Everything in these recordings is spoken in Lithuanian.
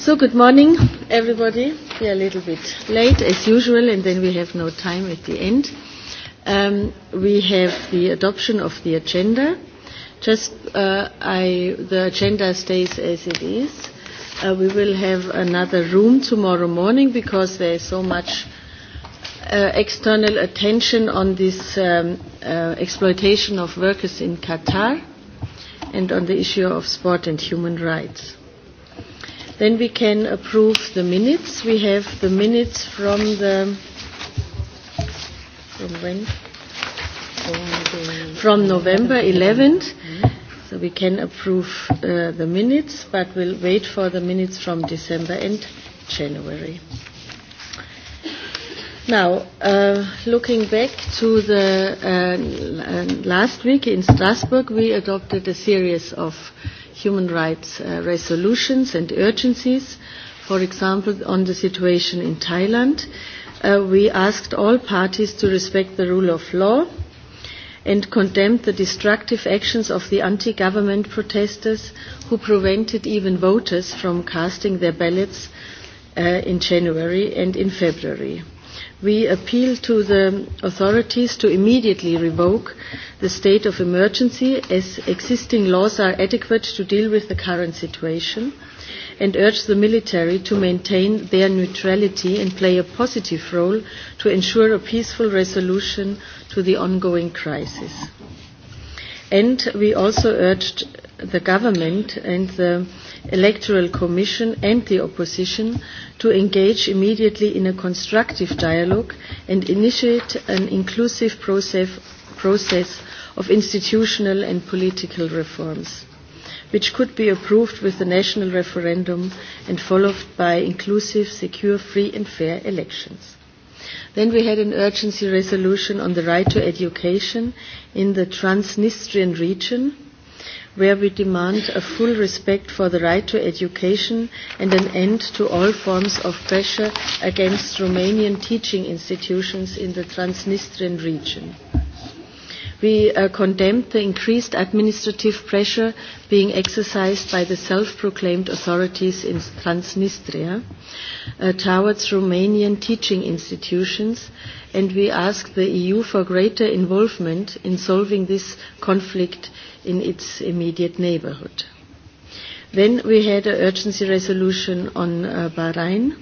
So good morning, everybody. We are a little bit late, as usual, and then we have no time at the end. Um, we have the adoption of the agenda. Just uh, I, the agenda stays as it is. Uh, we will have another room tomorrow morning because there is so much uh, external attention on this um, uh, exploitation of workers in Qatar and on the issue of sport and human rights. Then we can approve the minutes. We have the minutes from the from when? From November 11th. So we can approve uh, the minutes, but we'll wait for the minutes from December and January. Now, uh, looking back to the uh, uh last week in Strasbourg, we adopted a series of uh, human rights uh, resolutions and urgencies, for example, on the situation in Thailand. Uh, we asked all parties to respect the rule of law and condemned the destructive actions of the anti-government protesters who prevented even voters from casting their ballots uh, in January and in February we appeal to the authorities to immediately revoke the state of emergency as existing laws are adequate to deal with the current situation and urge the military to maintain their neutrality and play a positive role to ensure a peaceful resolution to the ongoing crisis. And we also urged the government and the Electoral Commission and the opposition to engage immediately in a constructive dialogue and initiate an inclusive process, process of institutional and political reforms, which could be approved with a national referendum and followed by inclusive, secure, free and fair elections. Then we had an urgency resolution on the right to education in the Transnistrian region where we demand a full respect for the right to education and an end to all forms of pressure against Romanian teaching institutions in the Transnistrian region. We uh, condemned the increased administrative pressure being exercised by the self-proclaimed authorities in Transnistria uh, towards Romanian teaching institutions, and we asked the EU for greater involvement in solving this conflict in its immediate neighborhood. Then we had an urgency resolution on uh, Bahrain,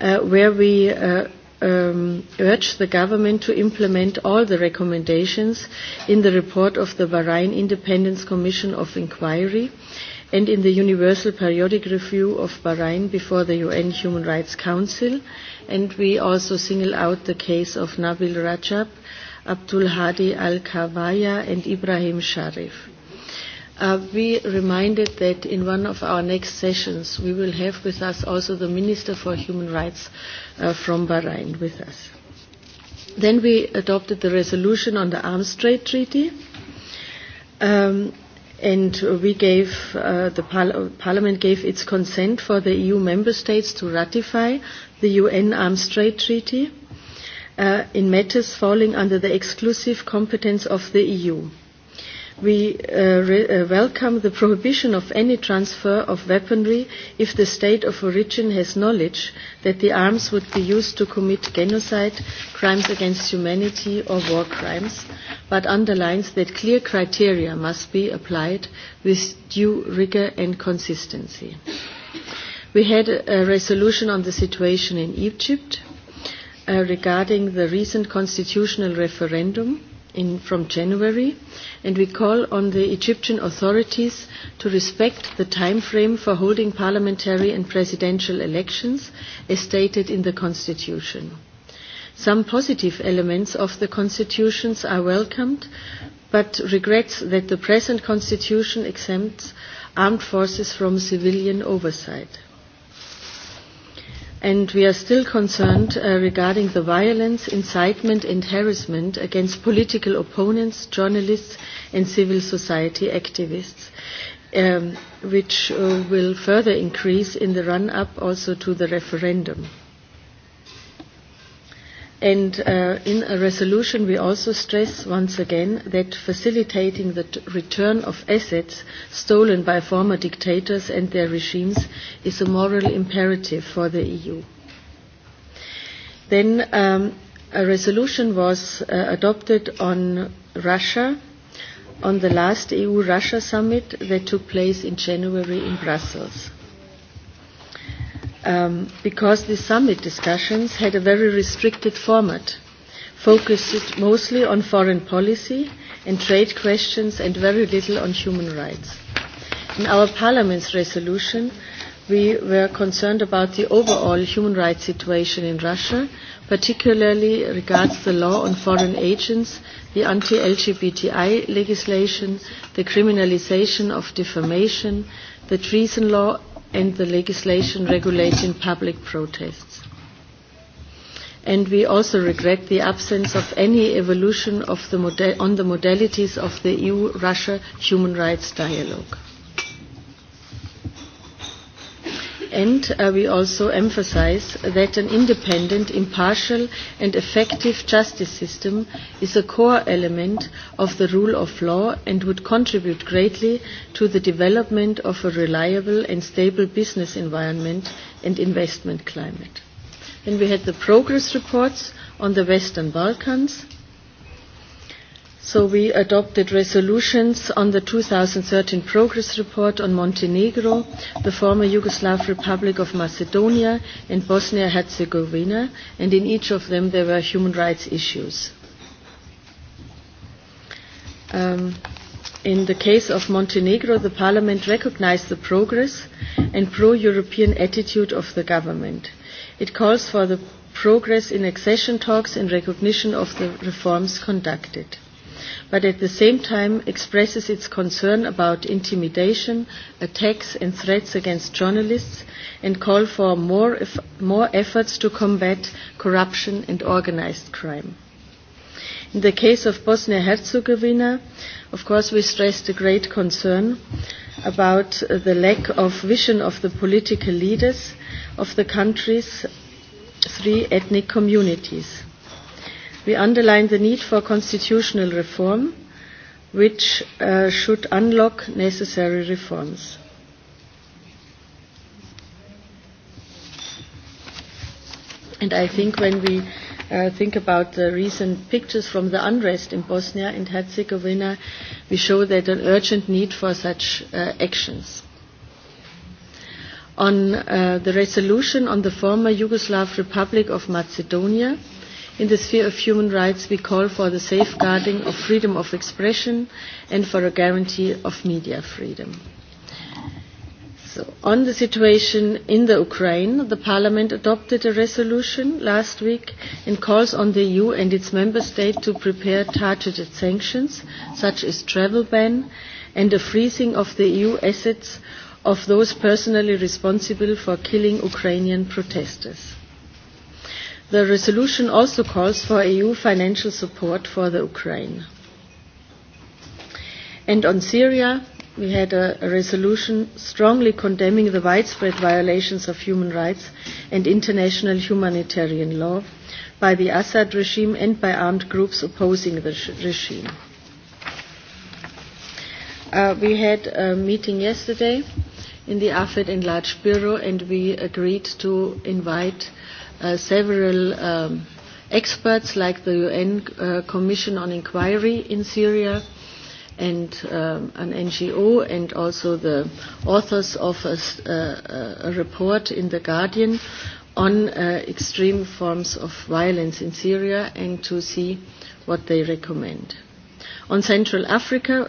uh, where we uh, um, urge the government to implement all the recommendations in the report of the Bahrain Independence Commission of Inquiry and in the Universal Periodic Review of Bahrain before the UN Human Rights Council. And we also single out the case of Nabil Rajab, Abdul Hadi Al-Kawaya and Ibrahim Sharif. Uh, we reminded that in one of our next sessions we will have with us also the Minister for Human Rights uh, from Bahrain with us. Then we adopted the resolution on the Arms Trade Treaty. Um, and we gave uh, the par- Parliament gave its consent for the EU member states to ratify the UN Arms Trade Treaty uh, in matters falling under the exclusive competence of the EU. We uh, re- uh, welcome the prohibition of any transfer of weaponry if the state of origin has knowledge that the arms would be used to commit genocide, crimes against humanity, or war crimes, but underlines that clear criteria must be applied with due rigor and consistency. We had a resolution on the situation in Egypt uh, regarding the recent constitutional referendum in, from January, and we call on the Egyptian authorities to respect the time frame for holding parliamentary and presidential elections as stated in the Constitution. Some positive elements of the constitutions are welcomed, but regrets that the present constitution exempts armed forces from civilian oversight and we are still concerned uh, regarding the violence, incitement and harassment against political opponents, journalists and civil society activists, um, which uh, will further increase in the run-up also to the referendum. And uh, in a resolution, we also stress once again that facilitating the t- return of assets stolen by former dictators and their regimes is a moral imperative for the EU. Then um, a resolution was uh, adopted on Russia on the last EU-Russia summit that took place in January in Brussels um, because the summit discussions had a very restricted format, focused mostly on foreign policy and trade questions and very little on human rights. In our Parliament's resolution, we were concerned about the overall human rights situation in Russia, particularly regards the law on foreign agents, the anti-LGBTI legislation, the criminalization of defamation, the treason law, and the legislation regulating public protests. And we also regret the absence of any evolution of the model, on the modalities of the EU-Russia human rights dialogue. end, uh, we also emphasize that an independent, impartial, and effective justice system is a core element of the rule of law and would contribute greatly to the development of a reliable and stable business environment and investment climate. Then we had the progress reports on the Western Balkans So we adopted resolutions on the 2013 progress report on Montenegro, the former Yugoslav Republic of Macedonia, and Bosnia-Herzegovina, and in each of them there were human rights issues. Um, in the case of Montenegro, the parliament recognized the progress and pro-European attitude of the government. It calls for the progress in accession talks and recognition of the reforms conducted but at the same time expresses its concern about intimidation, attacks and threats against journalists and call for more, eff more efforts to combat corruption and organized crime. In the case of Bosnia-Herzegovina, of course, we stressed a great concern about uh, the lack of vision of the political leaders of the country's three ethnic communities. We underline the need for constitutional reform, which uh, should unlock necessary reforms. And I think when we uh, think about the recent pictures from the unrest in Bosnia and Herzegovina, we show that an urgent need for such uh, actions. On uh, the resolution on the former Yugoslav Republic of Macedonia, uh, In the sphere of human rights, we call for the safeguarding of freedom of expression and for a guarantee of media freedom. So, on the situation in the Ukraine, the Parliament adopted a resolution last week and calls on the EU and its member state to prepare targeted sanctions, such as travel ban and a freezing of the EU assets of those personally responsible for killing Ukrainian protesters. The resolution also calls for EU financial support for the Ukraine. And on Syria, we had a, a resolution strongly condemning the widespread violations of human rights and international humanitarian law by the Assad regime and by armed groups opposing the sh- regime. Uh, we had a meeting yesterday in the AFED Enlarged Bureau and we agreed to invite uh, uh, several um, experts like the UN uh, Commission on Inquiry in Syria and um, an NGO and also the authors of a, uh, a report in The Guardian on uh, extreme forms of violence in Syria and to see what they recommend. On Central Africa,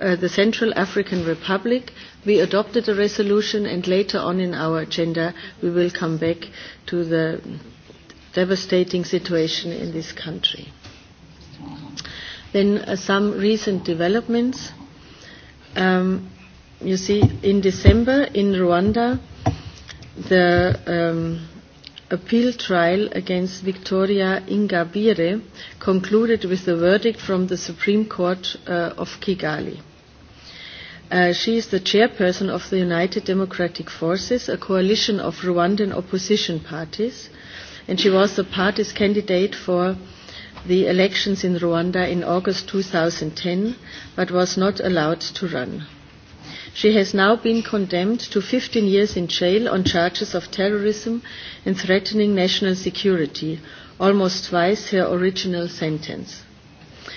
uh, the Central African Republic We adopted a resolution and later on in our agenda we will come back to the devastating situation in this country. Then uh, some recent developments. Um, you see, in December in Rwanda, the um, appeal trial against Victoria Ingabire concluded with a verdict from the Supreme Court uh, of Kigali. Uh, she is the chairperson of the United Democratic Forces, a coalition of Rwandan opposition parties, and she was the party's candidate for the elections in Rwanda in August 2010, but was not allowed to run. She has now been condemned to 15 years in jail on charges of terrorism and threatening national security, almost twice her original sentence.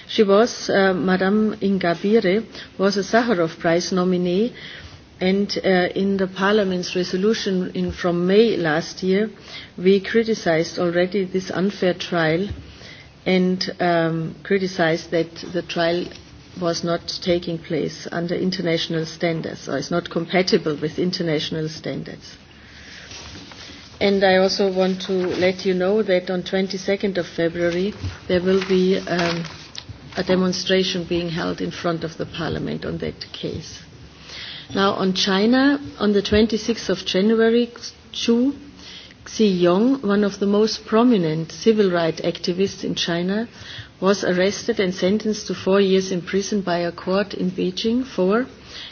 She was, uh, Madame Ingabire, was a Sakharov Prize nominee, and uh, in the Parliament's resolution in, from May last year, we criticized already this unfair trial and um, criticized that the trial was not taking place under international standards or is not compatible with international standards. And I also want to let you know that on 22nd of February there will be um, a demonstration being held in front of the parliament on that case. Now on China, on the 26th of January, Zhu Xiyong, one of the most prominent civil rights activists in China, was arrested and sentenced to four years in prison by a court in Beijing for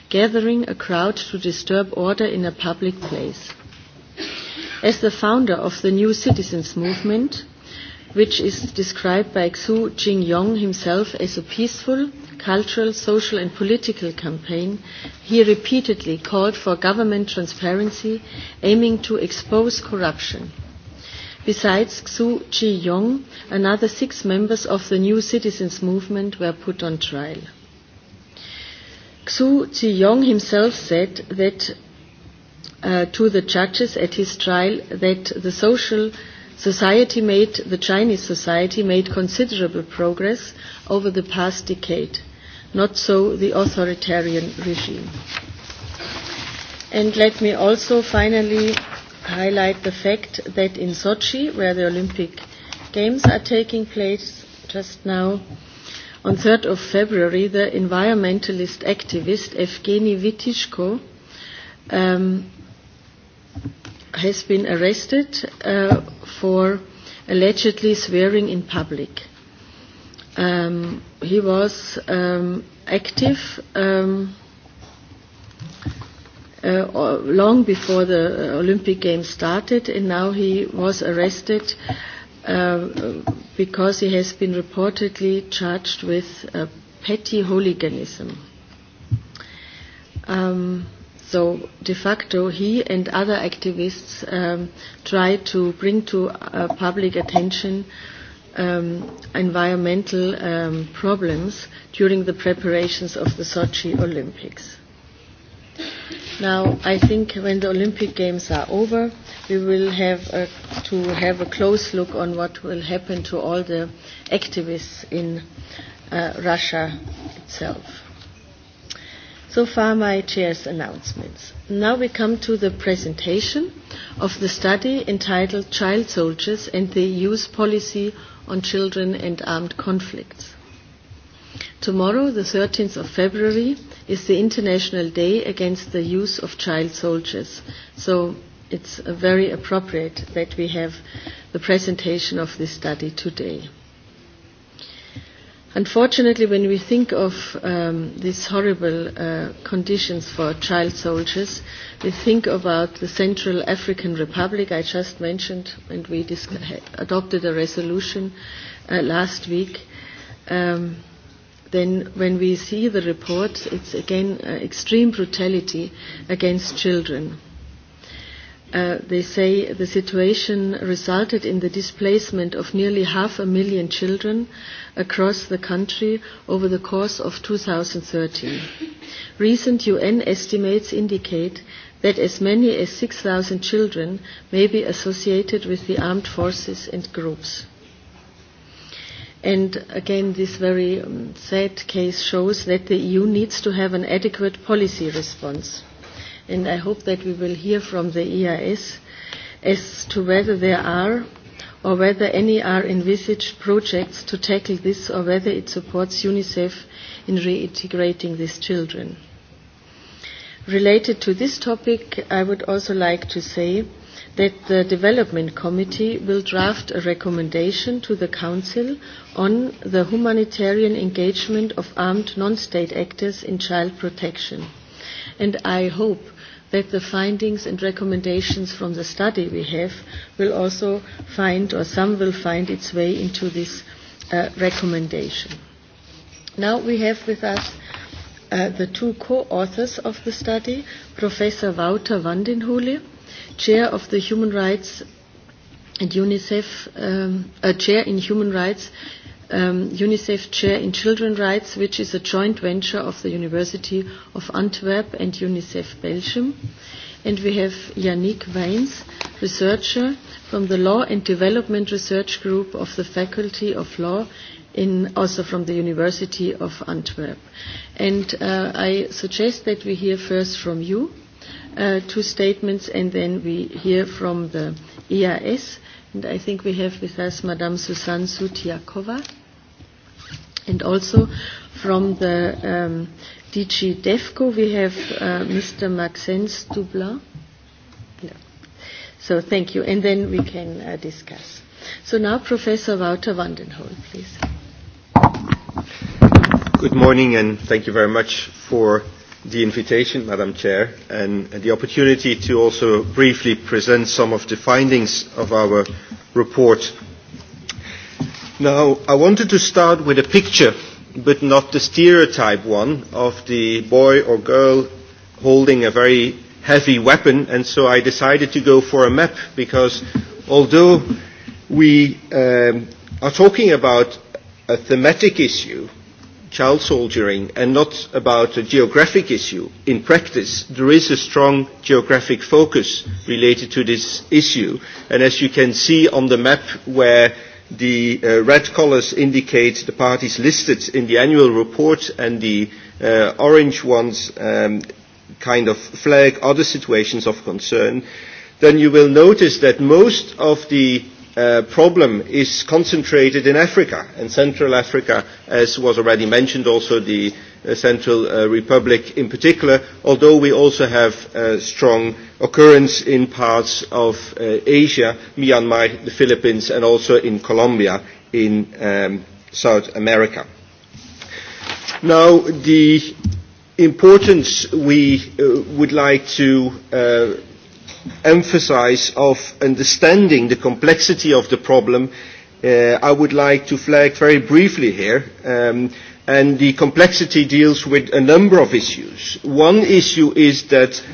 gathering a crowd to disturb order in a public place. As the founder of the New Citizens Movement, which is described by Xu Jingyong himself as a peaceful, cultural, social, and political campaign, he repeatedly called for government transparency, aiming to expose corruption. Besides Xu Ji-yong, another six members of the New Citizens Movement were put on trial. Xu Ji-yong himself said that uh, to the judges at his trial that the social society made, the Chinese society made considerable progress over the past decade, not so the authoritarian regime. And let me also finally highlight the fact that in Sochi, where the Olympic Games are taking place just now, on 3rd of February, the environmentalist activist Evgeny Vitishko um, has been arrested uh, for allegedly swearing in public. Um, he was um, active um, uh, long before the uh, Olympic Games started, and now he was arrested uh, because he has been reportedly charged with uh, petty hooliganism. Um, So de facto, he and other activists um, try to bring to uh, public attention um, environmental um, problems during the preparations of the Sochi Olympics. Now, I think when the Olympic Games are over, we will have a, to have a close look on what will happen to all the activists in uh, Russia itself. So far, my chair's announcements. Now we come to the presentation of the study entitled Child Soldiers and the EU's Policy on Children and Armed Conflicts. Tomorrow, the 13th of February, is the International Day Against the Use of Child Soldiers. So it's very appropriate that we have the presentation of this study today. Unfortunately, when we think of um, these horrible uh, conditions for child soldiers, we think about the Central African Republic I just mentioned, and we dis- adopted a resolution uh, last week. Um, then, when we see the reports, it's again uh, extreme brutality against children. Uh, they say the situation resulted in the displacement of nearly half a million children across the country over the course of 2013. Recent UN estimates indicate that as many as 6,000 children may be associated with the armed forces and groups. And again, this very um, sad case shows that the EU needs to have an adequate policy response and I hope that we will hear from the EIS as to whether there are or whether any are envisaged projects to tackle this or whether it supports UNICEF in reintegrating these children. Related to this topic, I would also like to say that the Development Committee will draft a recommendation to the Council on the humanitarian engagement of armed non-state actors in child protection. And I hope that the findings and recommendations from the study we have will also find, or some will find its way into this uh, recommendation. Now we have with us uh, the two co-authors of the study, Professor Wouter Vandenhule, Chair of the Human Rights and UNICEF, um, a uh, Chair in Human Rights um, UNICEF Chair in Children Rights, which is a joint venture of the University of Antwerp and UNICEF Belgium. And we have Yannick Weins, researcher from the Law and Development Research Group of the Faculty of Law, in, also from the University of Antwerp. And uh, I suggest that we hear first from you uh, two statements, and then we hear from the EIS. And I think we have with us Madame Susanne Sutiakova And also from the um, DG DEFCO, we have uh, Mr. Maxence Dubla. No. So thank you. And then we can uh, discuss. So now Professor Wouter Vandenhoel, please. Good morning, and thank you very much for the invitation, Madam Chair, and, and the opportunity to also briefly present some of the findings of our report Now, I wanted to start with a picture, but not the stereotype one, of the boy or girl holding a very heavy weapon, and so I decided to go for a map, because although we um, are talking about a thematic issue, child soldiering, and not about a geographic issue. In practice, there is a strong geographic focus related to this issue. And as you can see on the map where The uh, red colours indicate the parties listed in the annual report and the uh, orange ones um, kind of flag other situations of concern. Then you will notice that most of the uh, problem is concentrated in Africa and Central Africa, as was already mentioned, also the uh, Central uh, Republic in particular, although we also have uh, strong uh, occurrence in parts of uh, Asia, Myanmar, the Philippines, and also in Colombia in um, South America. Now, the importance we uh, would like to uh, emphasize of understanding the complexity of the problem, uh, I would like to flag very briefly here. Um, and the complexity deals with a number of issues. One issue is that uh,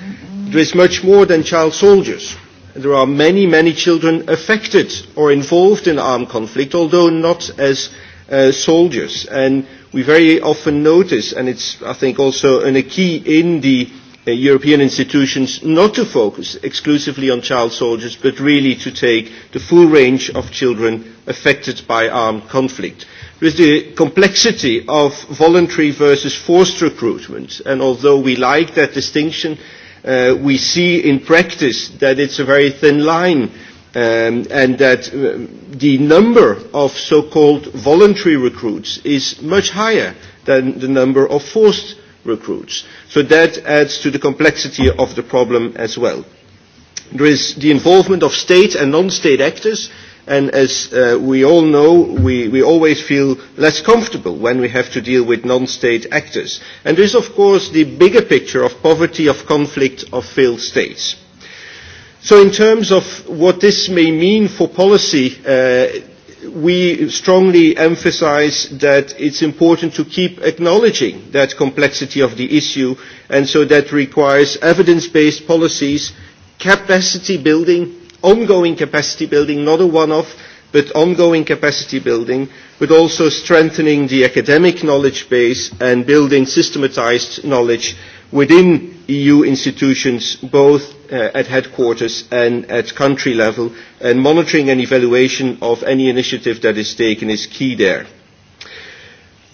There is much more than child soldiers. There are many, many children affected or involved in armed conflict, although not as uh, soldiers. And we very often notice, and it's, I think, also an, a key in the uh, European institutions not to focus exclusively on child soldiers, but really to take the full range of children affected by armed conflict. There is the complexity of voluntary versus forced recruitment, and although we like that distinction, uh, uh, we see in practice that it's a very thin line um, and that uh, the number of so-called voluntary recruits is much higher than the number of forced recruits. So that adds to the complexity of the problem as well. There is the involvement of state and non-state actors uh, and as uh, we all know, we, we always feel less comfortable when we have to deal with non-state actors. And this, of course, the bigger picture of poverty, of conflict, of failed states. So in terms of what this may mean for policy, uh, we strongly emphasize that it's important to keep acknowledging that complexity of the issue, and so that requires evidence-based policies, capacity building, ongoing capacity building, not a one-off, but ongoing capacity building, but also strengthening the academic knowledge base and building systematized knowledge within EU institutions, both uh, at headquarters and at country level, and monitoring and evaluation of any initiative that is taken is key there.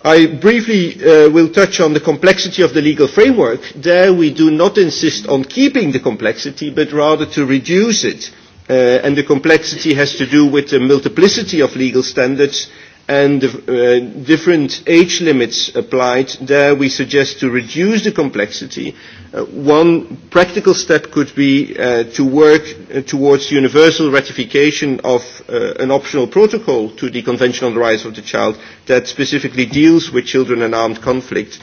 I briefly uh, will touch on the complexity of the legal framework. There we do not insist on keeping the complexity, but rather to reduce it. Uh, uh, and the complexity has to do with the multiplicity of legal standards and the uh, different age limits applied, there we suggest to reduce the complexity. Uh, one practical step could be uh, to work uh, towards universal ratification of uh, an optional protocol to the Convention on the Rights of the Child that specifically deals with children and armed conflict,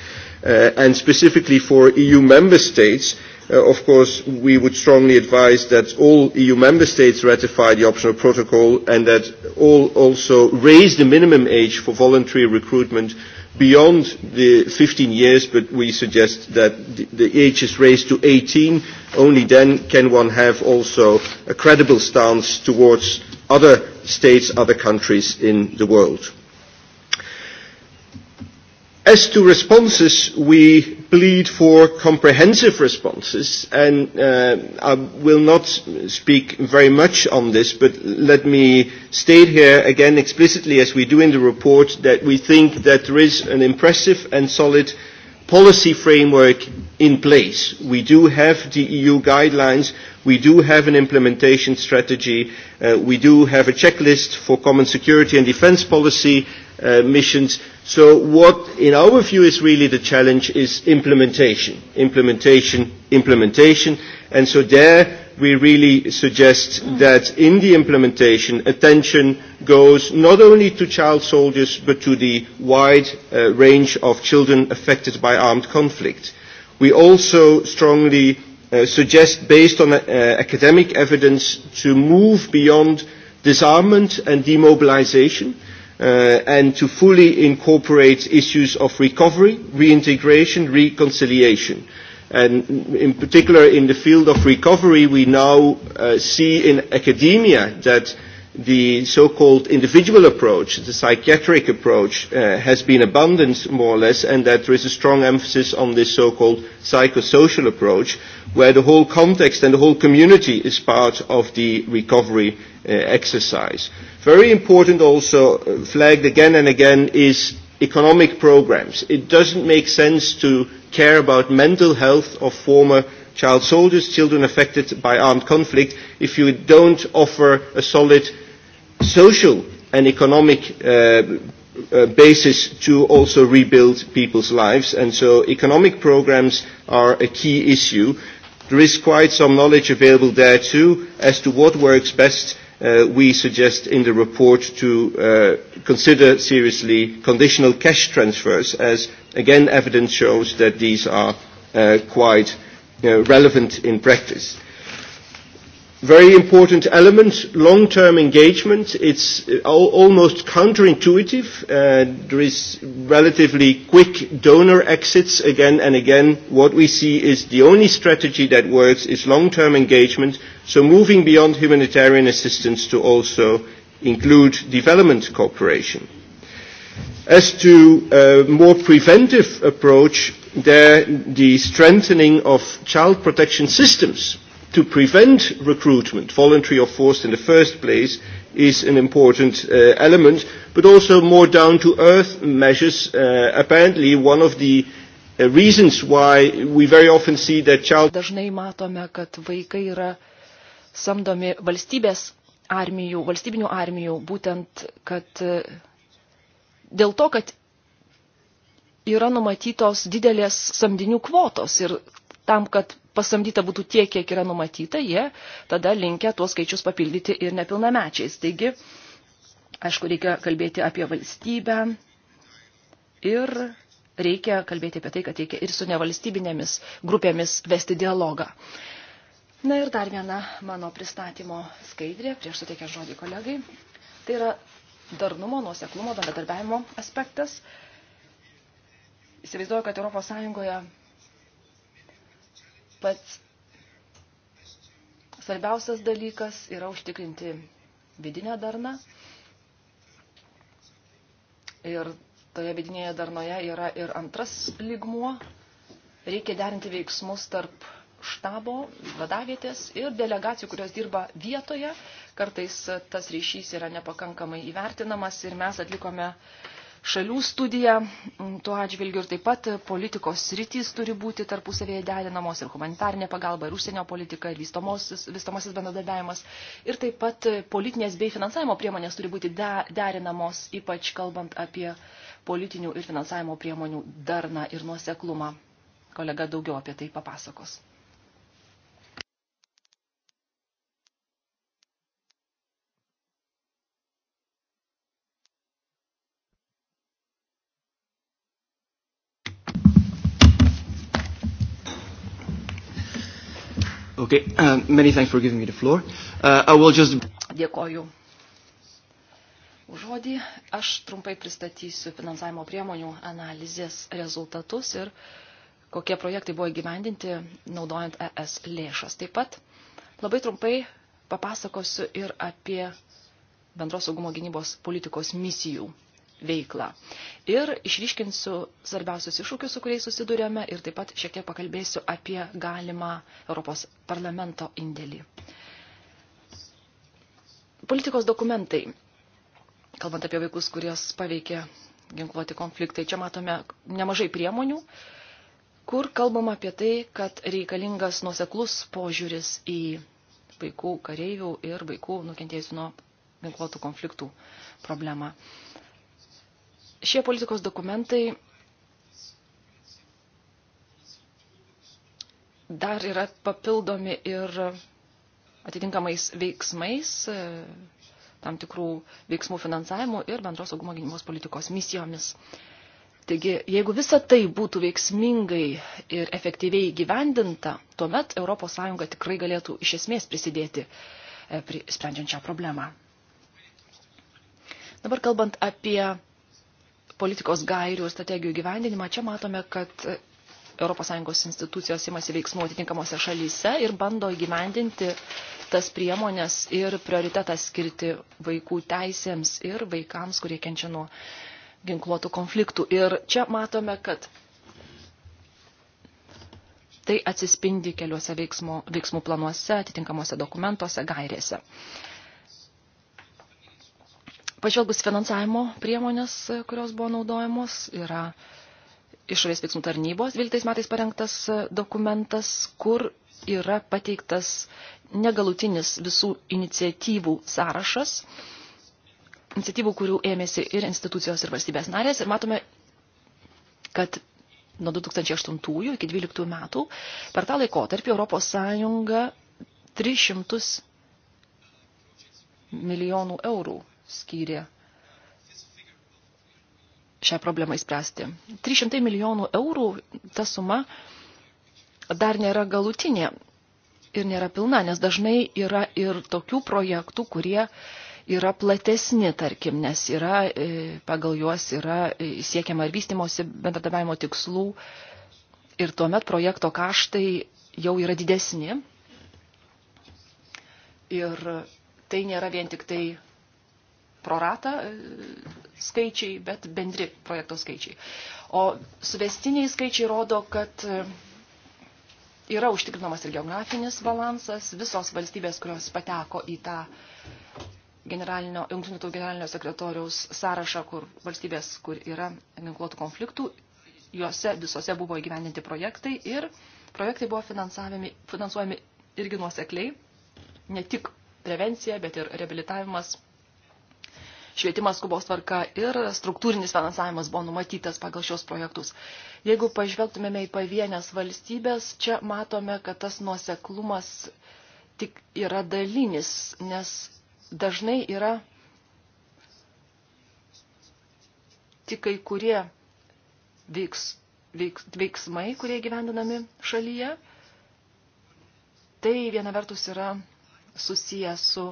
uh, and specifically for EU member states, uh, Uh, of course, we would strongly advise that all EU member states ratify the optional protocol and that all also raise the minimum age for voluntary recruitment beyond the 15 years, but we suggest that the, the age is raised to 18. Only then can one have also a credible stance towards other states, other countries in the world. As to responses, we plead for comprehensive responses, and uh, I will not speak very much on this, but let me state here again explicitly, as we do in the report, that we think that there is an impressive and solid policy framework in place. We do have the EU guidelines We do have an implementation strategy. Uh, we do have a checklist for common security and defense policy uh, missions. So what, in our view, is really the challenge is implementation, implementation, implementation. And so there we really suggest that in the implementation, attention goes not only to child soldiers, but to the wide uh, range of children affected by armed conflict. We also strongly uh, suggest, based on uh, academic evidence, to move beyond disarmament and demobilization uh, and to fully incorporate issues of recovery, reintegration, reconciliation. And in particular, in the field of recovery, we now uh, see in academia that uh, the so-called individual approach, the psychiatric approach, uh, has been abandoned more or less, and that there is a strong emphasis on this so-called psychosocial approach, where the whole context and the whole community is part of the recovery uh, exercise. Very important also, uh, flagged again and again, is economic programs. It doesn't make sense to care about mental health of former child soldiers, children affected by armed conflict, if you don't offer a solid social and economic uh, uh, basis to also rebuild people's lives. And so economic programs are a key issue. There is quite some knowledge available there too as to what works best. Uh, we suggest in the report to uh, consider seriously conditional cash transfers as again evidence shows that these are uh, quite uh, relevant in practice very important element, long-term engagement. It's uh, almost counterintuitive. Uh, there is relatively quick donor exits again and again. What we see is the only strategy that works is long-term engagement, so moving beyond humanitarian assistance to also include development cooperation. As to a uh, more preventive approach, there the strengthening of child protection systems to prevent recruitment, voluntary or forced in the first place, is an important uh, element, but also more down-to-earth measures. Uh, apparently, one of the uh, reasons why we very often see that child... Dažnai matome, kad vaikai yra samdomi valstybės armijų, valstybinių armijų, būtent kad e, dėl to, kad yra numatytos didelės samdinių kvotos ir tam, kad pasamdyta būtų tiek, kiek yra numatyta, jie tada linkia tuos skaičius papildyti ir nepilnamečiais. Taigi, aišku, reikia kalbėti apie valstybę ir reikia kalbėti apie tai, kad reikia ir su nevalstybinėmis grupėmis vesti dialogą. Na ir dar viena mano pristatymo skaidrė, prieš suteikę žodį kolegai. Tai yra darnumo, nuoseklumo, bendradarbiavimo aspektas. Įsivaizduoju, kad ES pats svarbiausias dalykas yra užtikrinti vidinę darną. Ir toje vidinėje darnoje yra ir antras lygmuo. Reikia derinti veiksmus tarp štabo, vadavietės ir delegacijų, kurios dirba vietoje. Kartais tas ryšys yra nepakankamai įvertinamas ir mes atlikome uh, šalių studija mm, tuo atžvilgiu ir taip pat politikos sritys turi būti tarpusavėje derinamos ir humanitarinė pagalba, ir užsienio politika, ir vystomasis, vystomasis bendradarbiavimas. Ir taip pat politinės bei finansavimo priemonės turi būti de, derinamos, ypač kalbant apie politinių ir finansavimo priemonių darną ir nuoseklumą. Kolega daugiau apie tai papasakos. Okay, uh, many thanks for giving me the floor. Uh, I will just... Dėkoju už žodį. Aš trumpai pristatysiu finansavimo priemonių analizės rezultatus ir kokie projektai buvo gyvendinti naudojant ES lėšas. Taip pat labai trumpai papasakosiu ir apie bendros saugumo gynybos politikos misijų veiklą. Ir išryškinsiu svarbiausius iššūkius, su kuriais susidurėme ir taip pat šiek tiek pakalbėsiu apie galimą Europos parlamento indėlį. Politikos dokumentai, kalbant apie vaikus, kurios paveikė ginkluoti konfliktai, čia matome nemažai priemonių, kur kalbama apie tai, kad reikalingas nuoseklus požiūris į vaikų kareivių ir vaikų nukentėjusių nuo ginkluotų konfliktų problemą. Šie politikos dokumentai dar yra papildomi ir atitinkamais veiksmais, tam tikrų veiksmų finansavimu ir bendros saugumo gynybos politikos misijomis. Taigi, jeigu visa tai būtų veiksmingai ir efektyviai gyvendinta, tuomet ES tikrai galėtų iš esmės prisidėti e, sprendžiant šią problemą. Dabar kalbant apie politikos gairių ir strategijų gyvendinimą, čia matome, kad ES institucijos imasi veiksmų atitinkamose šalyse ir bando įgyvendinti tas priemonės ir prioritetą skirti vaikų teisėms ir vaikams, kurie kenčia nuo ginkluotų konfliktų. Ir čia matome, kad tai atsispindi keliuose veiksmų, veiksmų planuose, atitinkamuose dokumentuose, gairėse. Pažvelgus finansavimo priemonės, kurios buvo naudojamos, yra išorės veiksmų tarnybos 12 metais parengtas dokumentas, kur yra pateiktas negalutinis visų iniciatyvų sąrašas, iniciatyvų, kurių ėmėsi ir institucijos, ir valstybės narės. Ir matome, kad nuo 2008 iki 2012 metų per tą laikotarpį Europos Sąjunga 300 milijonų eurų skyrė šią problemą įspręsti. 300 milijonų eurų ta suma dar nėra galutinė ir nėra pilna, nes dažnai yra ir tokių projektų, kurie yra platesni, tarkim, nes yra, e, pagal juos yra e, siekiama ir vystimosi bendradarbiavimo tikslų ir tuomet projekto kaštai jau yra didesni. Ir tai nėra vien tik tai prorata e, skaičiai, bet bendri projekto skaičiai. O suvestiniai skaičiai rodo, kad e, yra užtikrinamas ir geografinis balansas, visos valstybės, kurios pateko į tą generalinio, jungtinių tautų generalinio sekretoriaus sąrašą, kur valstybės, kur yra ginkluotų konfliktų, juose visose buvo įgyvendinti projektai ir projektai buvo finansuojami irgi nuosekliai, ne tik prevencija, bet ir reabilitavimas, švietimas skubos tvarka ir struktūrinis finansavimas buvo numatytas pagal šios projektus. Jeigu pažvelgtumėme į pavienės valstybės, čia matome, kad tas nuoseklumas tik yra dalinis, nes dažnai yra tik kai kurie veiks, veiks, veiksmai, kurie gyvendinami šalyje. Tai viena vertus yra susijęs su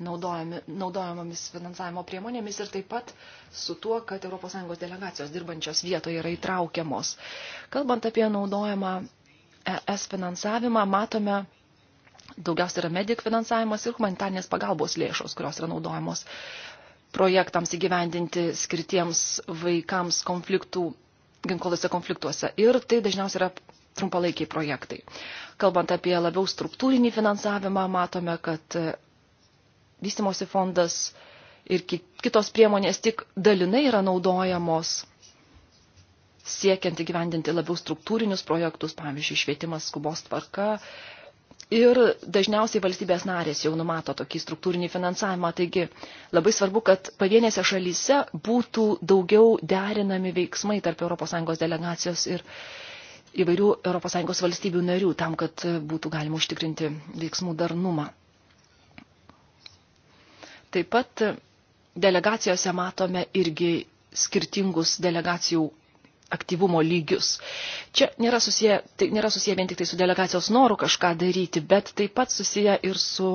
naudojamomis finansavimo priemonėmis ir taip pat su tuo, kad ES delegacijos dirbančios vietoje yra įtraukiamos. Kalbant apie naudojamą ES finansavimą, matome, daugiausia yra medik finansavimas ir humanitarnės pagalbos lėšos, kurios yra naudojamos projektams įgyvendinti skirtiems vaikams konfliktų, ginkolose konfliktuose. Ir tai dažniausiai yra trumpalaikiai projektai. Kalbant apie labiau struktūrinį finansavimą, matome, kad vystimosi fondas ir kitos priemonės tik dalinai yra naudojamos siekiant įgyvendinti labiau struktūrinius projektus, pavyzdžiui, švietimas skubos tvarka. Ir dažniausiai valstybės narės jau numato tokį struktūrinį finansavimą, taigi labai svarbu, kad pavienėse šalyse būtų daugiau derinami veiksmai tarp ES delegacijos ir įvairių ES valstybių narių, tam, kad būtų galima užtikrinti veiksmų darnumą. Taip pat delegacijose matome irgi skirtingus delegacijų aktyvumo lygius. Čia nėra susiję, tai nėra susiję vien tik tai su delegacijos noru kažką daryti, bet taip pat susiję ir su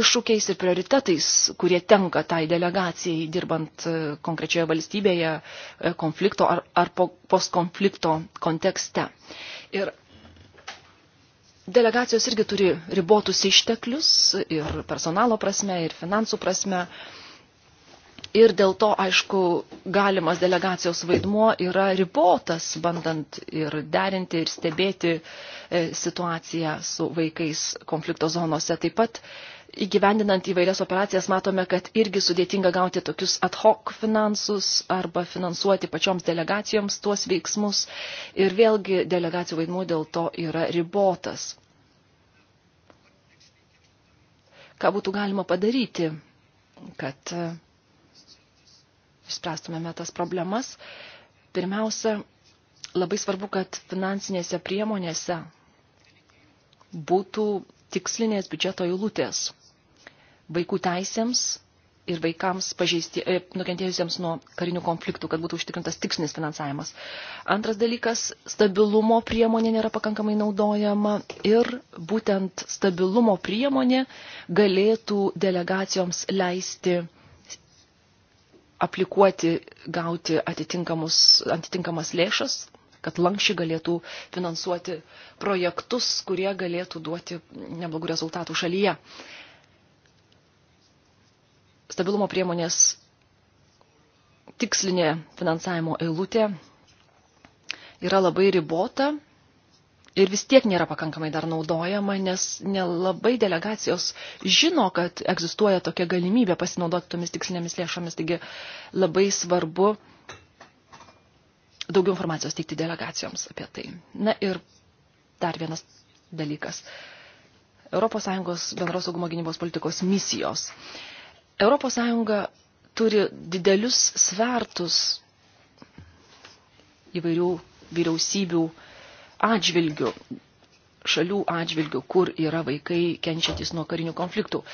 iššūkiais ir prioritetais, kurie tenka tai delegacijai, dirbant e, konkrečioje valstybėje e, konflikto ar, ar postkonflikto kontekste. Ir Delegacijos irgi turi ribotus išteklius ir personalo prasme, ir finansų prasme. Ir dėl to, aišku, galimas delegacijos vaidmuo yra ribotas, bandant ir derinti, ir stebėti e, situaciją su vaikais konflikto zonose. Taip pat įgyvendinant įvairias operacijas matome, kad irgi sudėtinga gauti tokius ad hoc finansus arba finansuoti pačioms delegacijoms tuos veiksmus. Ir vėlgi delegacijų vaidmuo dėl to yra ribotas. Ką būtų galima padaryti, kad e, išspręstumėme tas problemas? Pirmiausia, labai svarbu, kad finansinėse priemonėse būtų tikslinės biudžeto eilutės vaikų teisėms ir vaikams pažeisti, e, nukentėjusiems nuo karinių konfliktų, kad būtų užtikrintas tikslinis finansavimas. Antras dalykas – stabilumo priemonė nėra pakankamai naudojama ir būtent stabilumo priemonė galėtų delegacijoms leisti aplikuoti, gauti atitinkamas lėšas, kad lankščiai galėtų finansuoti projektus, kurie galėtų duoti neblogų rezultatų šalyje stabilumo priemonės tikslinė finansavimo eilutė yra labai ribota ir vis tiek nėra pakankamai dar naudojama, nes nelabai delegacijos žino, kad egzistuoja tokia galimybė pasinaudoti tomis tikslinėmis lėšomis, taigi labai svarbu daugiau informacijos teikti delegacijoms apie tai. Na ir dar vienas dalykas. ES bendros saugumo gynybos politikos misijos. Europos Sąjunga turi didelius svertus įvairių vyriausybių atžvilgių, šalių atžvilgių, kur yra vaikai kenčiantis nuo karinių konfliktų.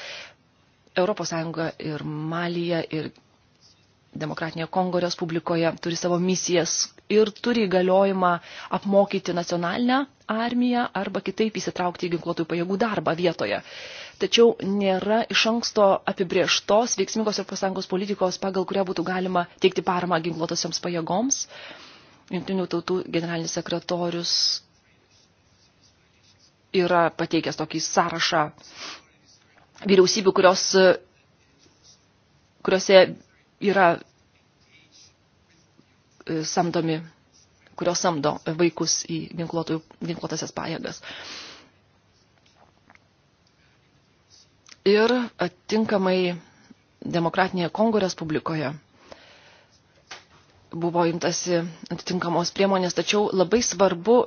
ES ir Malija ir Demokratinėje Kongo Respublikoje turi savo misijas ir turi įgaliojimą apmokyti nacionalinę armiją arba kitaip įsitraukti į ginkluotųjų pajėgų darbą vietoje. Tačiau nėra iš anksto apibrieštos veiksmingos ir pasangos politikos, pagal kurią būtų galima teikti paramą ginkluotosioms pajėgoms. Junktinių tautų generalinis sekretorius yra pateikęs tokį sąrašą vyriausybių, kurios, kuriuose yra e, samdomi, kurios samdo vaikus į ginkluotasias pajėgas. Ir atitinkamai Demokratinėje Kongo Respublikoje buvo imtasi atitinkamos priemonės, tačiau labai svarbu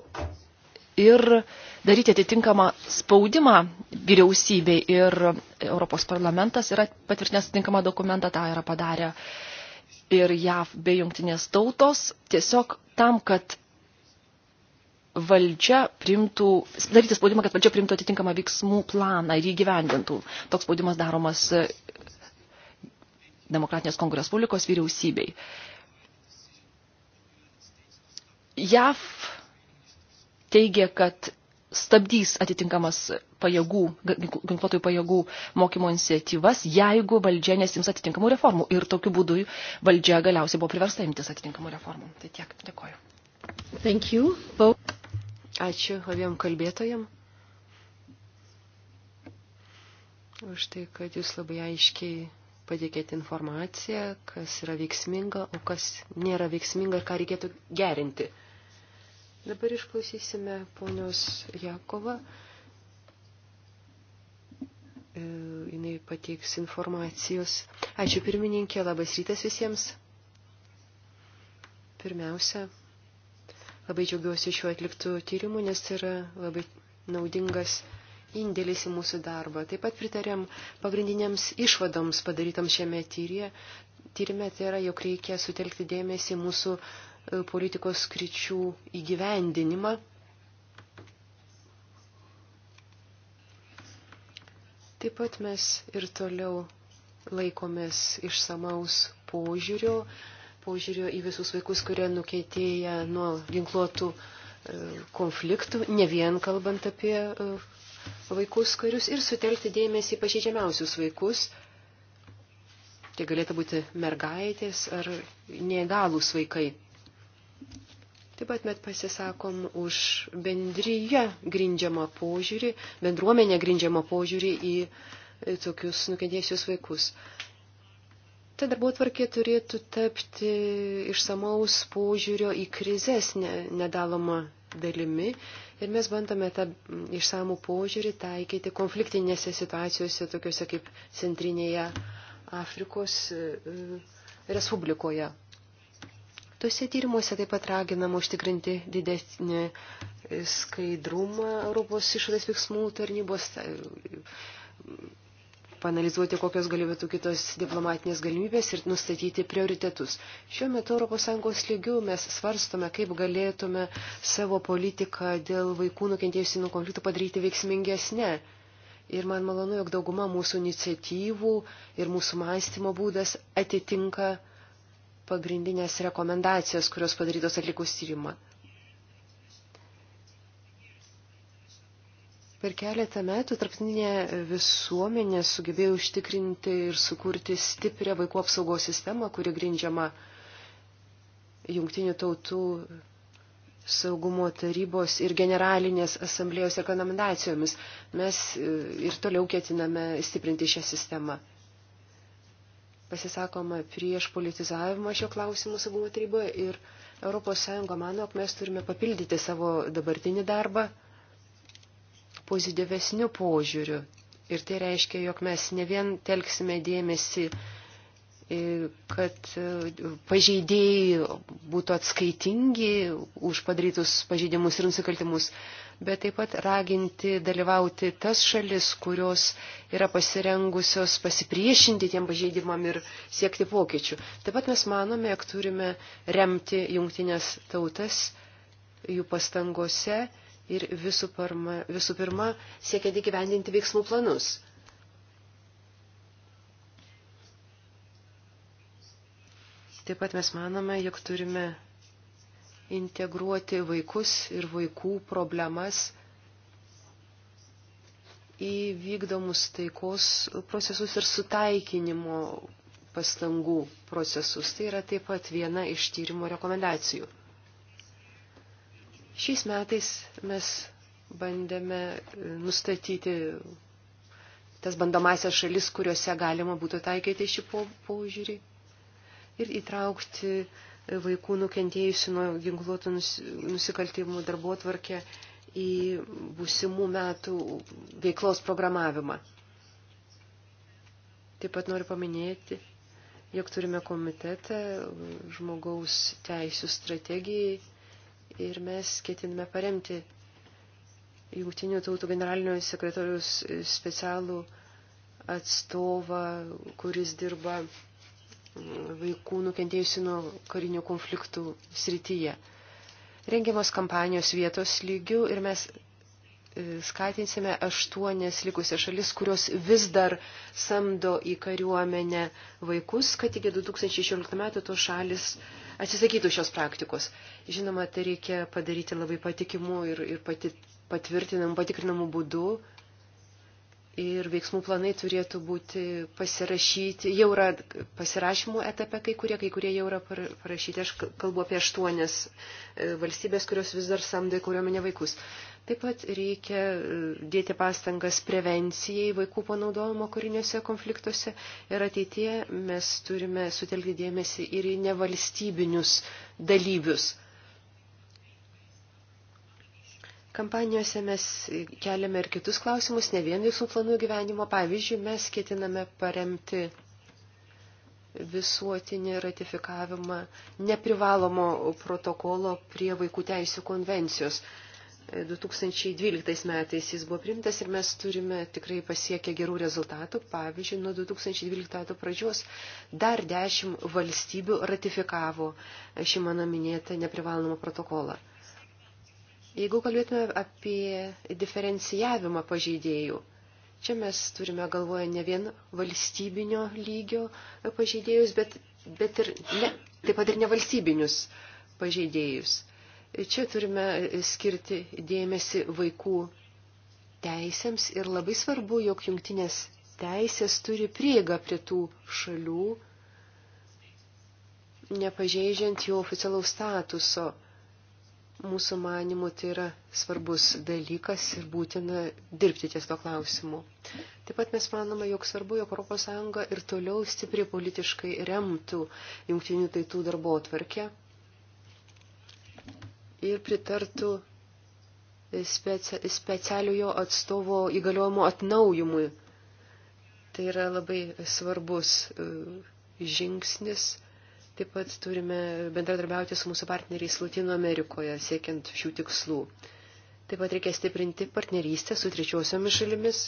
ir daryti atitinkamą spaudimą vyriausybei ir Europos parlamentas yra patvirtinęs atitinkamą dokumentą, tą yra padarę ir JAV bei jungtinės tautos, tiesiog tam, kad valdžia primtų, daryti spaudimą, kad valdžia primtų atitinkamą veiksmų planą ir jį gyvendintų. Toks spaudimas daromas Demokratinės Kongo Respublikos vyriausybei. JAV teigia, kad stabdys atitinkamas pajėgų, ginkluotojų pajėgų mokymo iniciatyvas, jeigu valdžia nesims atitinkamų reformų. Ir tokiu būdu valdžia galiausiai buvo priversta imtis atitinkamų reformų. Tai tiek, dėkoju. Thank you. Bo Ačiū abiem kalbėtojam. Už tai, kad jūs labai aiškiai patikėti informaciją, kas yra veiksminga, o kas nėra veiksminga ir ką reikėtų gerinti. Dabar išklausysime ponios Jakova. E, jinai pateiks informacijos. Ačiū pirmininkė, labas rytas visiems. Pirmiausia, labai džiaugiuosi šiuo atliktų tyrimu, nes tai yra labai naudingas indėlis į mūsų darbą. Taip pat pritarėm pagrindiniams išvadoms padarytam šiame tyrė, tyrime, tai yra, jog reikia sutelkti dėmesį mūsų uh, politikos skričių įgyvendinimą. Taip pat mes ir toliau laikomės išsamaus požiūrio, požiūrio į visus vaikus, kurie nukėtėja nuo ginkluotų e, konfliktų, ne vien kalbant apie e, vaikus karius ir sutelkti dėmesį pažeidžiamiausius vaikus. Tai galėtų būti mergaitės ar neįgalūs vaikai. Taip pat mes pasisakom už bendryje grindžiamą požiūrį, bendruomenę grindžiamą požiūrį į tokius nukentėjusius vaikus. Ta darbo tvarkė turėtų tapti išsamaus požiūrio į krizės nedaloma dalimi ir mes bandome tą išsamų požiūrį taikyti konfliktinėse situacijose, tokiuose kaip Centrinėje Afrikos e, e, Respublikoje. Tuose tyrimuose taip pat raginama užtikrinti didesnį e, skaidrumą Europos išorės veiksmų tarnybos, e, panalizuoti, kokios galėtų kitos diplomatinės galimybės ir nustatyti prioritetus. Šiuo metu ES lygių mes svarstome, kaip galėtume savo politiką dėl vaikų nukentėjusių nuo konfliktų padaryti veiksmingesnę. Ir man malonu, jog dauguma mūsų iniciatyvų ir mūsų mąstymo būdas atitinka uh, pagrindinės rekomendacijas, kurios padarytos atlikus tyrimą. Per keletą metų tarptautinė visuomenė sugebėjo užtikrinti ir sukurti stiprią vaikų apsaugos sistemą, kuri grindžiama Jungtinių tautų saugumo tarybos ir generalinės asamblėjos rekomendacijomis. Mes e, ir toliau ketiname stiprinti šią sistemą pasisakoma prieš politizavimą šio klausimų saugumo taryboje ir ES mano, kad mes turime papildyti savo dabartinį darbą pozityvesniu požiūriu. Ir tai reiškia, jog mes ne vien telksime dėmesį, e, kad e, pažeidėjai būtų atskaitingi už padarytus pažeidimus ir nusikaltimus, bet taip pat raginti dalyvauti tas šalis, kurios yra pasirengusios pasipriešinti tiem pažeidimam ir siekti pokyčių. Taip pat mes manome, jog turime remti jungtinės tautas jų pastangose ir visų pirma, visų pirma siekiant įgyvendinti veiksmų planus. Taip pat mes manome, jog turime integruoti vaikus ir vaikų problemas į vykdomus taikos procesus ir sutaikinimo pastangų procesus. Tai yra taip pat viena iš tyrimo rekomendacijų. Šiais metais mes bandėme e, nustatyti tas bandomasias šalis, kuriuose galima būtų taikyti šį požiūrį ir įtraukti uh, vaikų nukentėjusių nuo ginkluotų nusikaltimų darbo tvarkę į būsimų metų veiklos programavimą. Taip pat noriu paminėti, jog turime komitetą žmogaus teisų strategijai ir mes ketiname paremti Jungtinių tautų generalinio sekretorius specialų atstovą, kuris dirba vaikų nukentėjusių nuo karinių konfliktų srityje. Rengiamos kampanijos vietos lygių ir mes e, skatinsime aštuonias likusias šalis, kurios vis dar samdo į kariuomenę vaikus, kad iki 2016 metų tos šalis atsisakytų šios praktikos. Žinoma, tai reikia padaryti labai patikimų ir, ir pati, patvirtinamų, patikrinamų būdų, ir veiksmų planai turėtų būti pasirašyti, jau yra pasirašymų etape kai kurie, kai kurie jau yra parašyti, aš kalbu apie aštuonias e, valstybės, kurios vis dar samdai kuriuomenė vaikus. Taip pat reikia e, dėti pastangas prevencijai vaikų panaudojimo kariniuose konfliktuose ir ateitie mes turime sutelkti dėmesį ir į nevalstybinius dalyvius Kampanijose mes keliame ir kitus klausimus, ne vien visų planų gyvenimo. Pavyzdžiui, mes ketiname paremti visuotinį ratifikavimą neprivalomo protokolo prie vaikų teisų konvencijos. 2012 metais jis buvo primtas ir mes turime tikrai pasiekę gerų rezultatų. Pavyzdžiui, nuo 2012 pradžios dar dešimt valstybių ratifikavo šį mano minėtą neprivalomą protokolą. Jeigu kalbėtume apie diferencijavimą pažeidėjų, čia mes turime galvoje ne vien valstybinio lygio pažeidėjus, bet, bet ir ne, taip pat ir nevalstybinius pažeidėjus. Čia turime skirti dėmesį vaikų teisėms ir labai svarbu, jog jungtinės teisės turi prieigą prie tų šalių, nepažeidžiant jų oficialaus statuso Mūsų manimu tai yra svarbus dalykas ir būtina dirbti ties to klausimu. Taip pat mes manome, jog svarbu, jog ES ir toliau stipriai politiškai remtų jungtinių taitų darbo atvarkę ir pritartų specia, specialiojo atstovo įgaliojimo atnaujimui. Tai yra labai svarbus e, žingsnis Taip pat turime bendradarbiauti su mūsų partneriais Latino Amerikoje, siekiant šių tikslų. Taip pat reikia stiprinti partnerystę su trečiosiomis šalimis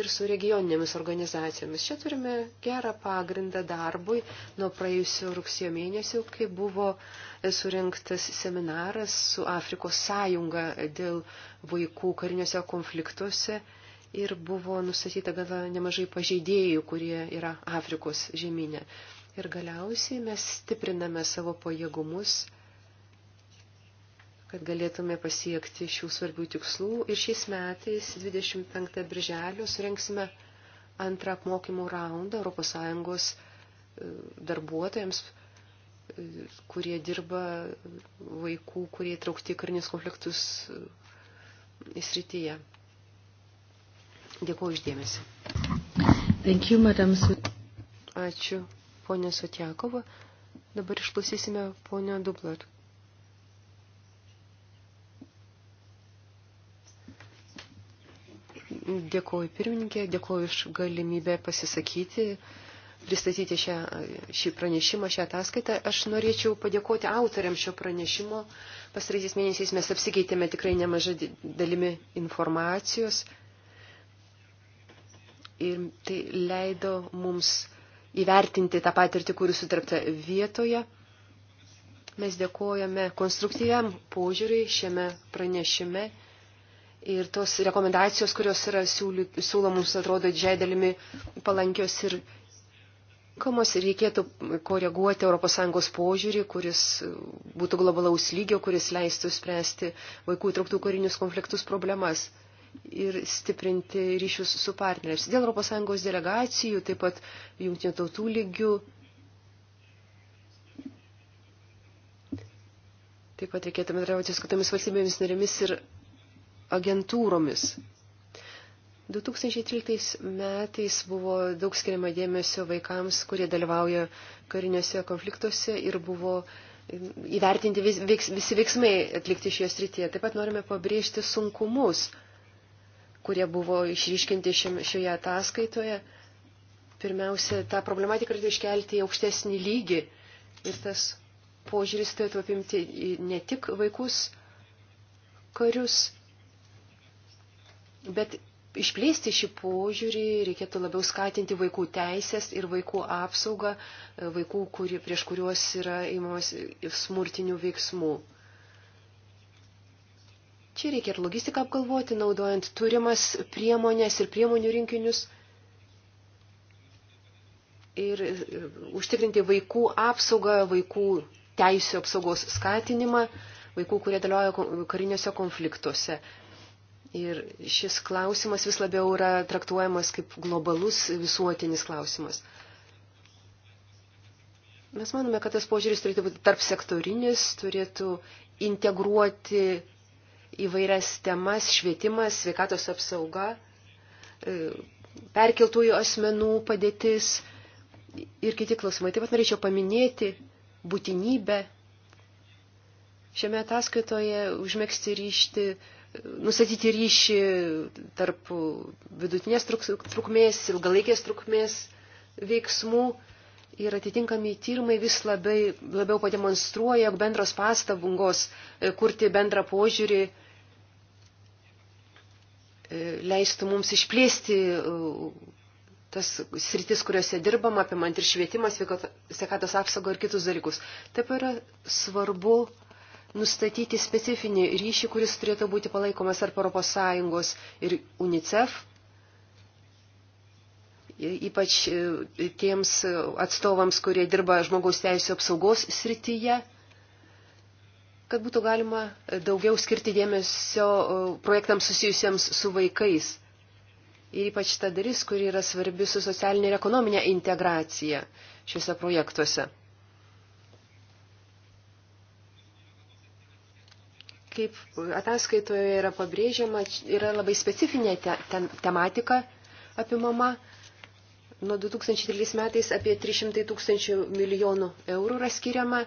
ir su regioninėmis organizacijomis. Čia turime gerą pagrindą darbui nuo praėjusio rugsėjo mėnesio, kai buvo surinktas seminaras su Afrikos sąjunga dėl vaikų kariniuose konfliktuose ir buvo nustatyta gana nemažai pažeidėjų, kurie yra Afrikos žemynė. Ir galiausiai mes stipriname savo pajėgumus, kad galėtume pasiekti šių svarbių tikslų. Ir šiais metais, 25 birželio, surenksime antrą apmokymų raundą ES e, darbuotojams, e, kurie dirba vaikų, kurie traukti karinius konfliktus e, įsrityje. Dėkuoju uždėmesi. Thank you, madam. Ačiū ponę Sutjakovą, dabar išklausysime ponę Dublar. Dėkuoju pirmininkė, dėkuoju iš galimybę pasisakyti, pristatyti šią, šį pranešimą, šią ataskaitą. Aš norėčiau padėkoti autoriam šio pranešimo. Pastaraisiais mėnesiais mes apsikeitėme tikrai nemažą dalimi informacijos ir tai leido mums įvertinti tą patirtį, kuri sutarpta vietoje. Mes dėkojame konstruktyviam požiūriui šiame pranešime ir tos rekomendacijos, kurios yra siūlomums, atrodo didžiai dalimi palankios ir tinkamos ir reikėtų koreguoti ES požiūrį, kuris būtų globalaus lygio, kuris leistų spręsti vaikų įtrauktų karinius konfliktus problemas ir stiprinti ryšius su partneriais. Dėl ES delegacijų, taip pat jungtinių tautų lygių. Taip pat reikėtų bendrauti su kitomis valstybėmis narėmis ir agentūromis. 2013 metais buvo daug skiriama dėmesio vaikams, kurie dalyvauja kariniuose konfliktuose ir buvo įvertinti vis, veiks, visi veiksmai atlikti šioje srityje. Taip pat norime pabrėžti sunkumus kurie buvo išryškinti šioje ataskaitoje. Pirmiausia, tą problematiką reikia iškelti į aukštesnį lygį ir tas požiūris turėtų apimti ne tik vaikus, karius, bet išplėsti šį požiūrį reikėtų labiau skatinti vaikų teisės ir vaikų apsaugą, e, vaikų, kuri, prieš kuriuos yra įmamos smurtinių veiksmų. Čia reikia ir logistiką apgalvoti, naudojant turimas priemonės ir priemonių rinkinius. Ir e, užtikrinti vaikų apsaugą, vaikų teisų apsaugos skatinimą, vaikų, kurie dalyvauja kariniuose konfliktuose. Ir šis klausimas vis labiau yra traktuojamas kaip globalus visuotinis klausimas. Mes manome, kad tas požiūris turėtų būti tarp sektorinis, turėtų integruoti įvairias temas - švietimas, sveikatos apsauga, e, perkeltųjų asmenų padėtis ir kiti klausimai. Taip pat norėčiau paminėti būtinybę šiame ataskaitoje užmėgsti ryšti, nustatyti ryšį tarp vidutinės trukmės, ilgalaikės trukmės veiksmų ir atitinkami tyrimai vis labai, labiau pademonstruoja, jog bendros pastangos e, kurti bendrą požiūrį e, leistų mums išplėsti e, tas sritis, kuriuose dirbam, apimant ir švietimas, sveikatos apsaugą ir kitus dalykus. Taip yra svarbu nustatyti specifinį ryšį, kuris turėtų būti palaikomas tarp ES ir UNICEF ypač e, tiems atstovams, kurie dirba žmogaus teisų apsaugos srityje, kad būtų galima daugiau skirti dėmesio e, projektams susijusiems su vaikais. Ir ypač ta dalis, kuri yra svarbi su socialinė ir ekonominė integracija šiuose projektuose. Kaip ataskaitoje yra pabrėžiama, yra labai specifinė te, te, tematika apimama, Nuo 2013 metais apie 300 tūkstančių milijonų eurų yra skiriama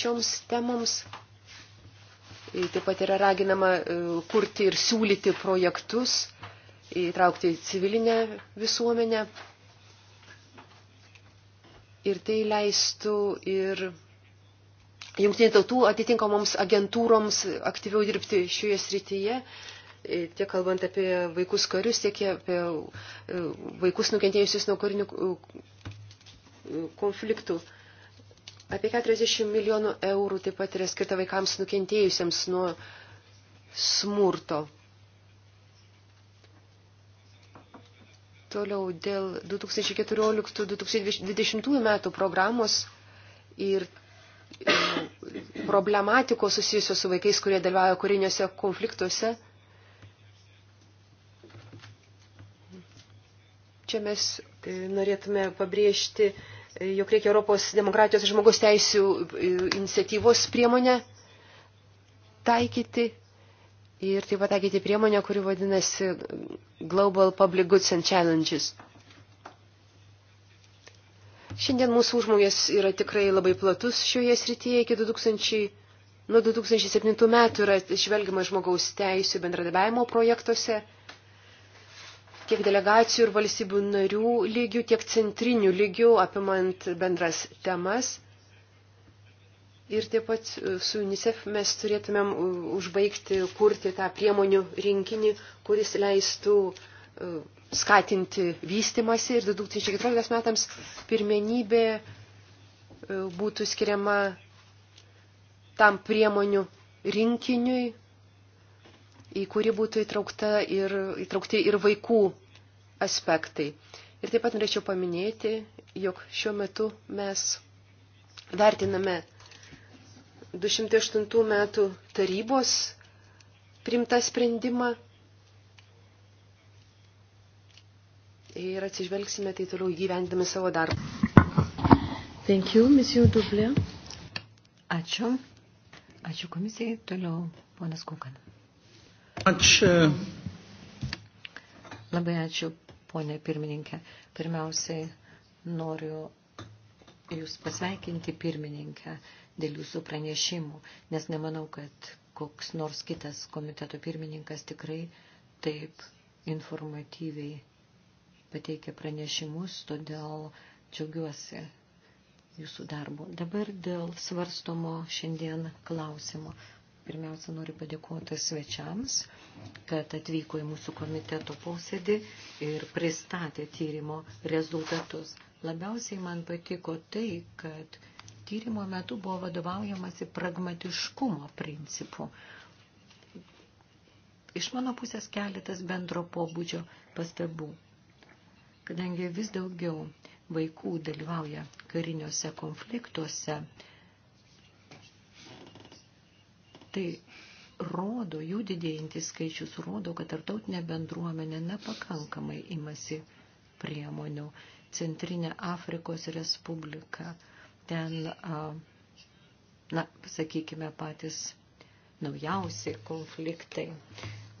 šioms temoms. E, taip pat yra raginama e, kurti ir siūlyti projektus, įtraukti civilinę visuomenę. Ir tai leistų ir jungtinių tautų atitinkamoms agentūroms aktyviau dirbti šioje srityje. E, tiek kalbant apie vaikus karius, tiek apie e, vaikus nukentėjusius nuo karinių e, konfliktų. Apie 40 milijonų eurų taip pat yra skirta vaikams nukentėjusiems nuo smurto. Toliau dėl 2014-2020 metų programos ir problematikos susijusios su vaikais, kurie dalyvauja kariniuose konfliktuose. Čia mes e, norėtume pabrėžti, e, jog reikia Europos demokratijos ir žmogus teisų e, iniciatyvos priemonę taikyti. Ir taip pat taikyti priemonę, kuri vadinasi Global Public Goods and Challenges. Šiandien mūsų užmogės yra tikrai labai platus šioje srityje. Iki 2000, nuo 2007 metų yra žvelgiama žmogaus teisų bendradarbiavimo projektuose tiek delegacijų ir valstybių narių lygių, tiek centrinių lygių, apimant bendras temas. Ir taip pat su UNICEF mes turėtumėm užbaigti kurti tą priemonių rinkinį, kuris leistų skatinti vystimasi ir 2014 metams pirmenybė būtų skiriama tam priemonių rinkiniui, į kurį būtų ir, įtraukti ir vaikų aspektai. Ir taip pat norėčiau paminėti, jog šiuo metu mes vertiname 208 metų tarybos primtą sprendimą ir atsižvelgsime tai toliau gyvendami savo darbą. Thank you, Monsieur Dublė. Ačiū. Ačiū komisijai. Toliau, ponas Kukan. Ačiū. Labai ačiū, ponė pirmininkė. Pirmiausiai noriu Jūs pasveikinti pirmininkę dėl Jūsų pranešimų, nes nemanau, kad koks nors kitas komiteto pirmininkas tikrai taip informatyviai pateikia pranešimus, todėl džiaugiuosi Jūsų darbu. Dabar dėl svarstomo šiandien klausimo. Pirmiausia, noriu padėkoti svečiams, kad atvyko į mūsų komiteto posėdį ir pristatė tyrimo rezultatus. Labiausiai man patiko tai, kad tyrimo metu buvo vadovaujamasi pragmatiškumo principu. Iš mano pusės keletas bendro pobūdžio pastabų. Kadangi vis daugiau vaikų dalyvauja kariniuose konfliktuose, Tai rodo, jų didėjantis skaičius rodo, kad tartautinė bendruomenė nepakankamai imasi priemonių. Centrinė Afrikos Respublika, ten, na, sakykime, patys naujausi konfliktai,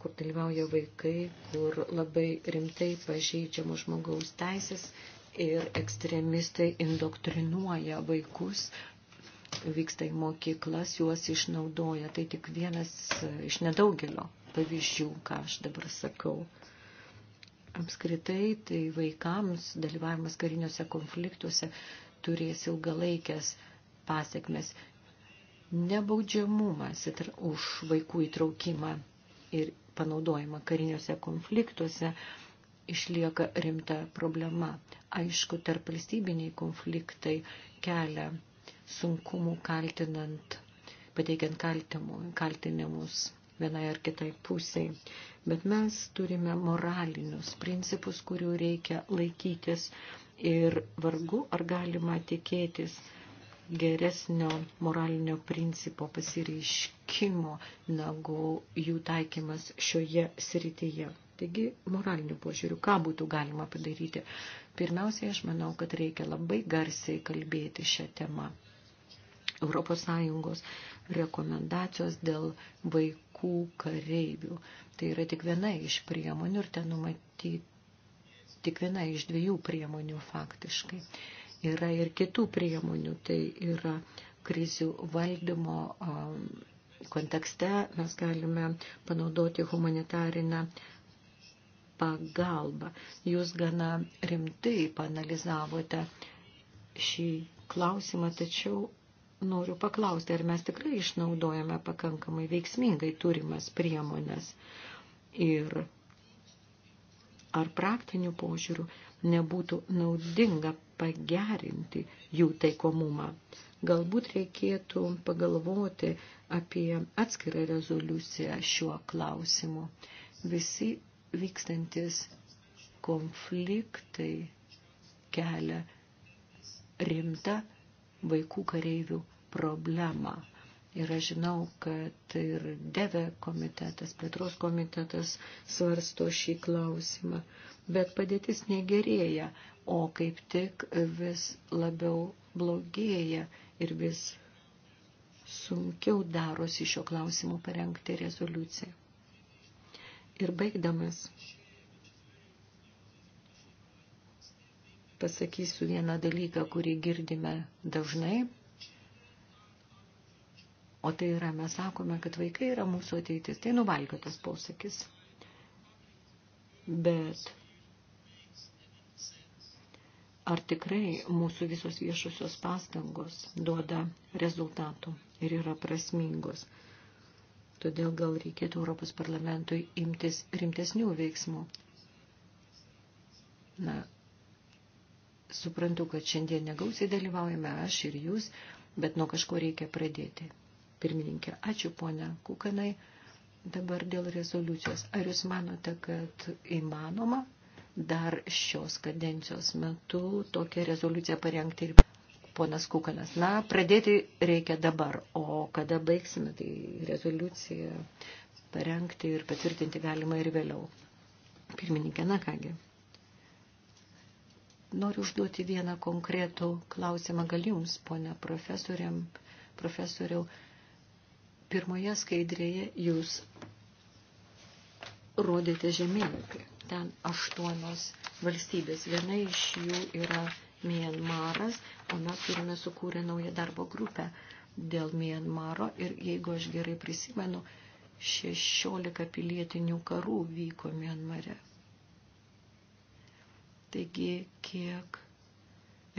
kur dalyvauja vaikai, kur labai rimtai pažeidžiamo žmogaus teisės ir ekstremistai indoktrinuoja vaikus vyksta į mokyklas, juos išnaudoja. Tai tik vienas e, iš nedaugelio pavyzdžių, ką aš dabar sakau. Apskritai, tai vaikams dalyvavimas kariniuose konfliktuose turės ilgalaikės pasiekmes. Nebaudžiamumas už vaikų įtraukimą ir panaudojimą kariniuose konfliktuose išlieka rimta problema. Aišku, tarp valstybiniai konfliktai kelia sunkumų kaltinant, pateikiant kaltinimus vienai ar kitai pusiai. Bet mes turime moralinius principus, kurių reikia laikytis ir vargu ar galima tikėtis geresnio moralinio principo pasireiškimo, negu jų taikymas šioje srityje. Taigi, moralinių požiūrių, ką būtų galima padaryti? Pirmiausiai, aš manau, kad reikia labai garsiai kalbėti šią temą. ES rekomendacijos dėl vaikų kareivių. Tai yra tik viena iš priemonių ir ten numatyti tik viena iš dviejų priemonių faktiškai. Yra ir kitų priemonių, tai yra krizių valdymo um, kontekste mes galime panaudoti humanitarinę pagalbą. Jūs gana rimtai panalizavote šį klausimą, tačiau noriu paklausti, ar mes tikrai išnaudojame pakankamai veiksmingai turimas priemonės ir ar praktinių požiūrių nebūtų naudinga pagerinti jų taikomumą. Galbūt reikėtų pagalvoti apie atskirą rezoliuciją šiuo klausimu. Visi vykstantis konfliktai kelia rimtą vaikų kareivių problemą. Ir aš žinau, kad ir DEVE komitetas, plėtros komitetas svarsto šį klausimą. Bet padėtis negerėja, o kaip tik vis labiau blogėja ir vis sunkiau darosi šio klausimu parengti rezoliuciją. Ir baigdamas pasakysiu vieną dalyką, kurį girdime dažnai O tai yra, mes sakome, kad vaikai yra mūsų ateitis. Tai nuvalgio tas posakis. Bet ar tikrai mūsų visos viešusios pastangos duoda rezultatų ir yra prasmingos. Todėl gal reikėtų Europos parlamentui imtis rimtesnių veiksmų. Na, suprantu, kad šiandien negausiai dalyvaujame aš ir jūs, bet nuo kažko reikia pradėti. Pirmininkė, ačiū ponia Kukanai. Dabar dėl rezoliucijos. Ar jūs manote, kad įmanoma dar šios kadencijos metu tokią rezoliuciją parengti ir ponas Kukanas? Na, pradėti reikia dabar, o kada baigsime, tai rezoliuciją parengti ir patvirtinti galima ir vėliau. Pirmininkė, na kągi. Noriu užduoti vieną konkretų klausimą gal jums, ponia profesoriam, profesoriau. profesoriau Pirmoje skaidrėje jūs rodėte žemėlapį. Ten aštuonios valstybės. Viena iš jų yra Mienmaras, o mes turime sukūrę naują darbo grupę dėl Mienmaro. Ir jeigu aš gerai prisimenu, 16 pilietinių karų vyko Mienmare. Taigi, kiek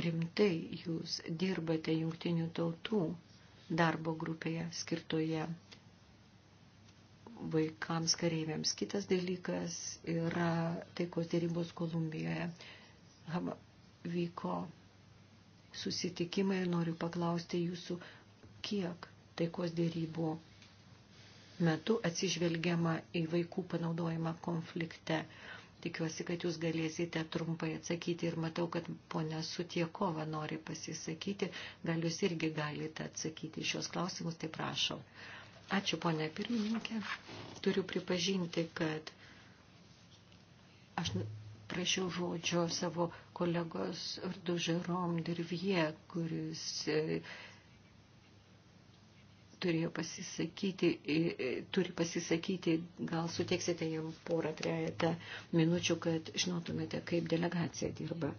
rimtai jūs dirbate jungtinių tautų darbo grupėje skirtoje vaikams kareiviams. Kitas dalykas yra taikos dėrybos Kolumbijoje. Vyko susitikimai ir noriu paklausti jūsų, kiek taikos dėrybų metu atsižvelgiama į vaikų panaudojimą konflikte. Tikiuosi, kad jūs galėsite trumpai atsakyti ir matau, kad ponia Sutiekova nori pasisakyti. Gal jūs irgi galite atsakyti šios klausimus, tai prašau. Ačiū, ponia pirmininkė. Turiu pripažinti, kad aš prašiau žodžio savo kolegos Ardu Žerom Dirvie, kuris turėjo pasisakyti, turi pasisakyti, gal suteiksite jam porą trejata minučių, kad žinotumėte, kaip delegacija dirba.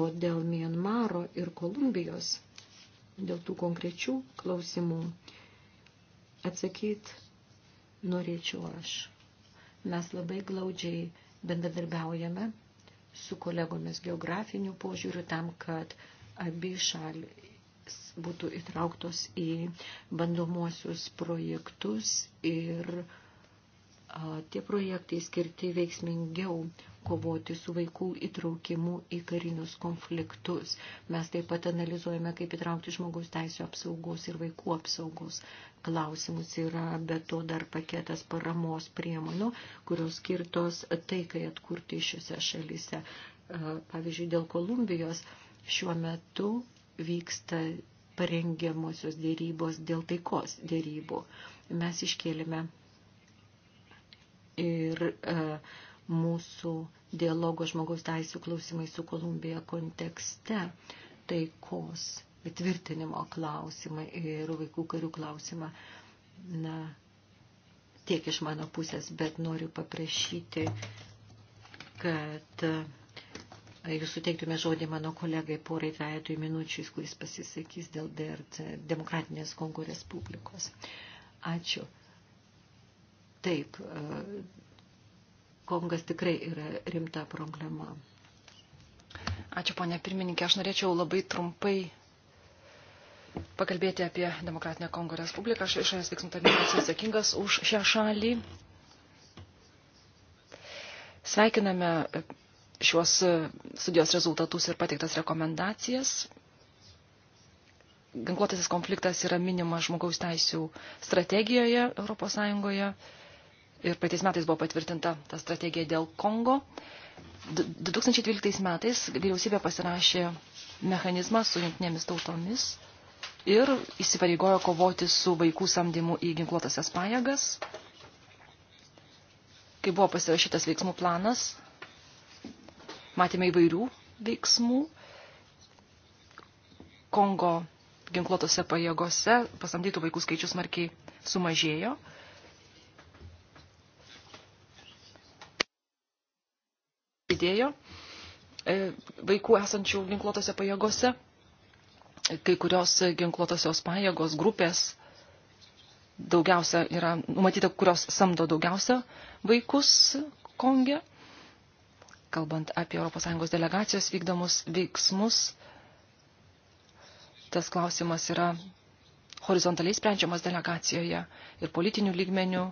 O dėl Mienmaro ir Kolumbijos, dėl tų konkrečių klausimų, atsakyt norėčiau aš. Mes labai glaudžiai bendradarbiaujame su kolegomis geografiniu požiūriu tam, kad abi šalį būtų įtrauktos į bandomuosius projektus ir tie projektai skirti veiksmingiau kovoti su vaikų įtraukimu į karinius konfliktus. Mes taip pat analizuojame, kaip įtraukti žmogaus teisų apsaugos ir vaikų apsaugos klausimus. Yra be to dar paketas paramos priemonių, kurios skirtos taikai atkurti šiuose šalyse. Pavyzdžiui, dėl Kolumbijos šiuo metu vyksta parengiamosios dėrybos dėl taikos dėrybų. Mes iškėlėme ir e, mūsų dialogo žmogaus teisų klausimai su Kolumbija kontekste taikos įtvirtinimo klausimą ir vaikų karių klausimą. Na, tiek iš mano pusės, bet noriu paprašyti, kad uh, jūs suteiktume žodį mano kolegai porai dviejų minučių, kuris pasisakys dėl DRT, Demokratinės Kongo Respublikos. Ačiū. Taip, e, Kongas tikrai yra rimta problema. Ačiū, ponė pirmininkė. Aš norėčiau labai trumpai pakalbėti apie Demokratinę Kongo Respubliką. Aš išorės veiksmų tarnybos atsakingas už šią šalį. Sveikiname šiuos e, studijos rezultatus ir pateiktas rekomendacijas. Ginkluotasis konfliktas yra minimas žmogaus teisių strategijoje ES ir praeitais metais buvo patvirtinta ta strategija dėl Kongo. 2012 metais vyriausybė pasirašė mechanizmą su jungtinėmis tautomis ir įsipareigojo kovoti su vaikų samdymu į ginkluotasias pajėgas. Kai buvo pasirašytas veiksmų planas, matėme įvairių veiksmų. Kongo ginkluotose pajėgose pasamdytų vaikų skaičius markiai sumažėjo. Didėjo e, vaikų esančių ginkluotose pajėgose. Kai kurios ginkluotosios pajėgos grupės daugiausia yra numatyta, kurios samdo daugiausia vaikus Konge kalbant apie ES delegacijos vykdomus veiksmus, tas klausimas yra horizontaliai sprendžiamas delegacijoje ir politinių lygmenių,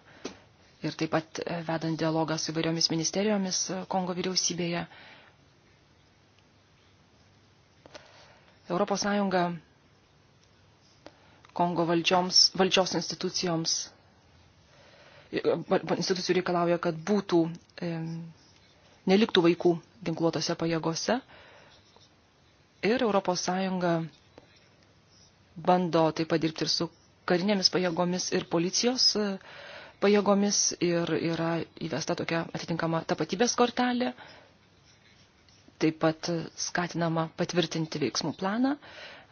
ir taip pat e, vedant dialogą su įvairiomis ministerijomis e, Kongo vyriausybėje. ES Kongo valdžioms, valdžios institucijoms e, institucijų reikalauja, kad būtų e, neliktų vaikų ginkluotose pajėgose. Ir ES bando taip pat dirbti ir su karinėmis pajėgomis ir policijos e, pajėgomis ir yra įvesta tokia atitinkama tapatybės kortelė. Taip pat skatinama patvirtinti veiksmų planą,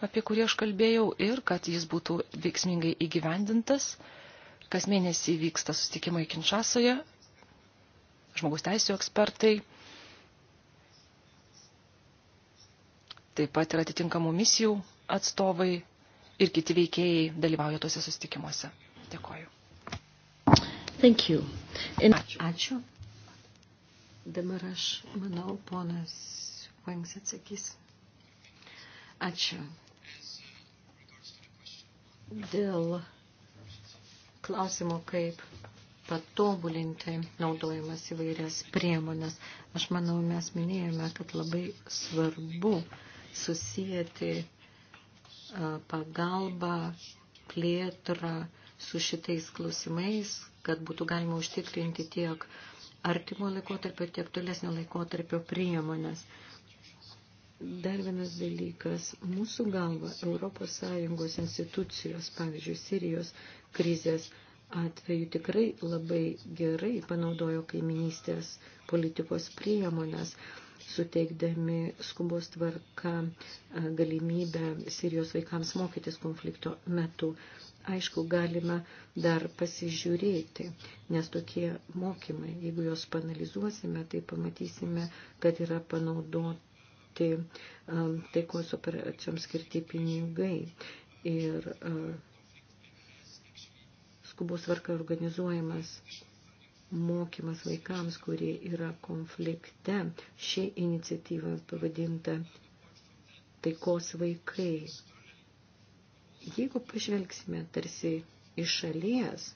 apie kurį aš kalbėjau, ir kad jis būtų veiksmingai įgyvendintas. Kas mėnesį vyksta sustikimai Kinšasoje, žmogus teisų ekspertai, taip pat ir atitinkamų misijų atstovai ir kiti veikėjai dalyvauja tuose sustikimuose. Dėkoju. Thank you. In... Ačiū. Ačiū. Dabar aš manau, ponas Vangs atsakys. Ačiū. Dėl klausimo, kaip patobulinti naudojimas įvairias priemonės. Aš manau, mes minėjome, kad labai svarbu susijęti pagalbą, plėtrą su šitais klausimais, kad būtų galima užtikrinti tiek artimo laikotarpio, tiek tolesnio laikotarpio priemonės. Dar vienas dalykas. Mūsų galva Europos Sąjungos institucijos, pavyzdžiui, Sirijos krizės atveju tikrai labai gerai panaudojo kaiminystės politikos priemonės suteikdami skubos tvarka galimybę Sirijos vaikams mokytis konflikto metu. Aišku, galima dar pasižiūrėti, nes tokie mokymai, jeigu juos panalizuosime, tai pamatysime, kad yra panaudoti taikos operacijoms skirti pinigai. Ir uh, skubos varka organizuojamas mokymas vaikams, kurie yra konflikte. Ši iniciatyva pavadinta taikos vaikai. Jeigu pažvelgsime tarsi iš šalies,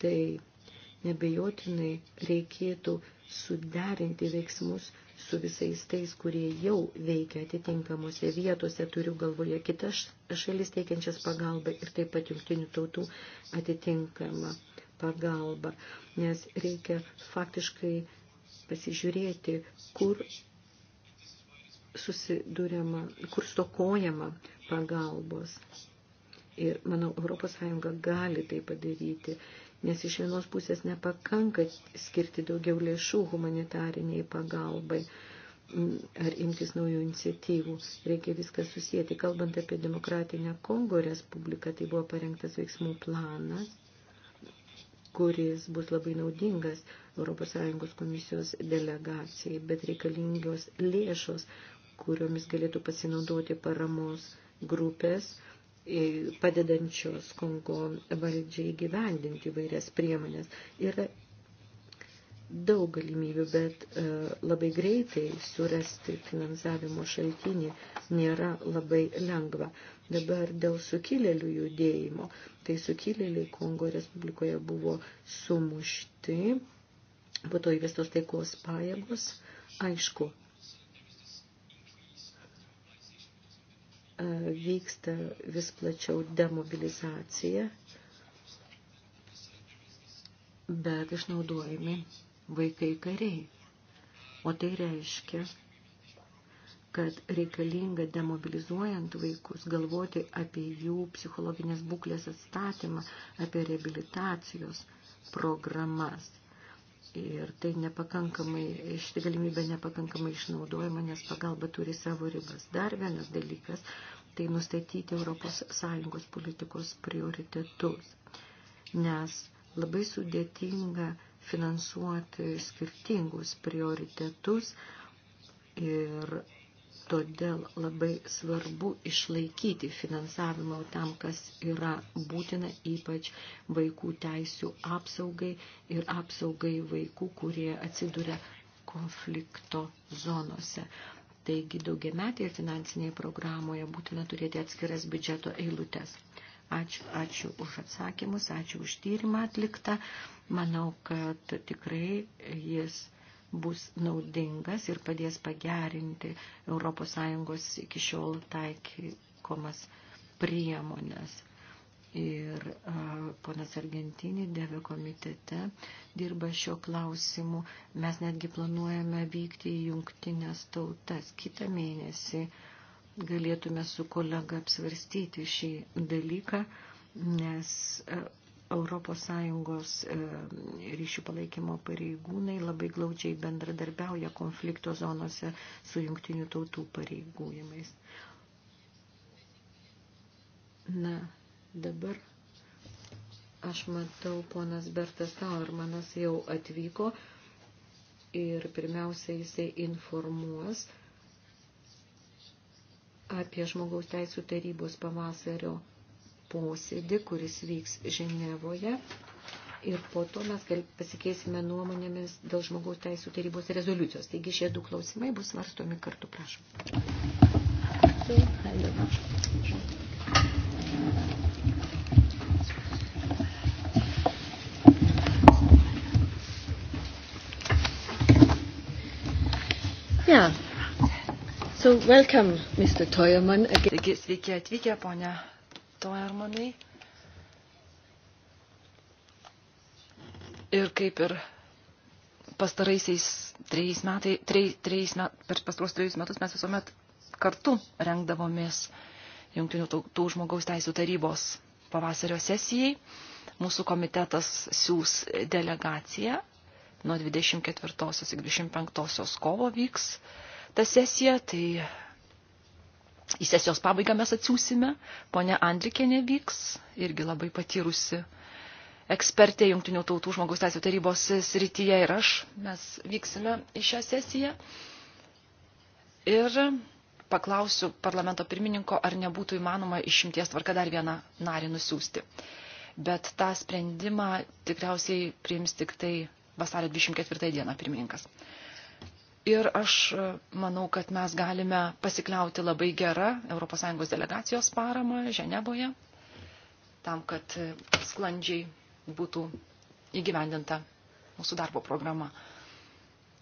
tai nebejotinai reikėtų suderinti veiksmus su visais tais, kurie jau veikia atitinkamuose vietose, turiu galvoje kitas šalis teikiančias pagalbą ir taip pat jungtinių tautų atitinkamą pagalbą, nes reikia faktiškai pasižiūrėti, kur susidūrėma, kur stokojama pagalbos. Ir, manau, ES gali tai padaryti, nes iš vienos pusės nepakanka skirti daugiau lėšų humanitariniai pagalbai ar imtis naujų iniciatyvų. Reikia viską susijęti. Kalbant apie demokratinę Kongo Respubliką, tai buvo parengtas veiksmų planas, kuris bus labai naudingas ES komisijos delegacijai, bet reikalingios lėšos, kuriomis galėtų pasinaudoti paramos grupės padedančios Kongo valdžiai gyvendinti vairias priemonės. Yra daug galimybių, bet e, labai greitai surasti finansavimo šaltinį nėra labai lengva. Dabar dėl sukilėlių judėjimo, tai sukilėliai Kongo Respublikoje buvo sumušti, po to įvestos taikos pajėgos. Aišku, vyksta vis plačiau demobilizacija, bet išnaudojami vaikai kariai. O tai reiškia, kad reikalinga demobilizuojant vaikus galvoti apie jų psichologinės būklės atstatymą, apie reabilitacijos programas – ir tai nepakankamai, šitą galimybę nepakankamai išnaudojama, nes pagalba turi savo ribas. Dar vienas dalykas – tai nustatyti ES politikos prioritetus, nes labai sudėtinga finansuoti skirtingus prioritetus ir Todėl labai svarbu išlaikyti finansavimą tam, kas yra būtina, ypač vaikų teisių apsaugai ir apsaugai vaikų, kurie atsiduria konflikto zonose. Taigi daugiametėje finansinėje programoje būtina turėti atskiras biudžeto eilutes. Ačiū, ačiū už atsakymus, ačiū už tyrimą atliktą. Manau, kad tikrai jis bus naudingas ir padės pagerinti ES iki šiol taikomas priemonės. Ir a, ponas Argentinį devė komitete dirba šio klausimu. Mes netgi planuojame vykti į jungtinės tautas. Kitą mėnesį galėtume su kolega apsvarstyti šį dalyką, nes a, ES e, ryšių palaikymo pareigūnai labai glaudžiai bendradarbiauja konflikto zonose su jungtinių tautų pareigūnimais. Na, dabar aš matau, ponas Bertas Taurmanas jau atvyko ir pirmiausia jisai informuos apie žmogaus teisų tarybos pavasario posėdį, kuris vyks Ženevoje. Ir po to mes pasikeisime nuomonėmis dėl žmogaus teisų tarybos rezoliucijos. Taigi šie du klausimai bus svarstomi kartu, prašom. Yeah. So welcome, Mr. Teuermann. Again. Taigi, sveiki atvykę, ponia Toermanai. Ir kaip ir pastaraisiais trejais metai, trej, trejais met, per pastaros trejus metus mes visuomet kartu rengdavomės Junktinių tautų žmogaus teisų tarybos pavasario sesijai. Mūsų komitetas siūs delegaciją nuo 24 iki 25 kovo vyks ta sesija, tai Į sesijos pabaigą mes atsiūsime. Pone Andrikė nevyks, irgi labai patyrusi ekspertė Junktinių tautų žmogaus teisų tarybos srityje ir aš. Mes vyksime į šią sesiją. Ir paklausiu parlamento pirmininko, ar nebūtų įmanoma išimties tvarka dar vieną narį nusiųsti. Bet tą sprendimą tikriausiai priims tik tai vasario 24 dieną pirmininkas. Ir aš e, manau, kad mes galime pasikliauti labai gerą ES delegacijos paramą Ženeboje, tam, kad e, sklandžiai būtų įgyvendinta mūsų darbo programa.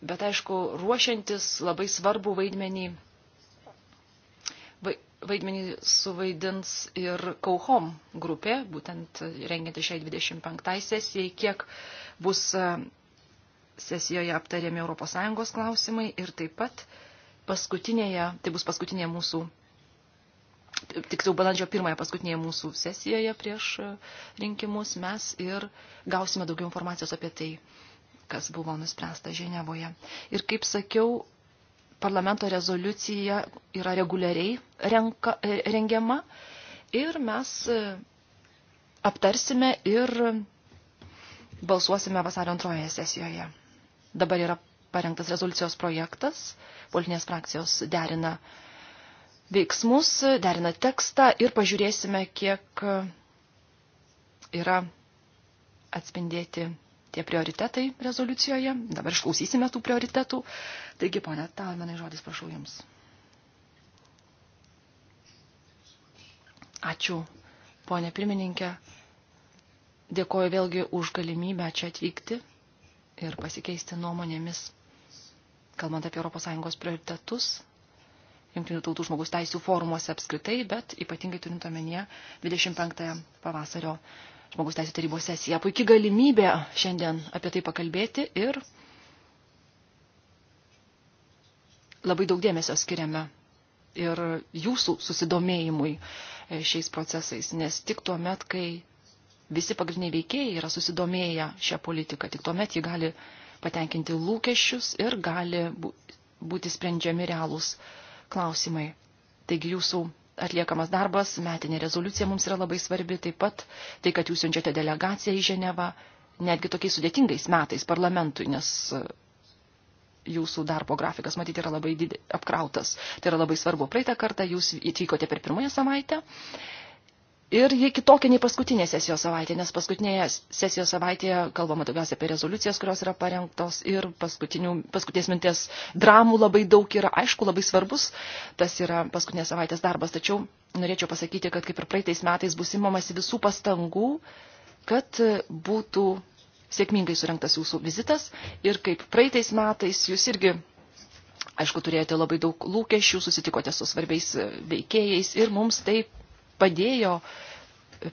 Bet aišku, ruošiantis labai svarbu vaidmenį, vaidmenį suvaidins ir Kauhom grupė, būtent rengianti šiai 25 sesijai, kiek bus e, sesijoje aptarėme ES klausimai ir taip pat paskutinėje, tai bus paskutinė mūsų, tiksliau balandžio pirmąją paskutinėje mūsų sesijoje prieš e, rinkimus mes ir gausime daugiau informacijos apie tai, kas buvo nuspręsta Ženevoje. Ir kaip sakiau, parlamento rezoliucija yra reguliariai renka, e, rengiama ir mes e, aptarsime ir balsuosime vasario antrojoje sesijoje. Dabar yra parengtas rezoliucijos projektas, politinės frakcijos derina veiksmus, derina tekstą ir pažiūrėsime, kiek yra atspindėti tie prioritetai rezoliucijoje. Dabar išklausysime tų prioritetų. Taigi, ponė Talmenai, žodis prašau Jums. Ačiū, ponė pirmininkė. Dėkoju vėlgi už galimybę čia atvykti ir pasikeisti nuomonėmis, kalbant apie ES prioritetus, Junktinių tautų žmogus teisų forumuose apskritai, bet ypatingai turint omenyje 25 pavasario žmogus teisų tarybos sesiją. Puikia galimybė šiandien apie tai pakalbėti ir labai daug dėmesio skiriame ir jūsų susidomėjimui e, šiais procesais, nes tik tuo met, kai visi pagrindiniai veikėjai yra susidomėję šią politiką. Tik tuomet ji gali patenkinti lūkesčius ir gali būti sprendžiami realūs klausimai. Taigi jūsų atliekamas darbas, metinė rezoliucija mums yra labai svarbi, taip pat tai, kad jūs siunčiate delegaciją į Ženevą, netgi tokiais sudėtingais metais parlamentui, nes e, jūsų darbo grafikas, matyti, yra labai didė, apkrautas. Tai yra labai svarbu. Praeitą kartą jūs įtvykote per pirmąją savaitę, Ir ji kitokia nei paskutinė sesijos savaitė, nes paskutinėje sesijos savaitėje kalbama daugiausia apie rezoliucijas, kurios yra parengtos ir paskutinės minties dramų labai daug yra, aišku, labai svarbus, tas yra paskutinės savaitės darbas, tačiau norėčiau pasakyti, kad kaip ir praeitais metais bus imamasi visų pastangų, kad būtų sėkmingai surinktas jūsų vizitas ir kaip praeitais metais jūs irgi Aišku, turėjote labai daug lūkesčių, susitikote su svarbiais veikėjais ir mums tai padėjo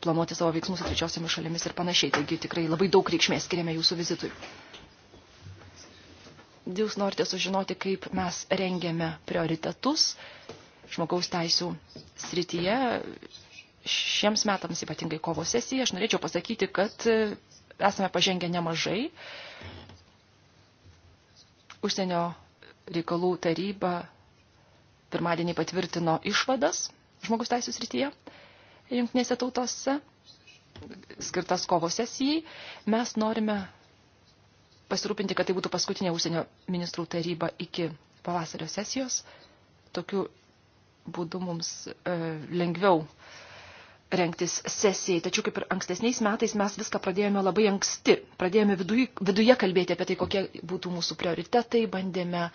planuoti savo veiksmus trečiosiamis šalimis ir panašiai. Taigi tikrai labai daug reikšmės skiriame jūsų vizitui. Jūs norite sužinoti, kaip mes rengiame prioritetus žmogaus teisų srityje. Šiems metams ypatingai kovo sesija, aš norėčiau pasakyti, kad esame pažengę nemažai. Užsienio reikalų taryba pirmadienį patvirtino išvadas žmogus teisų srityje jungtinėse tautose, skirtas kovo sesijai, mes norime pasirūpinti, kad tai būtų paskutinė užsienio ministrų taryba iki pavasario sesijos. Tokiu būdu mums e, lengviau rengtis sesijai. Tačiau kaip ir ankstesniais metais mes viską pradėjome labai anksti. Pradėjome viduje, viduje kalbėti apie tai, kokie būtų mūsų prioritetai, bandėme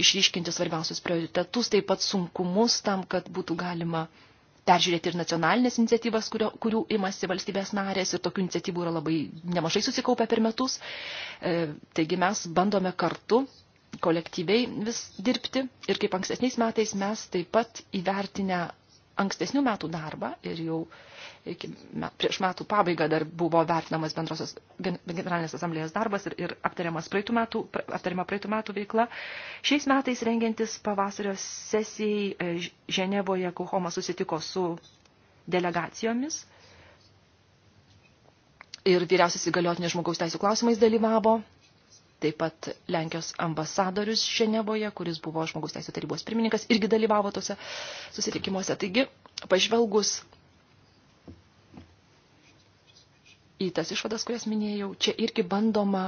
išryškinti svarbiausius prioritetus, taip pat sunkumus tam, kad būtų galima uh, peržiūrėti ir nacionalinės iniciatyvas, kurio, kurių imasi valstybės narės ir tokių iniciatyvų yra labai nemažai susikaupę per metus. E, taigi mes bandome kartu kolektyviai vis dirbti ir kaip ankstesniais metais mes taip pat įvertinę ankstesnių metų darbą ir jau iki met, prieš metų pabaigą dar buvo vertinamas bendrosios generalinės asamblėjos darbas ir, ir aptariamas praeitų metų, aptariama praeitų metų veikla. Šiais metais rengiantis pavasario sesijai e, Ženevoje Kuhoma susitiko su delegacijomis ir vyriausias įgaliotinės žmogaus teisų klausimais dalyvavo Taip pat Lenkijos ambasadorius Ženevoje, kuris buvo žmogus teisų tarybos pirmininkas, irgi dalyvavo tose susitikimuose. Taigi, pažvelgus į tas išvadas, kurias minėjau, čia irgi bandoma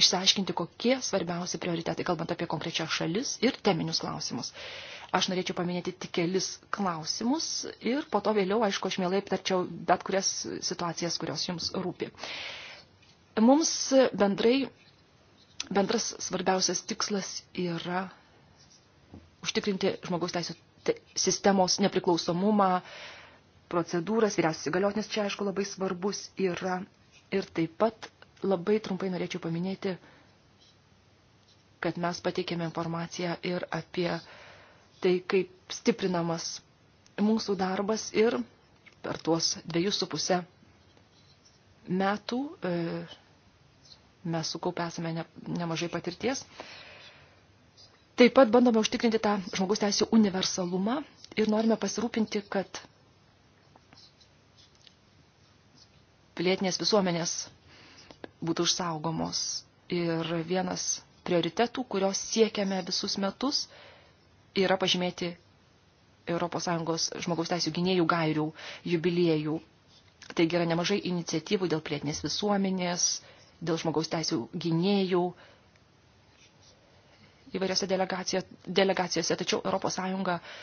išsiaiškinti, kokie svarbiausi prioritetai, kalbant apie konkrečią šalis ir teminius klausimus. Aš norėčiau paminėti tik kelis klausimus ir po to vėliau, aišku, aš mielai aptarčiau bet kurias situacijas, kurios jums rūpi. Mums bendrai bendras svarbiausias tikslas yra užtikrinti žmogaus teisų sistemos nepriklausomumą, procedūras, vyriausias įgaliotinis čia, aišku, labai svarbus yra. Ir taip pat labai trumpai norėčiau paminėti, kad mes pateikėme informaciją ir apie tai, kaip stiprinamas mūsų darbas ir per tuos dviejus su pusę metų e, mes sukaupę esame ne, nemažai patirties. Taip pat bandome užtikrinti tą žmogus teisų universalumą ir norime pasirūpinti, kad pilietinės visuomenės būtų išsaugomos. Ir vienas prioritetų, kurios siekiame visus metus, yra pažymėti ES žmogaus teisų gynėjų gairių jubiliejų. Taigi yra nemažai iniciatyvų dėl plėtinės visuomenės, dėl žmogaus teisų gynėjų įvairiose delegacijose. Tačiau ES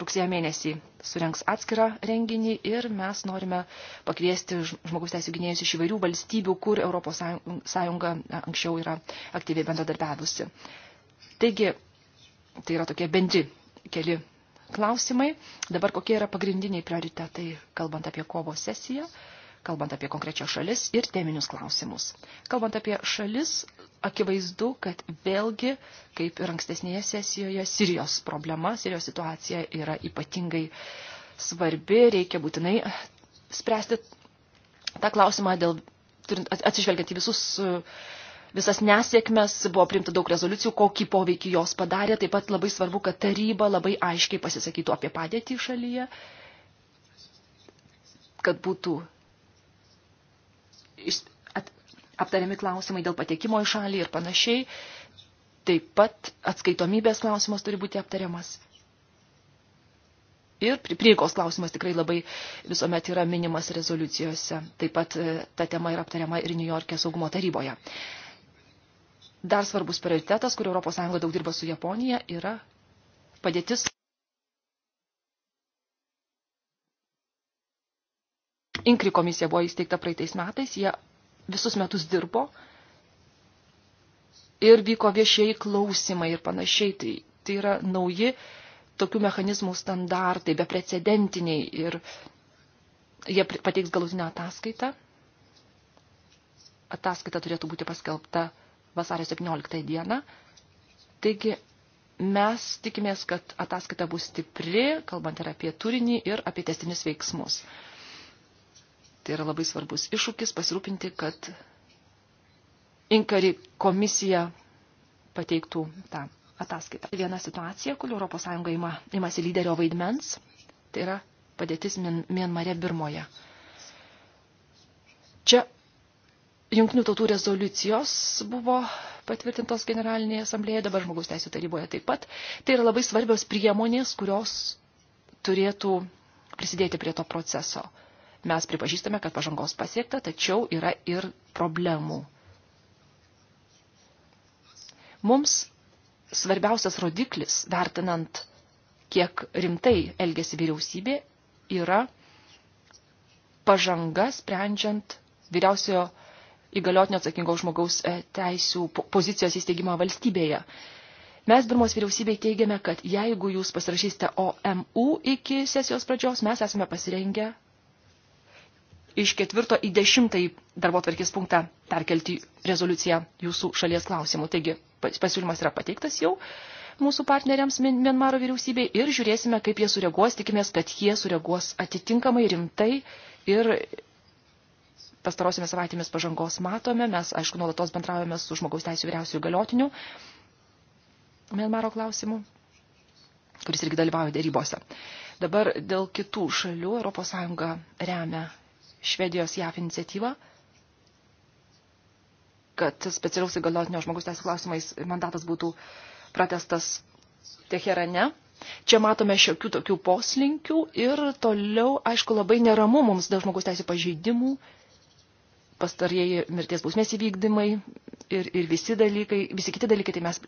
rugsėjo mėnesį surenks atskirą renginį ir mes norime pakviesti žmogus teisų gynėjus iš įvairių valstybių, kur Europos Sąjunga anksčiau yra aktyviai bendradarbiavusi. Taigi, tai yra tokie bendri keli klausimai. Dabar kokie yra pagrindiniai prioritetai, kalbant apie kovo sesiją. Uh, kalbant apie konkrečią šalis ir teminius klausimus. Kalbant apie šalis, akivaizdu, kad vėlgi, kaip ir ankstesnėje sesijoje, Sirijos problema, Sirijos situacija yra ypatingai svarbi, reikia būtinai spręsti tą klausimą dėl, atsižvelgiant į visus visas nesėkmes, buvo priimta daug rezoliucijų, kokį poveikį jos padarė. Taip pat labai svarbu, kad taryba labai aiškiai pasisakytų apie padėtį šalyje, kad būtų aptariami klausimai dėl patekimo į šalį ir panašiai. Taip pat atskaitomybės klausimas turi būti aptariamas. Ir prieigos klausimas tikrai labai visuomet yra minimas rezoliucijose. Taip pat e, ta tema yra aptariama ir New York'e saugumo taryboje. Dar svarbus prioritetas, kur ES daug dirba su Japonija, yra padėtis Inkri komisija buvo įsteigta praeitais metais, jie visus metus dirbo ir vyko viešieji klausimai ir panašiai. Tai, tai yra nauji tokių mechanizmų standartai, beprecedentiniai ir jie pateiks galutinę ataskaitą. Ataskaita turėtų būti paskelbta vasario 17 dieną. Taigi mes tikimės, kad ataskaita bus stipri, kalbant ir apie turinį, ir apie testinius veiksmus. Tai yra labai svarbus iššūkis pasirūpinti, kad Inkari komisija pateiktų tą ataskaitą. Viena situacija, kur ES ima, imasi lyderio vaidmens, tai yra padėtis Mienmare Birmoje. Čia Jungtinių tautų rezoliucijos buvo patvirtintos generalinėje asamblėje, dabar žmogaus teisų taryboje taip pat. Tai yra labai svarbios priemonės, kurios turėtų prisidėti prie to proceso. Mes pripažįstame, kad pažangos pasiekta, tačiau yra ir problemų. Mums svarbiausias rodiklis, vertinant, kiek rimtai elgesi vyriausybė, yra pažanga sprendžiant vyriausiojo įgaliotinio atsakingo žmogaus e, teisų pozicijos įsteigimą valstybėje. Mes Birmos vyriausybei teigiame, kad jeigu jūs pasirašysite OMU iki sesijos pradžios, mes esame pasirengę iš ketvirto į dešimtąjį darbo tvarkės punktą perkelti rezoliuciją jūsų šalies klausimų. Taigi pasiūlymas yra pateiktas jau mūsų partneriams Mienmaro vyriausybei ir žiūrėsime, kaip jie sureaguos. Tikimės, kad jie sureaguos atitinkamai rimtai ir pastarosiomis savaitėmis pažangos matome. Mes, aišku, nuolatos bendraujame su žmogaus teisų vyriausiųjų galiotiniu Mienmaro klausimu, kuris irgi dalyvauja dėrybose. Dabar dėl kitų šalių ES remia Švedijos JAF iniciatyvą, kad specialiaus įgaliotinio žmogus teisų klausimais mandatas būtų pratestas Teherane. Čia matome šiokių tokių poslinkių ir toliau, aišku, labai neramu mums dėl žmogus teisų pažeidimų, pastarieji mirties bausmės įvykdymai ir, ir visi, dalykai, visi kiti dalykai, tai mes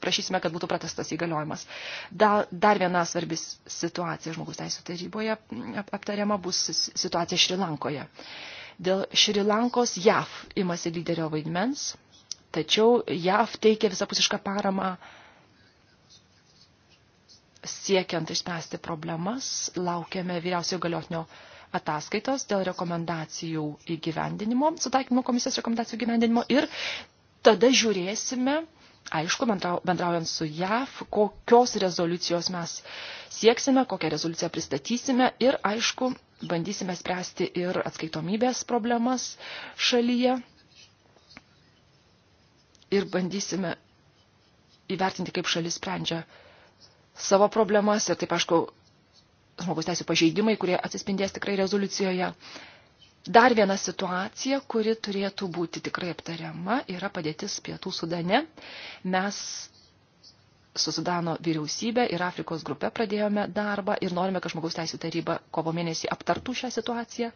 prašysime, kad būtų pratestas įgaliojimas. Dar, dar viena svarbi situacija žmogus teisų taryboje mm, aptariama bus situacija Šrilankoje. Dėl Šrilankos JAF imasi lyderio vaidmens, tačiau JAF teikia visapusišką paramą siekiant išspręsti problemas. Laukiame vyriausiojo galiotinio ataskaitos dėl rekomendacijų įgyvendinimo, sutaikymo komisijos rekomendacijų įgyvendinimo ir tada žiūrėsime, aišku, bendraujant su JAV, kokios rezoliucijos mes sieksime, kokią rezoliuciją pristatysime ir, aišku, bandysime spręsti ir atskaitomybės problemas šalyje ir bandysime įvertinti, kaip šalis sprendžia savo problemas ir taip, aišku, žmogus teisų pažeidimai, kurie atsispindės tikrai rezoliucijoje. Dar viena situacija, kuri turėtų būti tikrai aptariama, yra padėtis Pietų Sudane. Mes su Sudano vyriausybė ir Afrikos grupe pradėjome darbą ir norime, kad žmogaus teisų taryba kovo mėnesį aptartų šią situaciją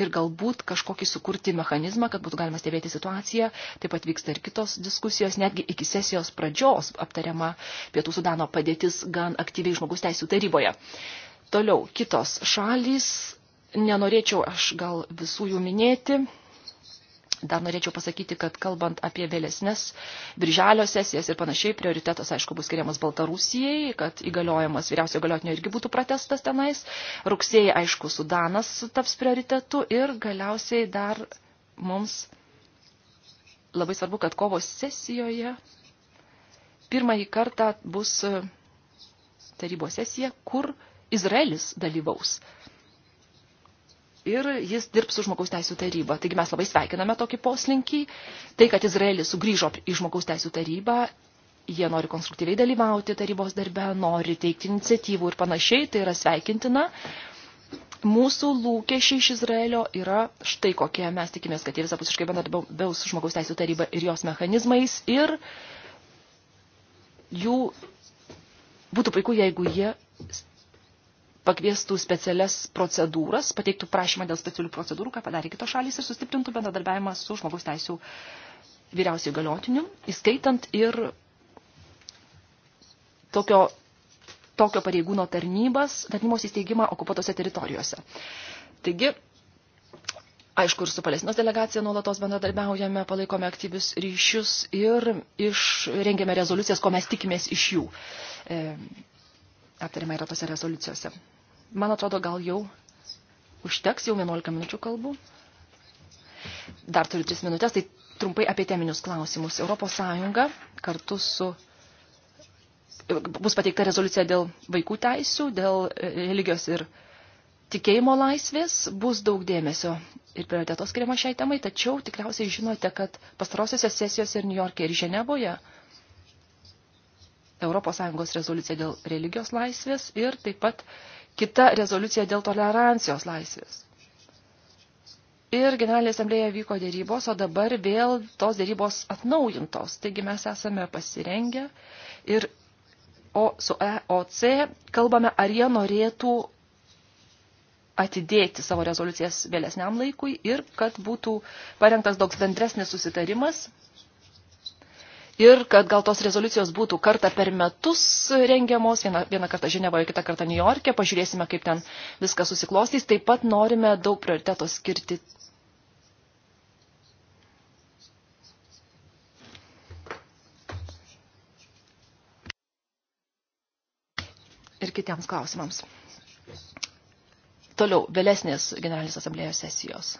ir galbūt kažkokį sukurti mechanizmą, kad būtų galima stebėti situaciją. Taip pat vyksta ir kitos diskusijos, netgi iki sesijos pradžios aptariama Pietų Sudano padėtis gan aktyviai žmogus teisų taryboje. Toliau, kitos šalys nenorėčiau aš gal visų jų minėti. Dar norėčiau pasakyti, kad kalbant apie vėlesnės birželio sesijas ir panašiai, prioritetas, aišku, bus skiriamas Baltarusijai, kad įgaliojimas vyriausio galiotinio irgi būtų protestas tenais. Rugsėjai, aišku, Sudanas taps prioritetu ir galiausiai dar mums labai svarbu, kad kovo sesijoje pirmąjį kartą bus tarybos sesija, kur Izraelis dalyvaus ir jis dirbs su žmogaus teisų taryba. Taigi mes labai sveikiname tokį poslinkį. Tai, kad Izraelis sugrįžo į žmogaus teisų tarybą, jie nori konstruktyviai dalyvauti tarybos darbe, nori teikti iniciatyvų ir panašiai, tai yra sveikintina. Mūsų lūkesčiai iš Izraelio yra štai kokie. Mes tikimės, kad jie visapusiškai bendradarbiaus su žmogaus teisų taryba ir jos mechanizmais ir jų būtų puiku, jeigu jie pakviestų specialias procedūras, pateiktų prašymą dėl specialių procedūrų, ką padarė kitos šalys ir sustiprintų bendradarbiavimą su žmogaus teisų vyriausiai galiotiniu, įskaitant ir tokio, tokio pareigūno tarnybas, tarnybos įsteigimą okupuotose teritorijose. Taigi, aišku, ir su Palestinos delegacija nuolatos bendradarbiaujame, palaikome aktyvius ryšius ir išrengėme rezoliucijas, ko mes tikimės iš jų. E, aptariama yra tose rezoliucijose. Man atrodo, gal jau užteks, jau 11 minučių kalbų. Dar turiu 3 minutės, tai trumpai apie teminius klausimus. Europos Sąjunga kartu su bus pateikta rezoliucija dėl vaikų teisių, dėl e, religijos ir tikėjimo laisvės, bus daug dėmesio ir prioriteto skiriama šiai temai, tačiau tikriausiai žinote, kad pastarosiuose sesijose ir New York'e ir Ženevoje ES rezoliucija dėl religijos laisvės ir taip pat kita rezoliucija dėl tolerancijos laisvės. Ir Generalinė asamblėje vyko dėrybos, o dabar vėl tos dėrybos atnaujintos. Taigi mes esame pasirengę ir o, su EOC kalbame, ar jie norėtų atidėti savo rezoliucijas vėlesniam laikui ir kad būtų parengtas toks bendresnis susitarimas ir kad gal tos rezoliucijos būtų kartą per metus rengiamos, vieną, vieną kartą Ženevoje, kitą kartą New York'e, pažiūrėsime, kaip ten viskas susiklostys. Taip pat norime daug prioriteto skirti. Ir kitiems klausimams. Toliau, vėlesnės generalinės asamblėjos sesijos.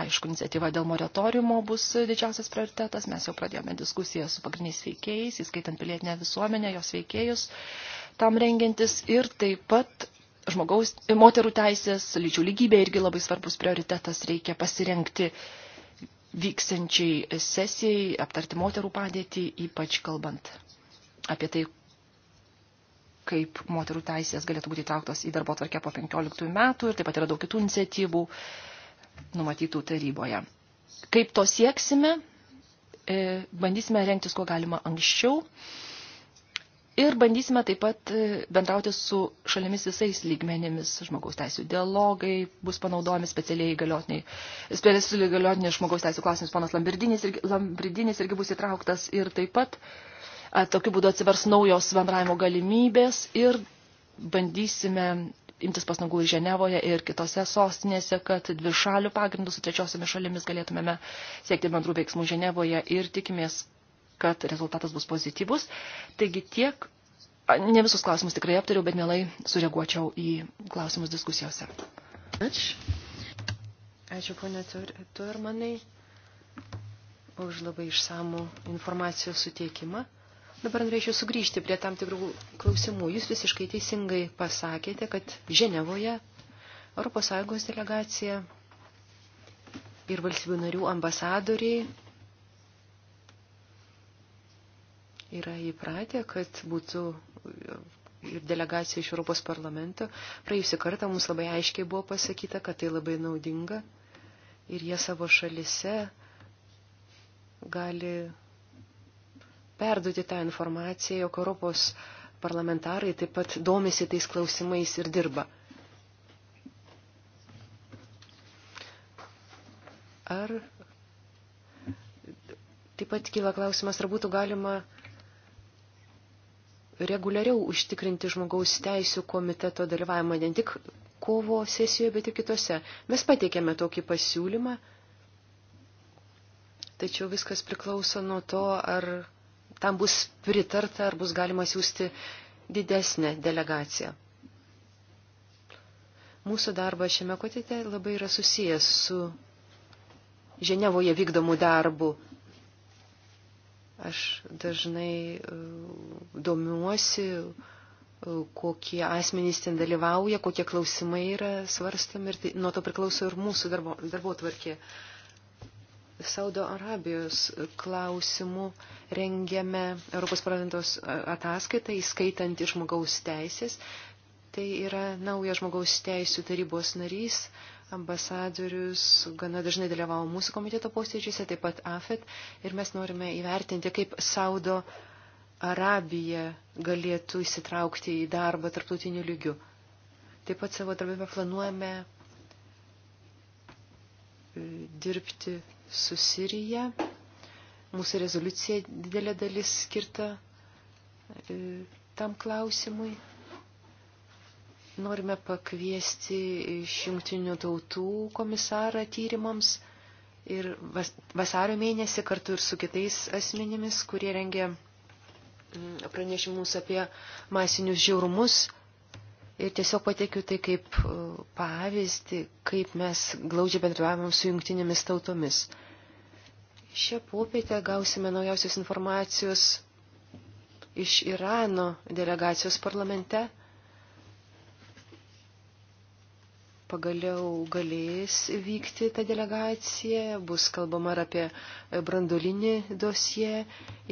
Aišku, iniciatyva dėl moratoriumo bus didžiausias prioritetas. Mes jau pradėjome diskusiją su pagrindiniais veikėjais, įskaitant pilietinę visuomenę, jos veikėjus, tam rengiantis. Ir taip pat žmogaus, moterų teisės, lyčių lygybė irgi labai svarbus prioritetas. Reikia pasirengti vyksiančiai sesijai, aptarti moterų padėtį, ypač kalbant apie tai, kaip moterų teisės galėtų būti įtrauktos į darbo tvarkę po 15 metų ir taip pat yra daug kitų iniciatyvų numatytų taryboje. Kaip to sieksime, e, bandysime rengtis kuo galima anksčiau ir bandysime taip pat e, bendrauti su šalimis visais lygmenėmis žmogaus teisų dialogai, bus panaudojami specialiai galiotiniai, specialiai galiotiniai žmogaus teisų klausimus, panas Lambridinis, irgi, Lambridinis irgi bus įtrauktas ir taip pat a, e, tokiu būdu atsivers naujos bendravimo galimybės ir bandysime imtis pasnagų ir Ženevoje ir kitose sostinėse, kad dvišalių pagrindų su trečiosiomis šalimis galėtumėme siekti bendrų veiksmų Ženevoje ir tikimės, kad rezultatas bus pozityvus. Taigi tiek, ne visus klausimus tikrai aptariau, bet mielai sureaguočiau į klausimus diskusijose. Ačiū. Ačiū, ponė Turmanai, už labai išsamų informacijos suteikimą. Dabar norėčiau sugrįžti prie tam tikrų klausimų. Jūs visiškai teisingai pasakėte, kad Ženevoje ES delegacija ir valstybių narių ambasadoriai yra įpratę, kad būtų ir delegacija iš Europos parlamento. Praėjusį kartą mums labai aiškiai buvo pasakyta, kad tai labai naudinga ir jie savo šalise gali perduoti tą informaciją, jog Europos parlamentarai taip pat domisi tais klausimais ir dirba. Ar taip pat kyla klausimas, ar būtų galima reguliariau užtikrinti žmogaus teisų komiteto dalyvavimą ne tik kovo sesijoje, bet ir kitose. Mes pateikėme tokį pasiūlymą, tačiau viskas priklauso nuo to, ar tam bus pritarta ar bus galima siūsti didesnę delegaciją. Mūsų darbas šiame kotete labai yra susijęs su Ženevoje vykdomų darbų. Aš dažnai uh, domiuosi, uh, kokie asmenys ten dalyvauja, kokie klausimai yra svarstami ir tai, nuo to priklauso ir mūsų darbo, darbo tvarkė. Uh, Saudo Arabijos klausimų rengiame Europos parlamentos ataskaitą, įskaitant ir žmogaus teisės. Tai yra naujas žmogaus teisų tarybos narys, ambasadorius, gana dažnai dalyvavo mūsų komiteto posėdžiuose, taip pat AFET, ir mes norime įvertinti, kaip Saudo Arabija galėtų įsitraukti į darbą tarptautiniu lygiu. Taip pat savo darbime planuojame e, dirbti su Sirija. Mūsų rezoliucija didelė dalis skirta e, tam klausimui. Norime pakviesti iš jungtinių tautų komisarą tyrimams ir vasario mėnesį kartu ir su kitais asmenimis, kurie rengia pranešimus apie masinius žiaurumus Ir tiesiog pateikiu tai kaip e, pavyzdį, kaip mes glaudžiai bendravom su jungtinėmis tautomis. Šią popietę gausime naujausios informacijos iš Irano delegacijos parlamente. Pagaliau galės vykti ta delegacija, bus kalbama ir apie brandolinį dosiją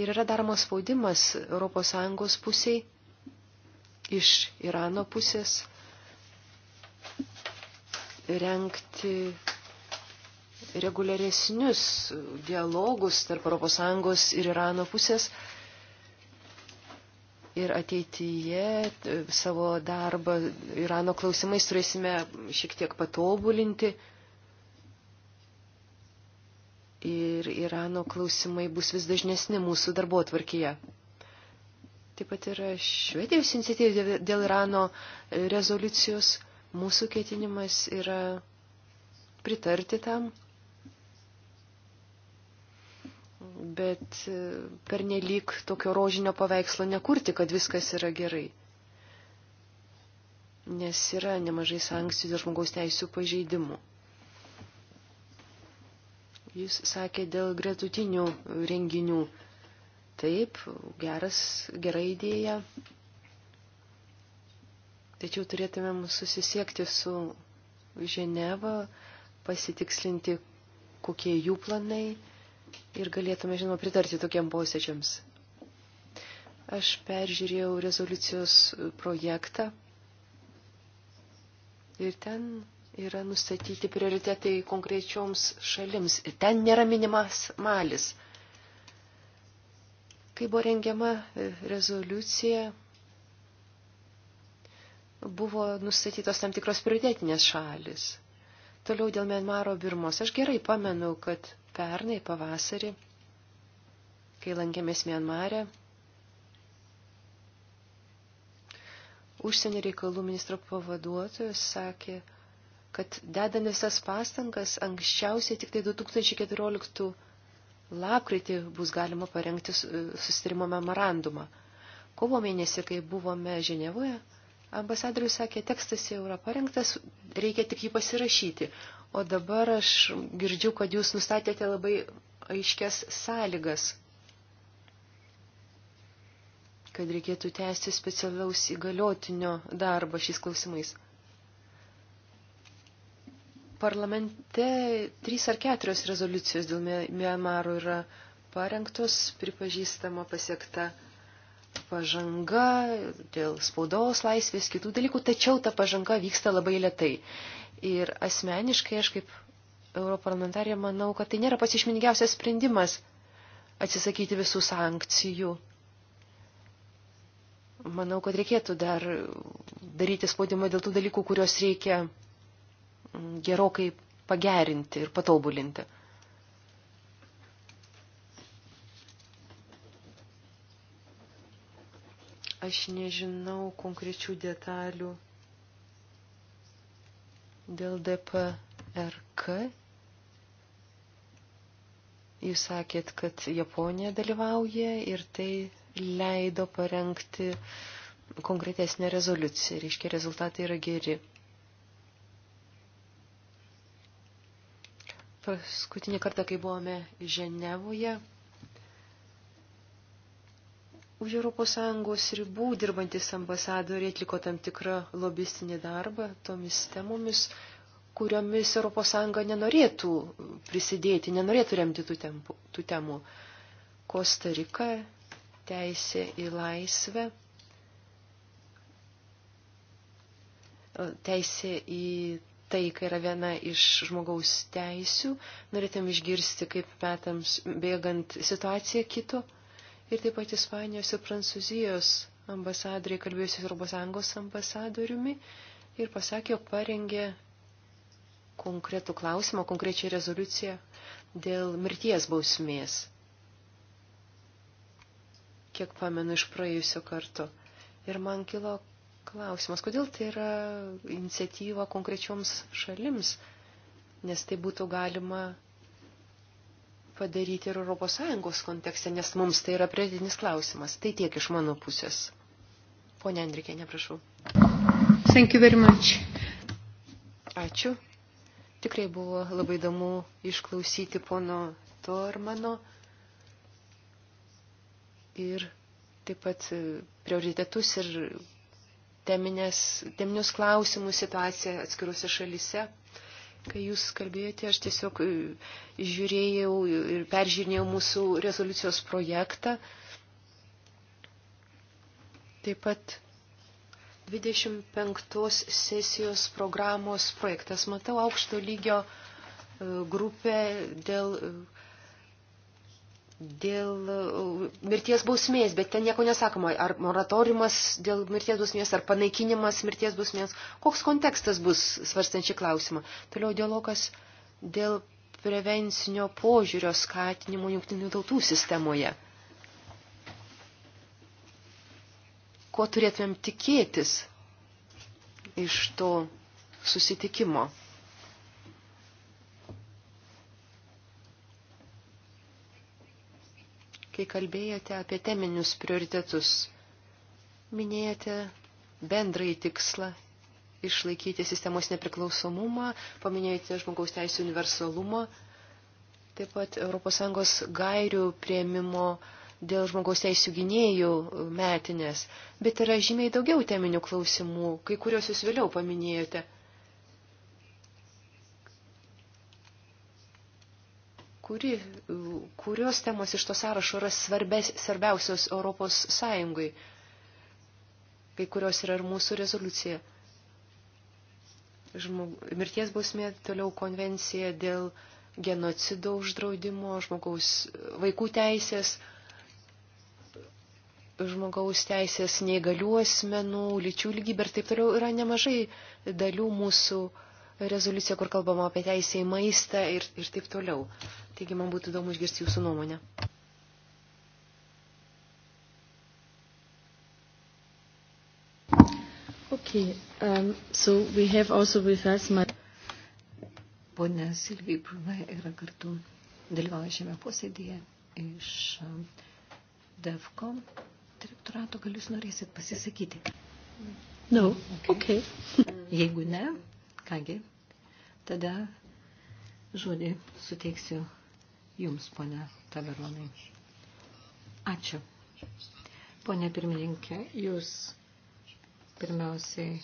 ir yra daromas spaudimas ES pusiai iš Irano pusės renkti reguliaresnius dialogus tarp ES ir Irano pusės ir ateityje savo darbą Irano klausimais turėsime šiek tiek patobulinti. Ir Irano klausimai bus vis dažnesni mūsų darbo atvarkyje. Taip pat yra Švedijos iniciatyva dėl Irano rezoliucijos. Mūsų ketinimas yra pritarti tam, bet e, per nelik tokio rožinio paveikslo nekurti, kad viskas yra gerai. Nes yra nemažai sankcijų dėl žmogaus teisų pažeidimų. Jis sakė dėl gretutinių renginių Taip, geras, gera idėja. Tačiau turėtumėm susisiekti su Ženeva, pasitikslinti, kokie jų planai ir galėtume, žinoma, pritarti tokiam posėdžiams. Aš peržiūrėjau rezoliucijos projektą ir ten yra nustatyti prioritetai konkrečioms šalims. Ir ten nėra minimas malis. Kai buvo rengiama e, rezoliucija, buvo nustatytos tam tikros prioritetinės šalis. Toliau dėl Mianmaro Birmos. Aš gerai pamenu, kad pernai pavasarį, kai lankėmės Mianmare, užsienio reikalų ministro pavaduotojas sakė, kad dedame visas pastangas anksčiausiai tik tai 2014 Lapkritį bus galima parengti e, susitarimo memorandumą. Kovo mėnesį, kai buvome Ženevoje, ambasadorius sakė, tekstas jau yra parengtas, reikia tik jį pasirašyti. O dabar aš girdžiu, kad jūs nustatėte labai aiškias sąlygas, kad reikėtų tęsti specialaus įgaliotinio darbą šiais klausimais. Parlamente trys ar keturios rezoliucijos dėl Miamaro yra parengtos, pripažįstama pasiekta pažanga dėl spaudos laisvės, kitų dalykų, tačiau ta pažanga vyksta labai lietai. Ir asmeniškai aš kaip europarlamentarė manau, kad tai nėra pats išmingiausias sprendimas atsisakyti visų sankcijų. Manau, kad reikėtų dar daryti spaudimą dėl tų dalykų, kuriuos reikia gerokai pagerinti ir patobulinti. Aš nežinau konkrečių detalių dėl DPRK. Jūs sakėt, kad Japonija dalyvauja ir tai leido parengti konkretesnę rezoliuciją. Reiškia, rezultatai yra geri. Paskutinį kartą, kai buvome Ženevoje, už Europos Sąjungos ribų dirbantis ambasadoriai atliko tam tikrą lobistinį darbą tomis temomis, kuriomis Europos Sąjunga nenorėtų prisidėti, nenorėtų remti tų, tempų, tų temų. Kostarika, teisė į laisvę, teisė į taika yra viena iš žmogaus teisių, norėtum išgirsti, kaip metams bėgant situacija kito. Ir taip pat Ispanijos ir Prancūzijos ambasadoriai kalbėjusi su Europos Sąjungos ambasadoriumi ir pasakė, jog parengė konkretų klausimą, konkrečią rezoliuciją dėl mirties bausmės. Kiek pamenu iš praėjusio karto. Ir man kilo klausimas, kodėl tai yra iniciatyva konkrečioms šalims, nes tai būtų galima padaryti ir ES kontekste, nes mums tai yra prioritinis klausimas. Tai tiek iš mano pusės. Pone Andrikė, neprašau. Thank you very much. Ačiū. Tikrai buvo labai įdomu išklausyti pono Tormano ir taip pat prioritetus ir teminės, teminius klausimus situaciją atskiruose šalise. Kai jūs kalbėjote, aš tiesiog e, žiūrėjau ir peržiūrėjau mūsų rezoliucijos projektą. Taip pat 25 sesijos programos projektas. Matau aukšto lygio e, grupę dėl e, dėl uh, mirties bausmės, bet ten nieko nesakoma, ar moratoriumas dėl mirties bausmės, ar panaikinimas mirties bausmės, koks kontekstas bus svarstančiai klausimą. Toliau dialogas dėl prevencinio požiūrio skatinimo jungtinių tautų sistemoje. Ko turėtumėm tikėtis iš to susitikimo? kai kalbėjote apie teminius prioritetus. Minėjote bendrai tikslą išlaikyti sistemos nepriklausomumą, paminėjote žmogaus teisų universalumą, taip pat ES gairių prieimimo dėl žmogaus teisų gynėjų metinės, bet yra žymiai daugiau teminių klausimų, kai kuriuos jūs vėliau paminėjote. kuri, kurios temos iš to sąrašo yra svarbės, svarbiausios Europos Sąjungai, kai kurios yra ir mūsų rezoliucija. Žmog, mirties bausmė, toliau konvencija dėl genocido uždraudimo, žmogaus vaikų teisės, žmogaus teisės neįgalių asmenų, lyčių lygybė ir taip toliau yra nemažai dalių mūsų uh, rezoliuciją, kur kalbama apie teisę į maistą ir, ir taip toliau. Taigi man būtų įdomu išgirsti jūsų nuomonę. Okay, um, so we have also with us my... Ponia Silvija Bruna yra kartu dalyvauja šiame posėdėje iš um, DEFCOM direktorato. Gal jūs norėsit pasisakyti? No, okay. okay. Jeigu ne, Kągi, tada žodį suteiksiu Jums, ponia Taveronai. Ačiū. Pone pirmininkė, Jūs pirmiausiai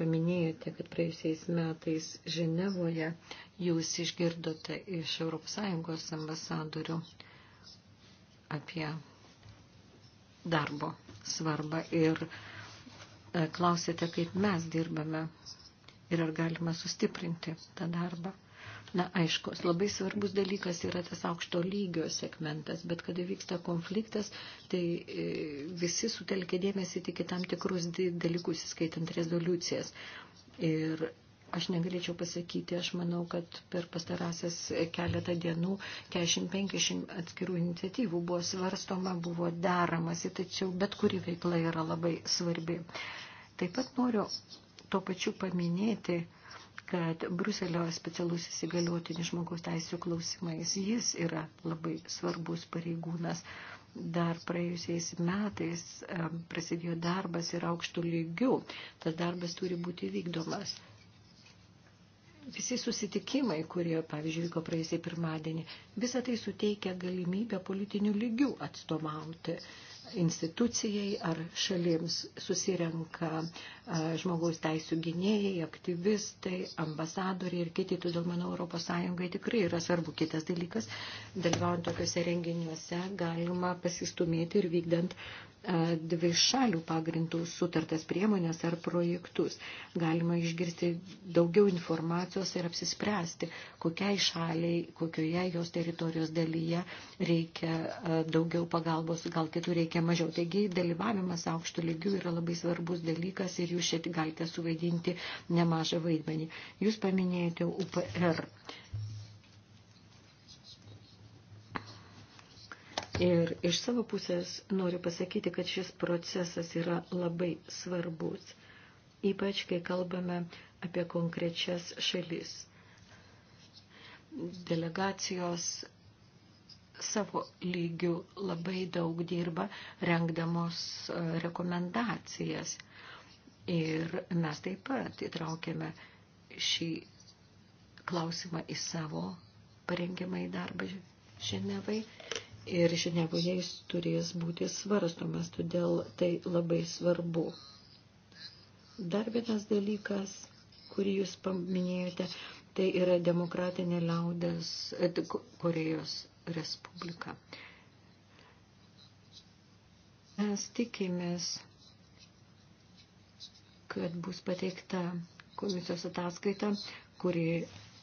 paminėjote, kad praėjusiais metais Ženevoje Jūs išgirdote iš ES ambasadorių apie darbo svarbą ir e, klausėte, kaip mes dirbame ir ar galima sustiprinti tą darbą. Na, aišku, labai svarbus dalykas yra tas aukšto lygio segmentas, bet kada vyksta konfliktas, tai e, visi sutelkia dėmesį tik į tam tikrus dalykus, įskaitant rezoliucijas. Ir aš negalėčiau pasakyti, aš manau, kad per pastarąsias keletą dienų 40-50 atskirų iniciatyvų buvo svarstoma, buvo deramasi, tačiau bet kuri veikla yra labai svarbi. Taip pat noriu tuo pačiu paminėti, kad Bruselio specialus įsigaliotinis žmogaus teisų klausimais, jis yra labai svarbus pareigūnas. Dar praėjusiais metais prasidėjo darbas ir aukštų lygių. Tas darbas turi būti vykdomas. Visi susitikimai, kurie, pavyzdžiui, vyko praėjusiai pirmadienį, visą tai suteikia galimybę politinių lygių atstovauti uh, institucijai ar šalims susirenka žmogaus teisų gynėjai, aktyvistai, ambasadoriai ir kiti. Todėl, manau, ES tikrai yra svarbu. Kitas dalykas, dalyvaujant tokiuose renginiuose, galima pasistumėti ir vykdant E, dvi šalių pagrindų sutartas priemonės ar projektus. Galima išgirsti daugiau informacijos ir apsispręsti, kokiai šaliai, kokioje jos teritorijos dalyje reikia e, daugiau pagalbos, gal kitų reikia mažiau. Taigi dalyvavimas aukštų lygių yra labai svarbus dalykas ir jūs čia galite suvaidinti nemažą vaidmenį. Jūs paminėjote UPR Ir iš savo pusės noriu pasakyti, kad šis procesas yra labai svarbus, ypač kai kalbame apie konkrečias šalis. Delegacijos savo lygių labai daug dirba, rengdamos e, rekomendacijas. Ir mes taip pat įtraukėme šį klausimą į savo parengiamą į darbą Ženevai. Ži ir Ženevoje jis turės būti svarstomas, todėl tai labai svarbu. Dar vienas dalykas, kurį jūs paminėjote, tai yra demokratinė liaudės e, Korejos Respublika. Mes tikimės, kad bus pateikta komisijos ataskaita, kuri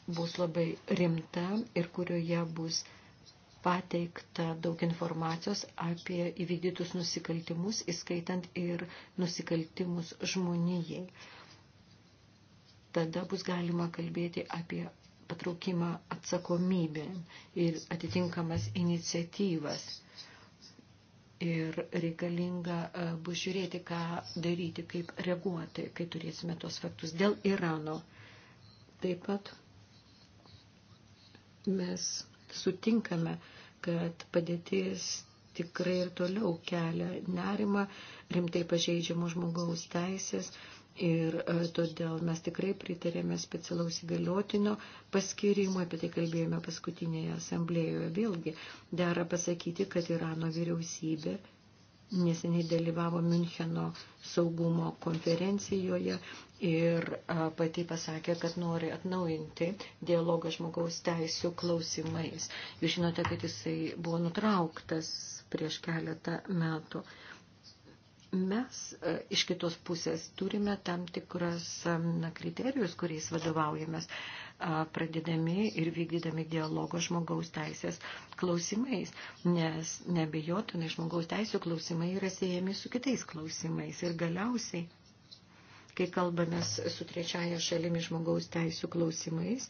bus labai rimta ir kurioje bus pateikta daug informacijos apie įvykdytus nusikaltimus, įskaitant ir nusikaltimus žmonijai. Tada bus galima kalbėti apie patraukimą atsakomybę ir atitinkamas iniciatyvas. Ir reikalinga e, bus žiūrėti, ką daryti, kaip reaguoti, kai turėsime tos faktus. Dėl Irano taip pat mes sutinkame, kad padėtis tikrai ir toliau kelia nerimą, rimtai pažeidžiamo žmogaus teisės. Ir e, todėl mes tikrai pritarėme specialaus įgaliotinio paskirimo, apie tai kalbėjome paskutinėje asamblėjoje. Vėlgi, dera pasakyti, kad Irano vyriausybė neseniai dalyvavo Müncheno saugumo konferencijoje ir pati pasakė, kad nori atnaujinti dialogą žmogaus teisų klausimais. Jūs žinote, kad jisai buvo nutrauktas prieš keletą metų. Mes iš kitos pusės turime tam tikras na, kriterijus, kuriais vadovaujamės pradėdami ir vykdydami dialogo žmogaus teisės klausimais, nes nebejotinai žmogaus teisų klausimai yra siejami su kitais klausimais. Ir galiausiai, kai kalbame su trečiaja šalimi žmogaus teisų klausimais,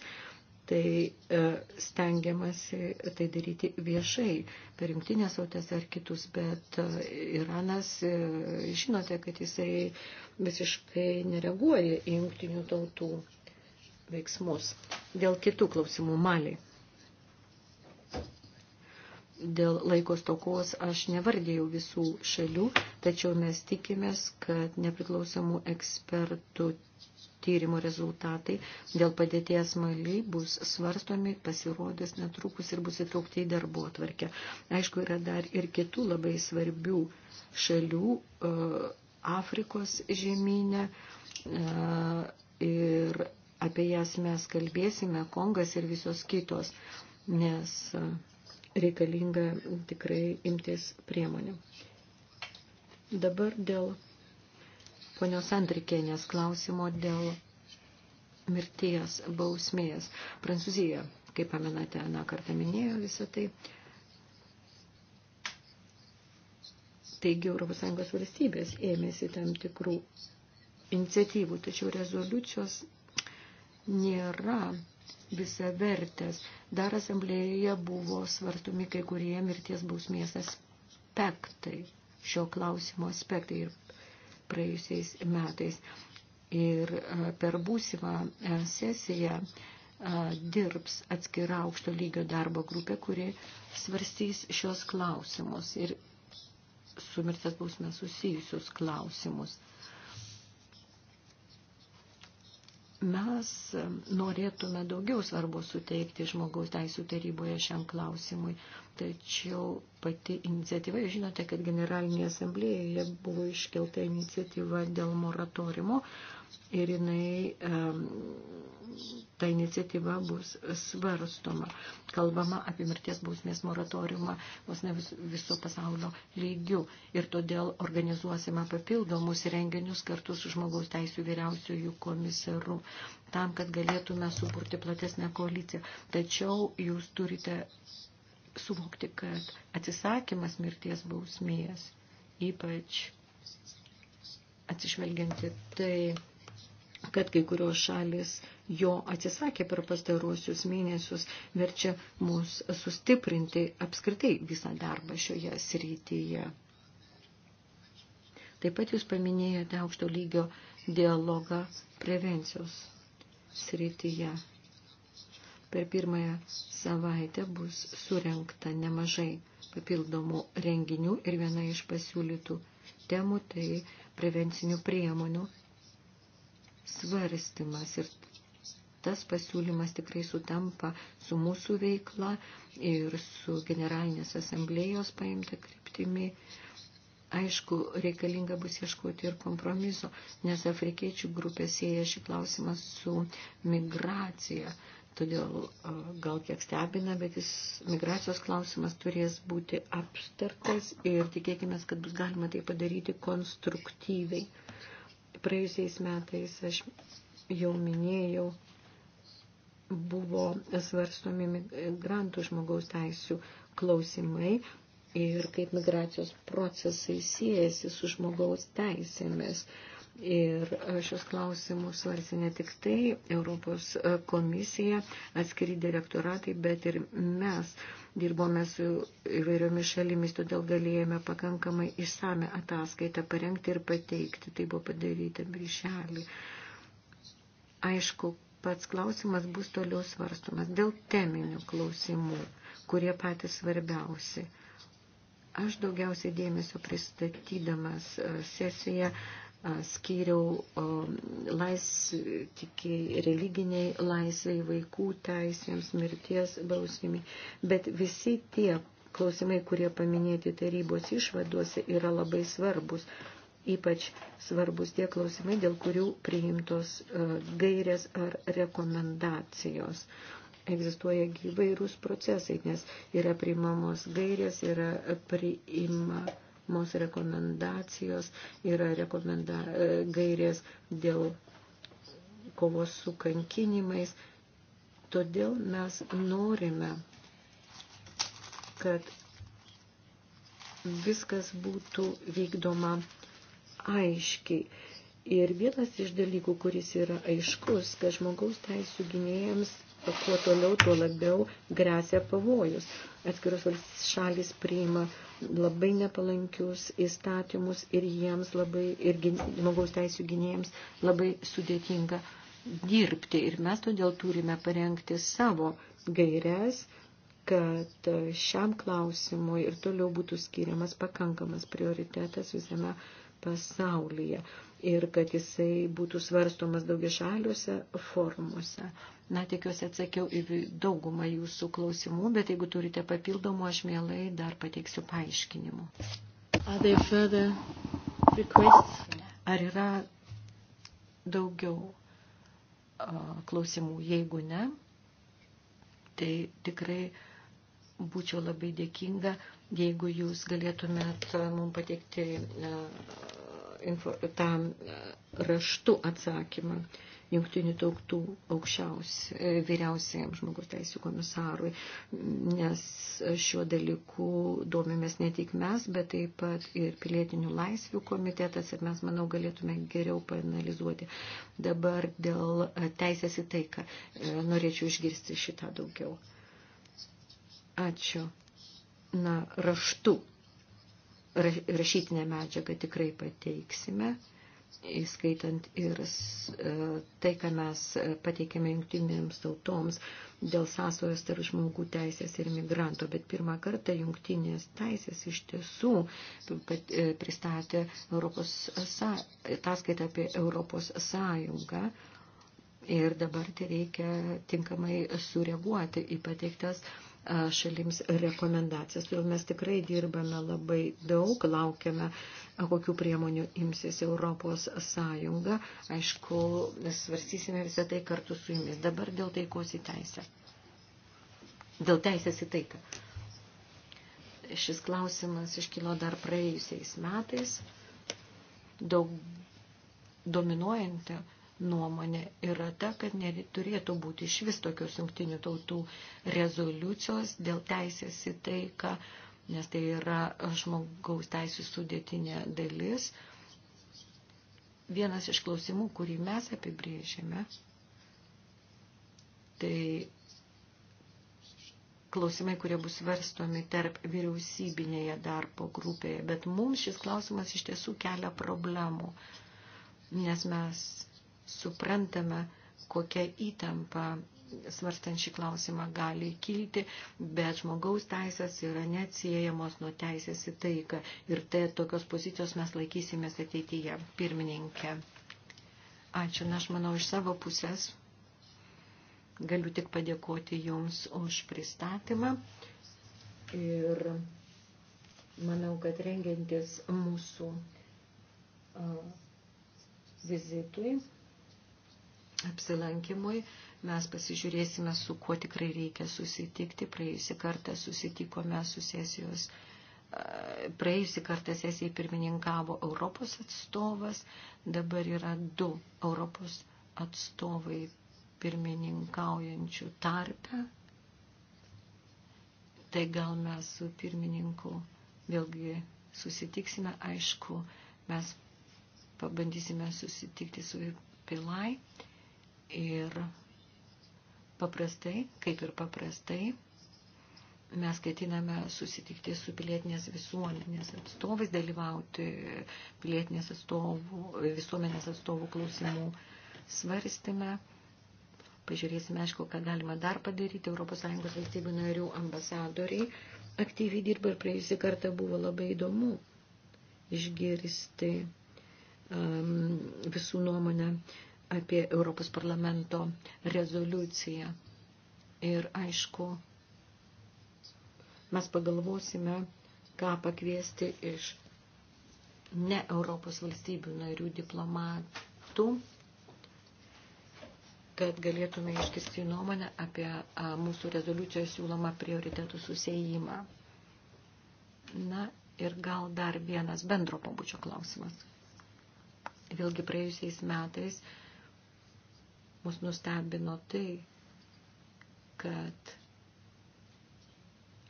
tai e, stengiamasi tai daryti viešai per jungtinės autas ar kitus, bet e, Iranas, e, žinote, kad jisai visiškai nereaguoja į jungtinių tautų veiksmus. Dėl kitų klausimų maliai. Dėl laikos tokos aš nevardėjau visų šalių, tačiau mes tikimės, kad nepriklausomų ekspertų tyrimo rezultatai dėl padėties maliai bus svarstomi, pasirodys netrukus ir bus įtraukti į darbo atvarkę. Aišku, yra dar ir kitų labai svarbių šalių e, Afrikos žemynę e, ir apie jas mes kalbėsime, Kongas ir visos kitos, nes e, reikalinga tikrai imtis priemonių. Dabar dėl ponios Andrikienės klausimo dėl mirties bausmės. Prancūzija, kaip pamenate, aną kartą minėjo visą tai. Taigi ES valstybės ėmėsi tam tikrų iniciatyvų, tačiau rezoliucijos nėra visa vertės. Dar asamblėje buvo svartumi kai kurie mirties bausmės aspektai, šio klausimo aspektai ir praėjusiais metais. Ir per būsimą sesiją dirbs atskira aukšto lygio darbo grupė, kuri svarstys šios klausimus ir su mirties bausmės susijusius klausimus. Mes norėtume daugiau svarbos suteikti žmogaus teisų taryboje šiam klausimui. Tačiau pati iniciatyva, jūs žinote, kad Generalinėje asamblėjoje buvo iškelta iniciatyva dėl moratorimo ir jinai, ta iniciatyva bus svarstoma. Kalbama apie mirties bausmės moratoriumą vos ne viso pasaulio lygių ir todėl organizuosime papildomus renginius kartu su žmogaus teisų vyriausiųjų komisaru tam, kad galėtume suburti platesnę koaliciją. Tačiau jūs turite suvokti, kad atsisakymas mirties bausmės, ypač atsižvelgianti tai, kad kai kurios šalis jo atsisakė per pastaruosius mėnesius, verčia mus sustiprinti apskritai visą darbą šioje srityje. Taip pat jūs paminėjote aukšto lygio dialogą prevencijos srityje. Per pirmąją savaitę bus surenkta nemažai papildomų renginių ir viena iš pasiūlytų temų tai prevencinių priemonių svarstymas ir tas pasiūlymas tikrai sutampa su mūsų veikla ir su generalinės asamblėjos paimta kryptimi. Aišku, reikalinga bus ieškoti ir kompromiso, nes afrikiečių grupė sieja šį klausimą su migracija todėl gal kiek stebina, bet jis migracijos klausimas turės būti aptartas ir tikėkime, kad bus galima tai padaryti konstruktyviai. Praėjusiais metais aš jau minėjau, buvo svarstomi migrantų žmogaus teisių klausimai ir kaip migracijos procesai siejasi su žmogaus teisėmis. Uh, Ir e, šios klausimus svarsi ne tik tai Europos e, komisija, atskiri direktoratai, bet ir mes dirbome su įvairiomis šalimis, todėl galėjome pakankamai išsame ataskaitą parengti ir pateikti. Tai buvo padaryta brišelį. Aišku, pats klausimas bus toliau svarstomas dėl teminių klausimų, kurie patys svarbiausi. Aš daugiausiai dėmesio pristatydamas e, sesiją skyriau lais, tiki, religiniai laisvai, vaikų teisėms, mirties bausmimi, bet visi tie klausimai, kurie paminėti tarybos išvaduose, yra labai svarbus. Ypač svarbus tie klausimai, dėl kurių priimtos gairės ar rekomendacijos egzistuoja gyvairūs procesai, nes yra priimamos gairės, yra priima mūsų rekomendacijos yra rekomenda, e, gairės dėl kovos su kankinimais. Todėl mes norime, kad viskas būtų vykdoma aiškiai. Ir vienas iš dalykų, kuris yra aiškus, kad žmogaus teisų gynėjams kuo toliau, tuo labiau grėsia pavojus. Atskiros šalis priima labai nepalankius įstatymus ir jiems labai, ir žmogaus teisų gynėjams labai sudėtinga dirbti. Ir mes todėl turime parengti savo gairias, kad šiam klausimui ir toliau būtų skiriamas pakankamas prioritetas visame pasaulyje ir kad jisai būtų svarstomas daugišaliuose formuose. Na, tikiuosi atsakiau į daugumą jūsų klausimų, bet jeigu turite papildomų, aš mielai dar pateiksiu paaiškinimų. Ar yra daugiau klausimų? Jeigu ne, tai tikrai būčiau labai dėkinga Jeigu jūs galėtumėt e, mums pateikti e, info, tą e, raštų atsakymą jungtinių tautų aukščiausi, vyriausiajam žmogus teisų komisarui, nes šiuo dalyku domimės ne tik mes, bet taip pat ir pilietinių laisvių komitetas ir mes, manau, galėtume geriau panalizuoti. Dabar dėl teisės į taiką norėčiau išgirsti šitą daugiau. Ačiū na, raštu. Rašytinę medžiagą tikrai pateiksime, įskaitant ir e, tai, ką mes pateikėme jungtinėms tautoms dėl sąsojos tarp žmogų teisės ir migranto, bet pirmą kartą jungtinės teisės iš tiesų e, pristatė Europos, ataskaitą apie Europos sąjungą ir dabar tai reikia tinkamai sureaguoti į pateiktas uh, šalims rekomendacijas. Todėl mes tikrai dirbame labai daug, laukiame, kokių priemonių imsis Europos Sąjunga. Aišku, svarstysime visą tai kartu su jumis. Dabar dėl taikos į teisę. Dėl teisės į taiką. Šis klausimas iškilo dar praėjusiais metais. Daug dominuojantį nuomonė yra ta, kad neturėtų būti iš vis tokios jungtinių tautų rezoliucijos dėl teisės į taiką, nes tai yra žmogaus teisų sudėtinė dalis. Vienas iš klausimų, kurį mes apibrėžėme, tai klausimai, kurie bus svarstomi tarp vyriausybinėje darbo grupėje. Bet mums šis klausimas iš tiesų kelia problemų, nes mes suprantame, kokia įtampa svarstant šį klausimą gali kilti, bet žmogaus teisės yra neatsiejamos nuo teisės į taiką. Ir tai tokios pozicijos mes laikysimės ateityje. Pirmininkė. Ačiū, na, aš manau, iš savo pusės galiu tik padėkoti Jums už pristatymą. Ir manau, kad rengiantis mūsų vizitui apsilankimui. Mes pasižiūrėsime, su kuo tikrai reikia susitikti. Praėjusį kartą susitikome su sesijos, praėjusį kartą sesijai pirmininkavo Europos atstovas, dabar yra du Europos atstovai pirmininkaujančių tarpę. Tai gal mes su pirmininku vėlgi susitiksime, aišku, mes pabandysime susitikti su Pilai Ir paprastai, kaip ir paprastai, mes ketiname susitikti su pilietinės visuomenės atstovais, dalyvauti pilietinės atstovų, visuomenės atstovų klausimų svarstymę. Pažiūrėsime, aišku, ką galima dar padaryti. ES valstybių narių ambasadoriai aktyviai dirba ir praėjusį kartą buvo labai įdomu išgirsti um, visų nuomonę. Uh, apie Europos parlamento rezoliuciją. Ir aišku, mes pagalvosime, ką pakviesti iš ne Europos valstybių narių diplomatų, kad galėtume iškirsti nuomonę apie mūsų rezoliucijoje siūlomą prioritetų susėjimą. Na ir gal dar vienas bendro pabučio klausimas. Vėlgi praėjusiais metais mus nustebino tai, kad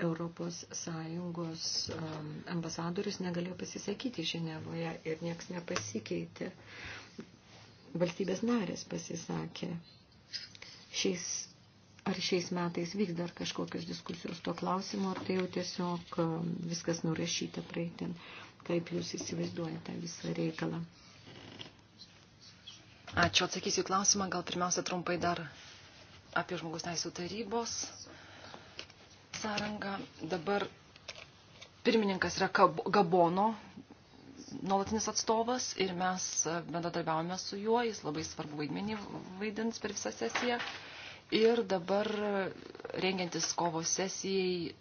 Europos Sąjungos um, ambasadoris negalėjo pasisakyti Ženevoje ir nieks nepasikeitė. Valstybės narės pasisakė. Šiais, ar šiais metais vyks dar kažkokios diskusijos to klausimo, ar tai jau tiesiog um, viskas nurašyta praeitin, kaip jūs įsivaizduojate visą reikalą. Ačiū, atsakysiu klausimą, gal pirmiausia trumpai dar apie žmogus teisų tarybos sąrangą. Dabar pirmininkas yra Gabono nuolatinis atstovas ir mes bendradarbiavome su juo, jis labai svarbu vaidmenį vaidins per visą sesiją. Ir dabar rengiantis kovo sesijai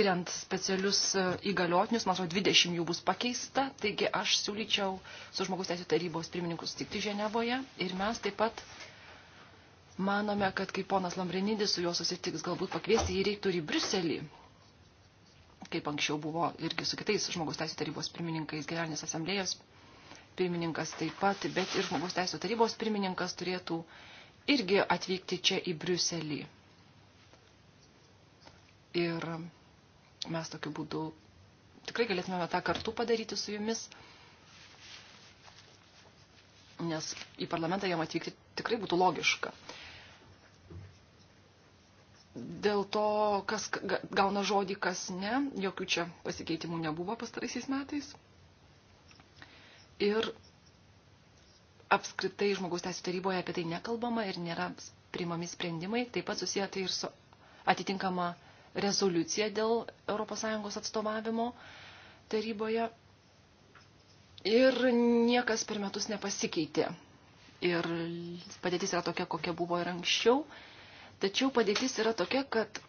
skiriant specialius e, įgaliotinius, man atrodo, 20 jų bus pakeista, taigi aš siūlyčiau su žmogus teisų tarybos pirmininku sutikti Ženevoje ir mes taip pat manome, kad kai ponas Lambrinidis su juo susitiks, galbūt pakviesti jį reiktų ir į Briuselį, kaip anksčiau buvo irgi su kitais žmogus teisų tarybos pirmininkais, generalinės asamblėjos pirmininkas taip pat, bet ir žmogus teisų tarybos pirmininkas turėtų irgi atvykti čia į Briuselį. Ir Mes tokiu būdu tikrai galėtumėme tą kartu padaryti su jumis, nes į parlamentą jam atvykti tikrai būtų logiška. Dėl to, kas gauna žodį, kas ne, jokių čia pasikeitimų nebuvo pastaraisiais metais. Ir apskritai žmogaus teisų taryboje apie tai nekalbama ir nėra priimami sprendimai. Taip pat susiję tai ir su atitinkama uh, rezoliuciją dėl ES atstovavimo taryboje. Ir niekas per metus nepasikeitė. Ir padėtis yra tokia, kokia buvo ir anksčiau. Tačiau padėtis yra tokia, kad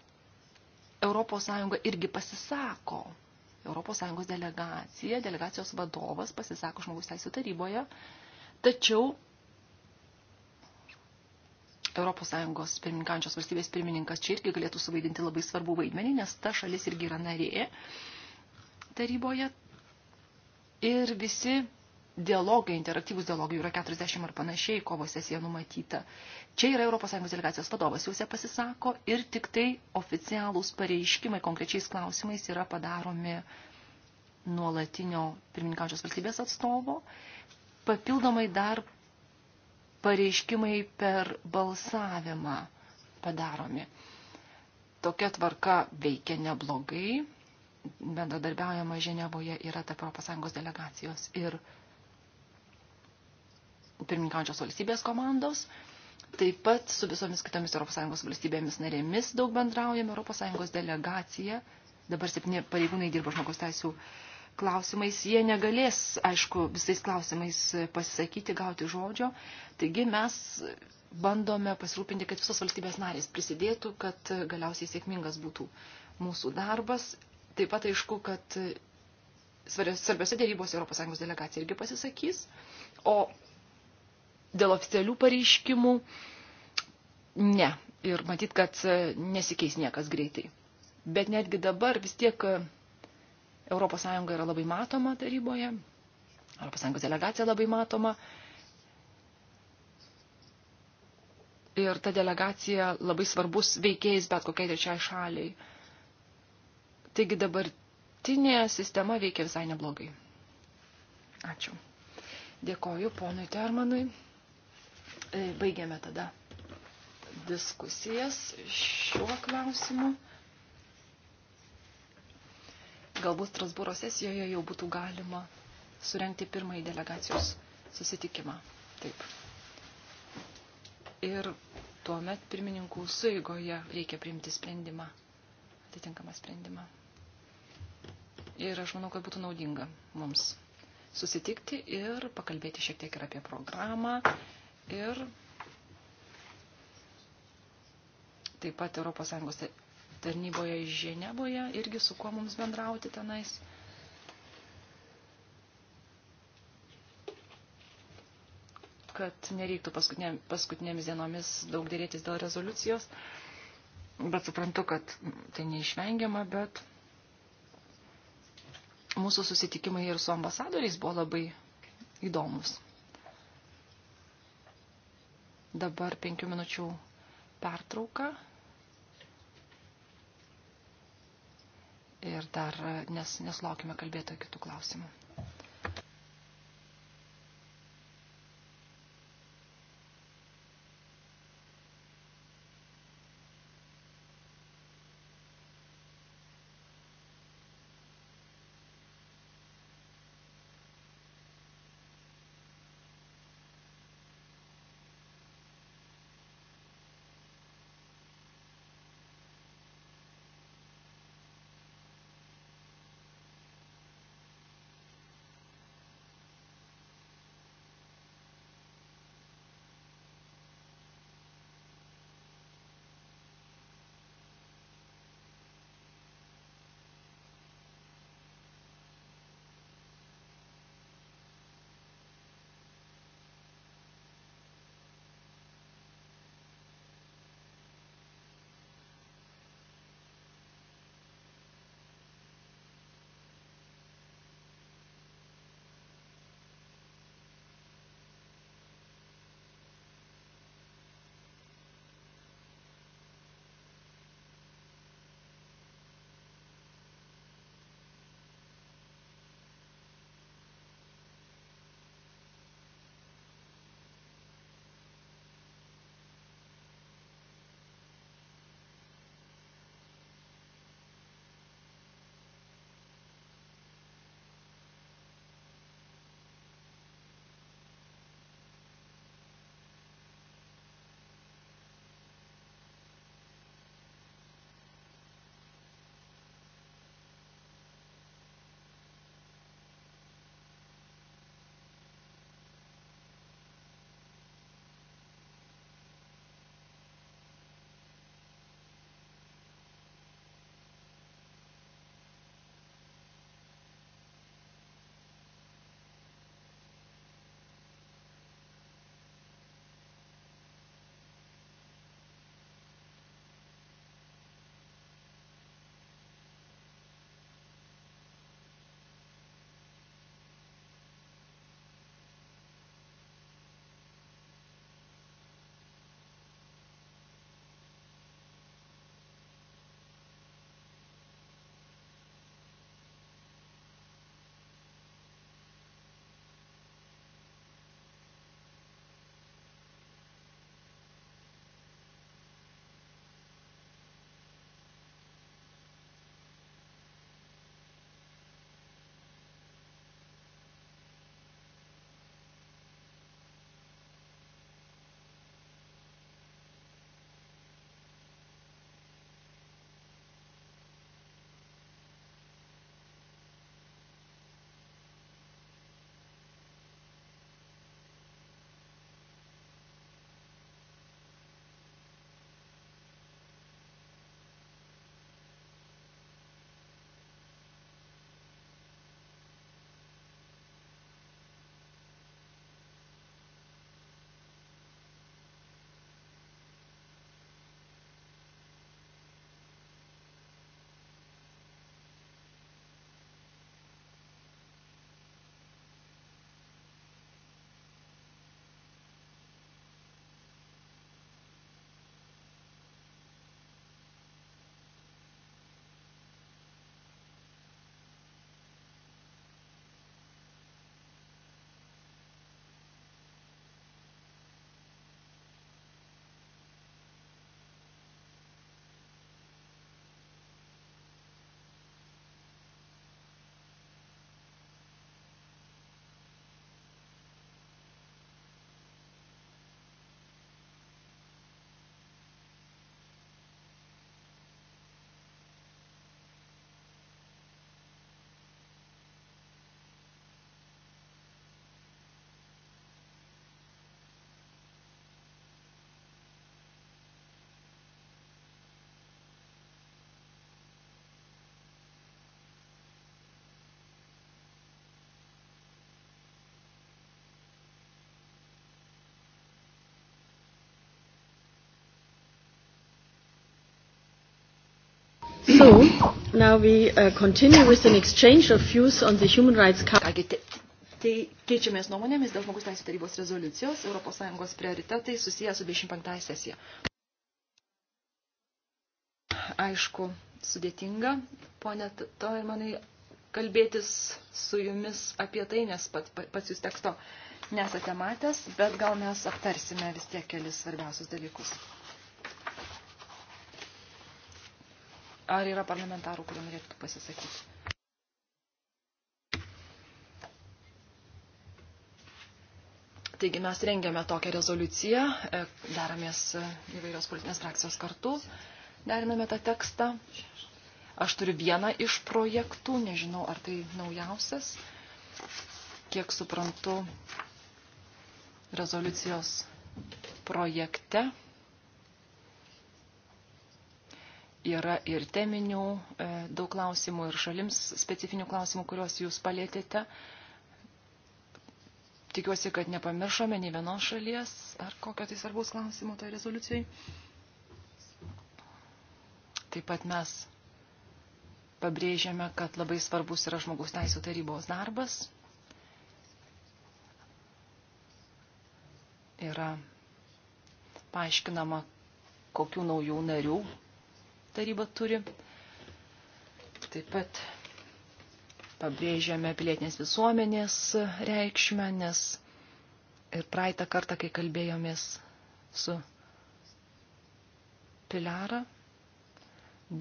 ES irgi pasisako. ES delegacija, delegacijos vadovas pasisako žmogus teisų taryboje. Tačiau ES pirmininkančios valstybės pirmininkas čia irgi galėtų suvaidinti labai svarbų vaidmenį, nes ta šalis irgi yra narė taryboje. Ir visi dialogai, interaktyvus dialogai yra 40 ar panašiai, kovo sesija numatyta. Čia yra ES delegacijos vadovas, juose pasisako ir tik tai oficialūs pareiškimai konkrečiais klausimais yra padaromi nuolatinio pirmininkančios valstybės atstovo. Papildomai dar pareiškimai per balsavimą padaromi. Tokia tvarka veikia neblogai. Bendradarbiaujama Ženevoje yra tarp ES delegacijos ir pirmininkančios valstybės komandos. Taip pat su visomis kitomis ES valstybėmis narėmis daug bendraujame. ES delegacija, dabar septyni pareigūnai dirba žmogaus teisų uh, klausimais. Jie negalės, aišku, visais klausimais pasisakyti, gauti žodžio. Taigi mes bandome pasirūpinti, kad visos valstybės narės prisidėtų, kad galiausiai sėkmingas būtų mūsų darbas. Taip pat aišku, kad svarbiose dėrybose ES delegacija irgi pasisakys, o dėl oficialių pareiškimų ne. Ir matyt, kad nesikeis niekas greitai. Bet netgi dabar vis tiek ES yra labai matoma taryboje, ES delegacija labai matoma. Ir ta delegacija labai svarbus veikėjas bet kokiai trečiai šaliai. Taigi dabartinė sistema veikia visai neblogai. Ačiū. Dėkoju ponui Termanui. E, baigiame tada diskusijas šiuo klausimu galbūt Strasbūro sesijoje jau būtų galima surenkti pirmąjį delegacijos susitikimą. Taip. Ir tuomet pirmininkų suigoje reikia priimti sprendimą, atitinkamą sprendimą. Ir aš manau, kad būtų naudinga mums susitikti ir pakalbėti šiek tiek ir apie programą. Ir taip pat ES tarnyboje iš Ženeboje, irgi su kuo mums bendrauti tenais. kad nereiktų paskutinė, paskutinėmis dienomis daug dėrėtis dėl rezoliucijos, bet suprantu, kad tai neišvengiama, bet mūsų susitikimai ir su ambasadoriais buvo labai įdomus. Dabar penkių minučių pertrauka. ir dar nes, neslaukime kalbėtojų kitų klausimų. So, now we uh, continue with an exchange of views on the Human Rights Council. Tai, tai keičiamės nuomonėmis dėl žmogus teisų tarybos rezoliucijos ES prioritetai susiję su 25 sesija. Aišku, sudėtinga, ponė Toimanai, kalbėtis su jumis apie tai, nes pat, pats jūs teksto nesate matęs, bet gal mes aptarsime vis tiek kelis svarbiausius dalykus. Ar yra parlamentarų, kurie norėtų pasisakyti? Taigi mes rengiame tokią rezoliuciją, e, daromės e, įvairios politinės frakcijos kartu, deriname tą tekstą. Aš turiu vieną iš projektų, nežinau, ar tai naujausias. Kiek suprantu, rezoliucijos projekte yra ir teminių e, daug klausimų, ir šalims specifinių klausimų, kuriuos jūs palėtėte. Tikiuosi, kad nepamiršome nei vienos šalies ar kokio tai svarbus klausimo toje tai rezoliucijai. Taip pat mes pabrėžiame, kad labai svarbus yra žmogaus teisų tarybos darbas. Yra paaiškinama, kokių naujų narių taryba turi. Taip pat pabrėžiame pilietinės visuomenės reikšmę, nes ir praeitą kartą, kai kalbėjomės su Pilara,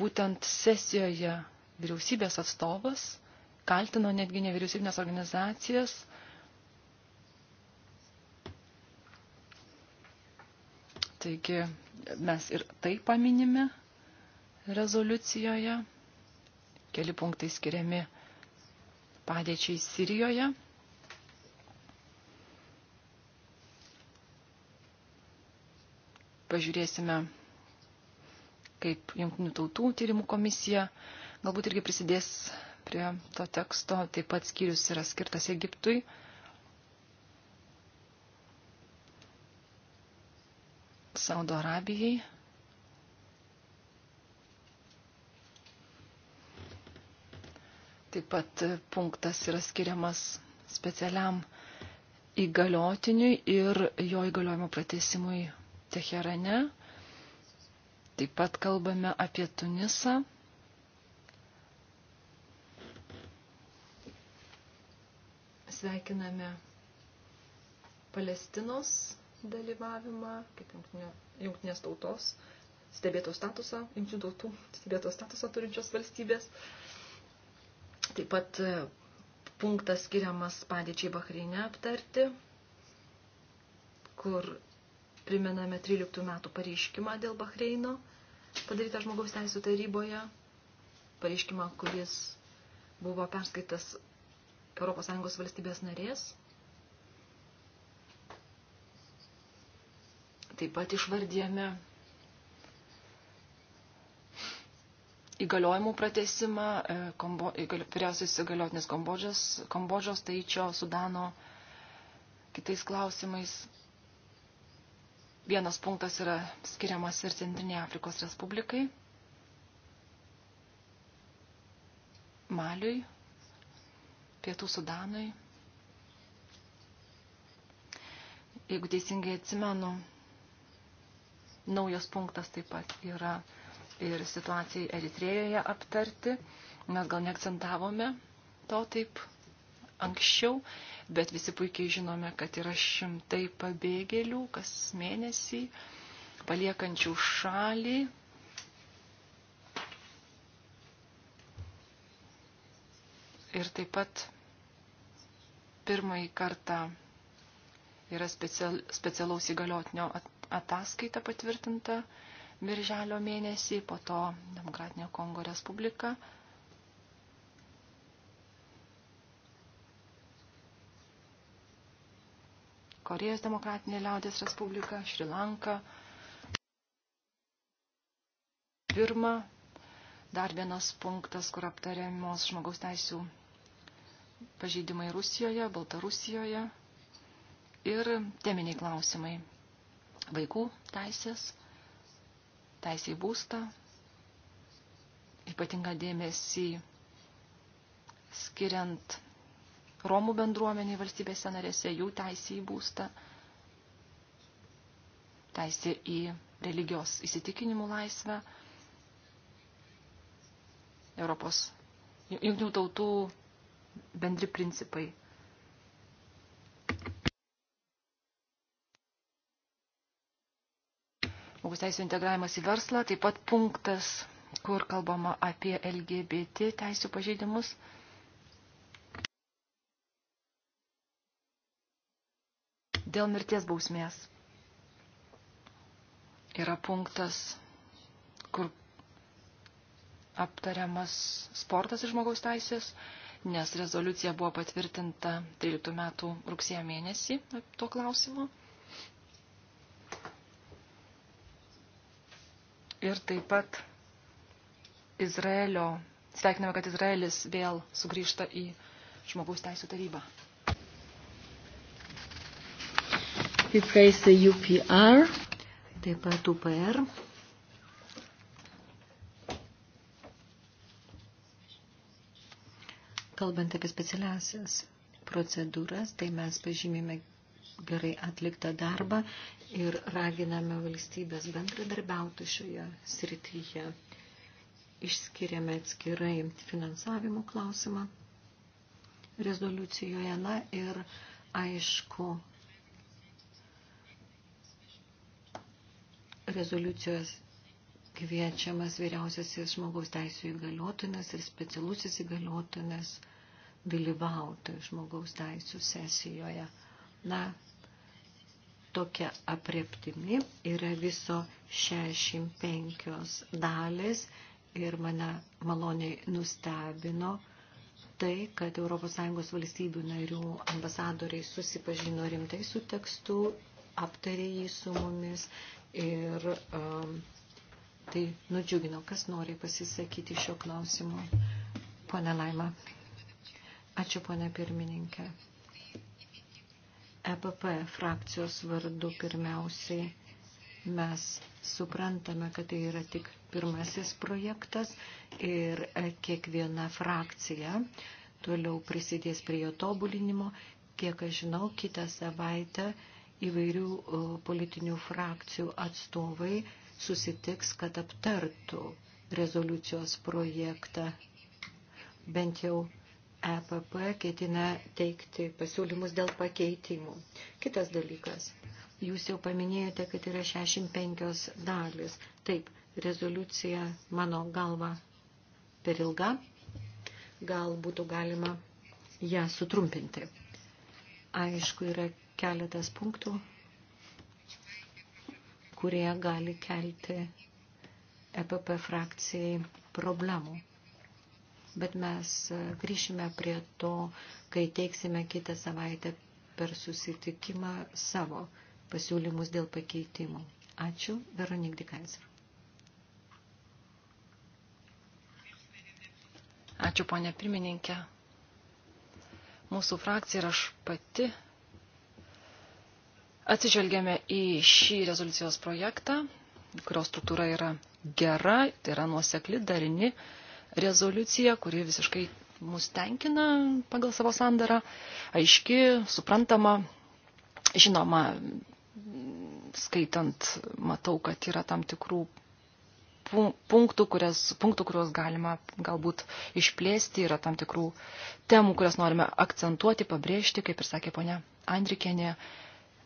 būtent sesijoje vyriausybės atstovas kaltino netgi nevyriausybinės organizacijas Taigi mes ir tai paminime rezoliucijoje. Keli punktai skiriami padėčiai Sirijoje. Pažiūrėsime, kaip Junktinių tautų tyrimų komisija galbūt irgi prisidės prie to teksto. Taip pat skyrius yra skirtas Egiptui. Saudo Arabijai. Taip pat punktas yra skiriamas specialiam įgaliotiniui ir jo įgaliojimo pratesimui Teherane. Taip pat kalbame apie Tunisą. Sveikiname Palestinos dalyvavimą, kaip jungtinės tautos, stebėto statusą, jungtinių tautų stebėto statusą turinčios valstybės. Uh, Taip pat e, punktas skiriamas padėčiai Bahreinė aptarti, kur priminame 13 metų pareiškimą dėl Bahreino, padarytą žmogaus teisų taryboje, pareiškimą, kuris buvo perskaitas ES valstybės narės. Taip pat išvardėme įgaliojimų pratesimą, e, kombo, įgal, vyriausiais įgaliotinės Kambodžos, Kambodžos, Taičio, Sudano, kitais klausimais. Vienas punktas yra skiriamas ir Centrinė Afrikos Respublikai, Maliui, Pietų Sudanui. Jeigu teisingai atsimenu, naujas punktas taip pat yra ir situacijai Eritrėjoje aptarti. Mes gal neakcentavome to taip anksčiau, bet visi puikiai žinome, kad yra šimtai pabėgėlių kas mėnesį paliekančių šalį. Ir taip pat pirmąjį kartą yra special, specialaus įgaliotinio ataskaita patvirtinta birželio mėnesį, po to Demokratinė Kongo Respublika. Korejos Demokratinė Liaudės Respublika, Šrilanka, Pirma, dar vienas punktas, kur aptariamos žmogaus teisų pažeidimai Rusijoje, Baltarusijoje ir teminiai klausimai. Vaikų teisės, teisė į būstą, ypatingą dėmesį skiriant Romų bendruomeniai valstybėse narėse jų teisė į būstą, teisė į religijos įsitikinimų laisvę, Europos jungtinių tautų bendri principai žmogus teisų integravimas į verslą, taip pat punktas, kur kalbama apie LGBT teisų pažeidimus. Dėl mirties bausmės yra punktas, kur aptariamas sportas ir žmogaus teisės, nes rezoliucija buvo patvirtinta 13 metų rugsėjo mėnesį tuo klausimu. Ir taip pat Izraelio, sveikiname, kad Izraelis vėl sugrįžta į žmogaus teisų tarybą. We praise the UPR. Taip pat UPR. Kalbant apie specialiasias procedūras, tai mes pažymime gerai atliktą darbą ir raginame valstybės bendradarbiauti šioje srityje. Išskiriame atskirai finansavimo klausimą rezoliucijoje. Na ir aišku, rezoliucijos kviečiamas vyriausiasis žmogaus teisų įgaliotinas ir specialusis įgaliotinas dalyvauti žmogaus teisų sesijoje. Na, tokia apreptimi yra viso 65 dalis ir mane maloniai nustebino tai, kad ES valstybių narių ambasadoriai susipažino rimtai su tekstu, aptarė jį su mumis ir um, tai nudžiugino, kas nori pasisakyti šio klausimo. Pone Laima. Ačiū, pone pirmininkė. EPP frakcijos vardu pirmiausiai mes suprantame, kad tai yra tik pirmasis projektas ir e, kiekviena frakcija toliau prisidės prie jo tobulinimo. Kiek aš žinau, kitą savaitę įvairių e, politinių frakcijų atstovai susitiks, kad aptartų rezoliucijos projektą bent jau EPP ketina teikti pasiūlymus dėl pakeitimų. Kitas dalykas. Jūs jau paminėjote, kad yra 65 dalis. Taip, rezoliucija mano galva per ilga. Gal būtų galima ją sutrumpinti. Aišku, yra keletas punktų, kurie gali kelti EPP frakcijai problemų bet mes e, grįšime prie to, kai teiksime kitą savaitę per susitikimą savo pasiūlymus dėl pakeitimų. Ačiū, Veronik Dikaiser. Ačiū, ponė pirmininkė. Mūsų frakcija ir aš pati atsižvelgėme į šį rezoliucijos projektą, kurio struktūra yra gera, tai yra nuosekli, darini rezoliucija, kuri visiškai mus tenkina pagal savo sandarą, aiški, suprantama, žinoma, skaitant, matau, kad yra tam tikrų punktų, kurias, punktų, kuriuos galima galbūt išplėsti, yra tam tikrų temų, kurias norime akcentuoti, pabrėžti, kaip ir sakė ponia Andrikienė,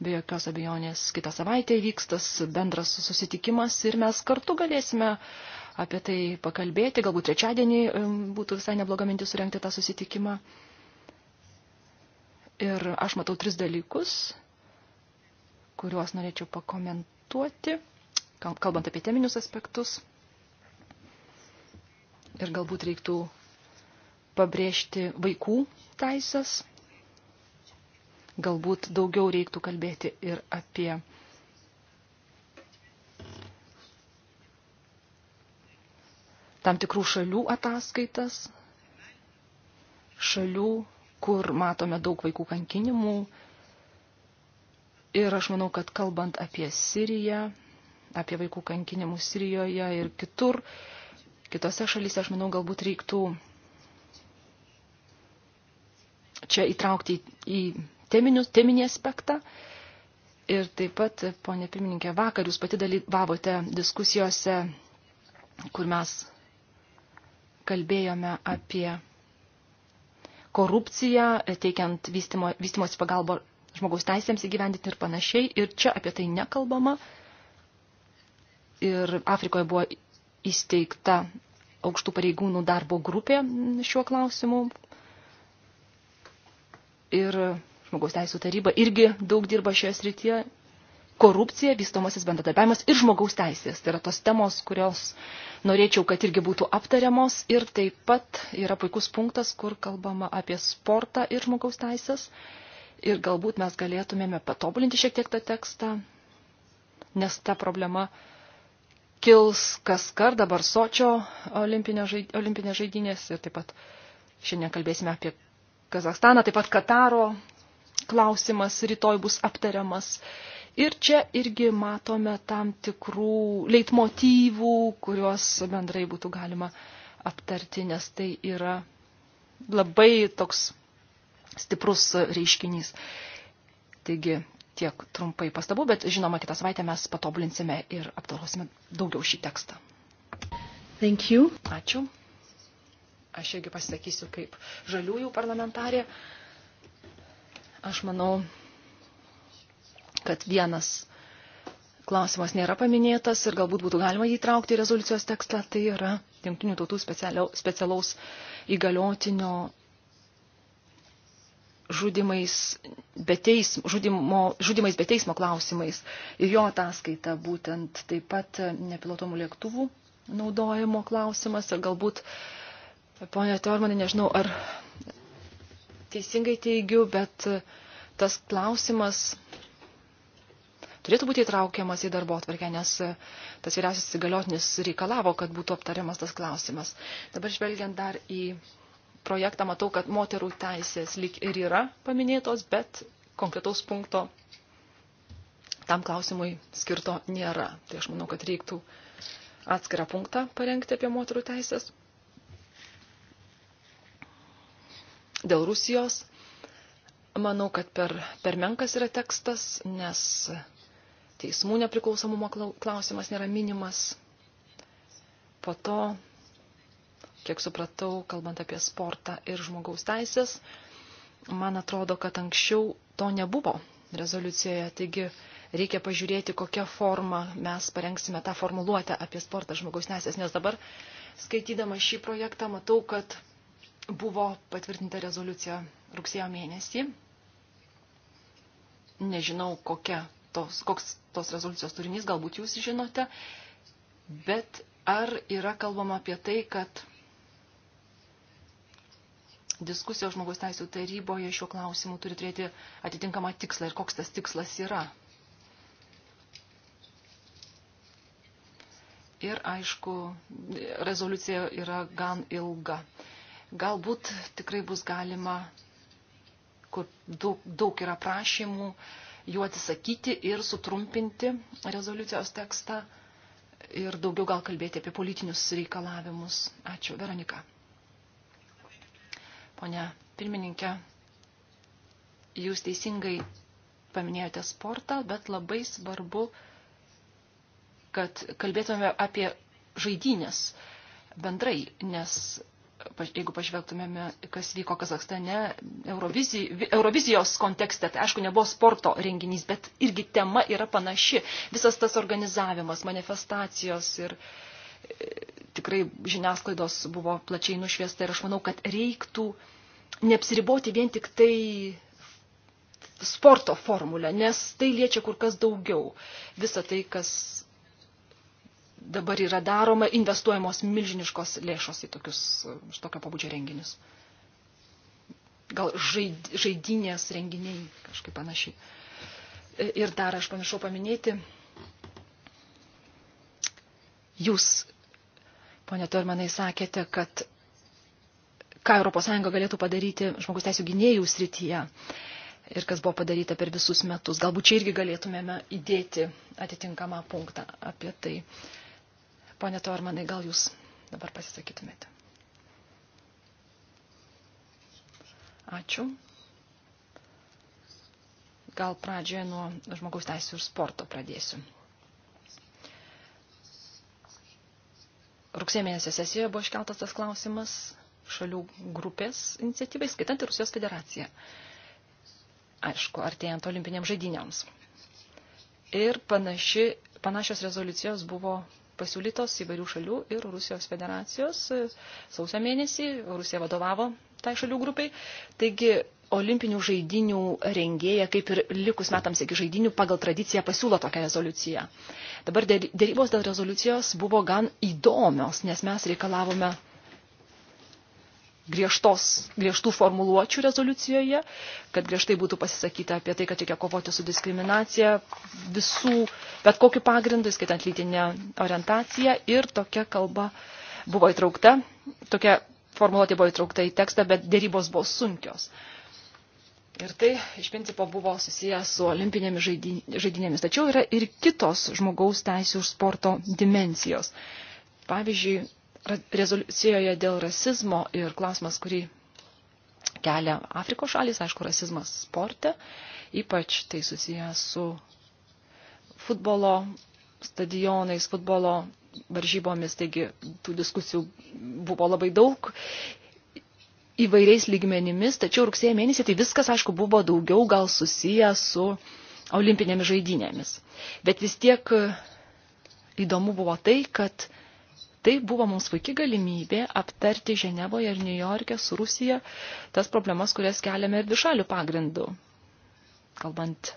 be jokios abejonės kitą savaitę įvyks tas bendras susitikimas ir mes kartu galėsime apie tai pakalbėti. Galbūt trečiadienį būtų visai nebloga mintis surenkti tą susitikimą. Ir aš matau tris dalykus, kuriuos norėčiau pakomentuoti, kalbant apie teminius aspektus. Ir galbūt reiktų pabrėžti vaikų teisės. Galbūt daugiau reiktų kalbėti ir apie tam tikrų šalių ataskaitas, šalių, kur matome daug vaikų kankinimų. Ir aš manau, kad kalbant apie Siriją, apie vaikų kankinimus Sirijoje ir kitur, kitose šalyse, aš manau, galbūt reiktų čia įtraukti į teminius, teminį aspektą. Ir taip pat, ponė pirmininkė, vakar jūs pati dalyvavote diskusijose, kur mes kalbėjome apie korupciją, teikiant vystimo, vystimosi pagalbą žmogaus teisėms įgyvendinti ir panašiai. Ir čia apie tai nekalbama. Ir Afrikoje buvo įsteigta aukštų pareigūnų darbo grupė šiuo klausimu. Ir žmogaus teisų taryba irgi daug dirba šioje srityje korupcija, vystomasis bendradarbiavimas ir žmogaus teisės. Tai yra tos temos, kurios norėčiau, kad irgi būtų aptariamos. Ir taip pat yra puikus punktas, kur kalbama apie sportą ir žmogaus teisės. Ir galbūt mes galėtumėme patobulinti šiek tiek tą tekstą, nes ta problema kils kas kar dabar Sočio olimpinės žaidynės ir taip pat šiandien kalbėsime apie Kazakstaną, taip pat Kataro klausimas rytoj bus aptariamas Ir čia irgi matome tam tikrų leitmotyvų, kuriuos bendrai būtų galima aptarti, nes tai yra labai toks stiprus reiškinys. Taigi tiek trumpai pastabų, bet žinoma, kitą savaitę mes patobulinsime ir aptarosime daugiau šį tekstą. Thank you. Ačiū. Aš irgi pasisakysiu kaip žaliųjų parlamentarė. Aš manau, kad vienas klausimas nėra paminėtas ir galbūt būtų galima jį traukti į rezoliucijos tekstą, tai yra Junktinių tautų specialaus įgaliotinio žudimais be, teism, žudimo, žudimais be teismo klausimais ir jo ataskaita būtent taip pat nepilotomų lėktuvų naudojimo klausimas ir galbūt, ponia Teormanė, nežinau, ar teisingai teigiu, bet tas klausimas turėtų būti įtraukiamas į darbo atvarkę, nes e, tas vyriausias įgaliotinis reikalavo, kad būtų aptariamas tas klausimas. Dabar žvelgiant dar į projektą, matau, kad moterų teisės lyg ir yra paminėtos, bet konkretaus punkto tam klausimui skirto nėra. Tai aš manau, kad reiktų atskirą punktą parengti apie moterų teisės. Dėl Rusijos manau, kad per, per menkas yra tekstas, nes teismų nepriklausomumo klausimas nėra minimas. Po to, kiek supratau, kalbant apie sportą ir žmogaus teisės, man atrodo, kad anksčiau to nebuvo rezoliucijoje. Taigi reikia pažiūrėti, kokią formą mes parengsime tą formuluotę apie sportą žmogaus teisės, nes dabar skaitydama šį projektą matau, kad buvo patvirtinta rezoliucija rugsėjo mėnesį. Nežinau, kokia tos, koks tos rezoliucijos turinys, galbūt jūs žinote, bet ar yra kalbama apie tai, kad diskusijos žmogaus teisų taryboje šiuo klausimu turi turėti atitinkamą tikslą ir koks tas tikslas yra. Ir aišku, rezoliucija yra gan ilga. Galbūt tikrai bus galima, kur daug, daug yra prašymų, uh, jų atsisakyti ir sutrumpinti rezoliucijos tekstą ir daugiau gal kalbėti apie politinius reikalavimus. Ačiū, Veronika. Pone pirmininkė, jūs teisingai paminėjote sportą, bet labai svarbu, kad kalbėtume apie žaidynės bendrai, nes jeigu pažvelgtumėme, kas vyko Kazakstane, Eurovizijos kontekste, tai aišku, nebuvo sporto renginys, bet irgi tema yra panaši. Visas tas organizavimas, manifestacijos ir e, tikrai žiniasklaidos buvo plačiai nušviesta ir aš manau, kad reiktų neapsiriboti vien tik tai sporto formulę, nes tai liečia kur kas daugiau. Visa tai, kas dabar yra daroma, investuojamos milžiniškos lėšos į tokius, tokio pabudžio renginius. Gal žaid, žaidinės renginiai, kažkaip panašiai. Ir dar aš pamiršau paminėti, jūs, ponė Tormenai, sakėte, kad ką ES galėtų padaryti žmogus teisų gynėjų srityje ir kas buvo padaryta per visus metus. Galbūt čia irgi galėtumėme įdėti atitinkamą punktą apie tai. Uh, Pone Tormanai, gal jūs dabar pasisakytumėte? Ačiū. Gal pradžioje nuo žmogaus teisų ir sporto pradėsiu. Rugsėjo mėnesio sesijoje buvo iškeltas tas klausimas šalių grupės iniciatyvai, skaitant ir Rusijos federaciją. Aišku, artėjant olimpiniams žaidiniams. Ir panaši, panašios rezoliucijos buvo pasiūlytos įvairių šalių ir Rusijos federacijos e, sausio mėnesį. Rusija vadovavo tai šalių grupai. Taigi olimpinių žaidinių rengėja, kaip ir likus metams iki žaidinių, pagal tradiciją pasiūlo tokią rezoliuciją. Dabar dėrybos dėl rezoliucijos buvo gan įdomios, nes mes reikalavome griežtos, griežtų formuluočių rezoliucijoje, kad griežtai būtų pasisakyta apie tai, kad reikia kovoti su diskriminacija visų, bet kokiu pagrindu, skaitant lytinę orientaciją ir tokia kalba buvo įtraukta, tokia formuluotė buvo įtraukta į tekstą, bet dėrybos buvo sunkios. Ir tai iš principo buvo susijęs su olimpinėmis žaidinėmis. Tačiau yra ir kitos žmogaus teisų ir sporto dimensijos. Pavyzdžiui, rezoliucijoje dėl rasizmo ir klausimas, kurį kelia Afrikos šalis, aišku, rasizmas sporte, ypač tai susijęs su futbolo stadionais, futbolo varžybomis, taigi tų diskusijų buvo labai daug įvairiais lygmenimis, tačiau rugsėjo mėnesį tai viskas, aišku, buvo daugiau gal susiję su olimpinėmis žaidynėmis. Bet vis tiek įdomu buvo tai, kad Tai buvo mums puikia galimybė aptarti Ženevoje ir New York'e su Rusija tas problemas, kurias keliame ir dvišalių pagrindų. Kalbant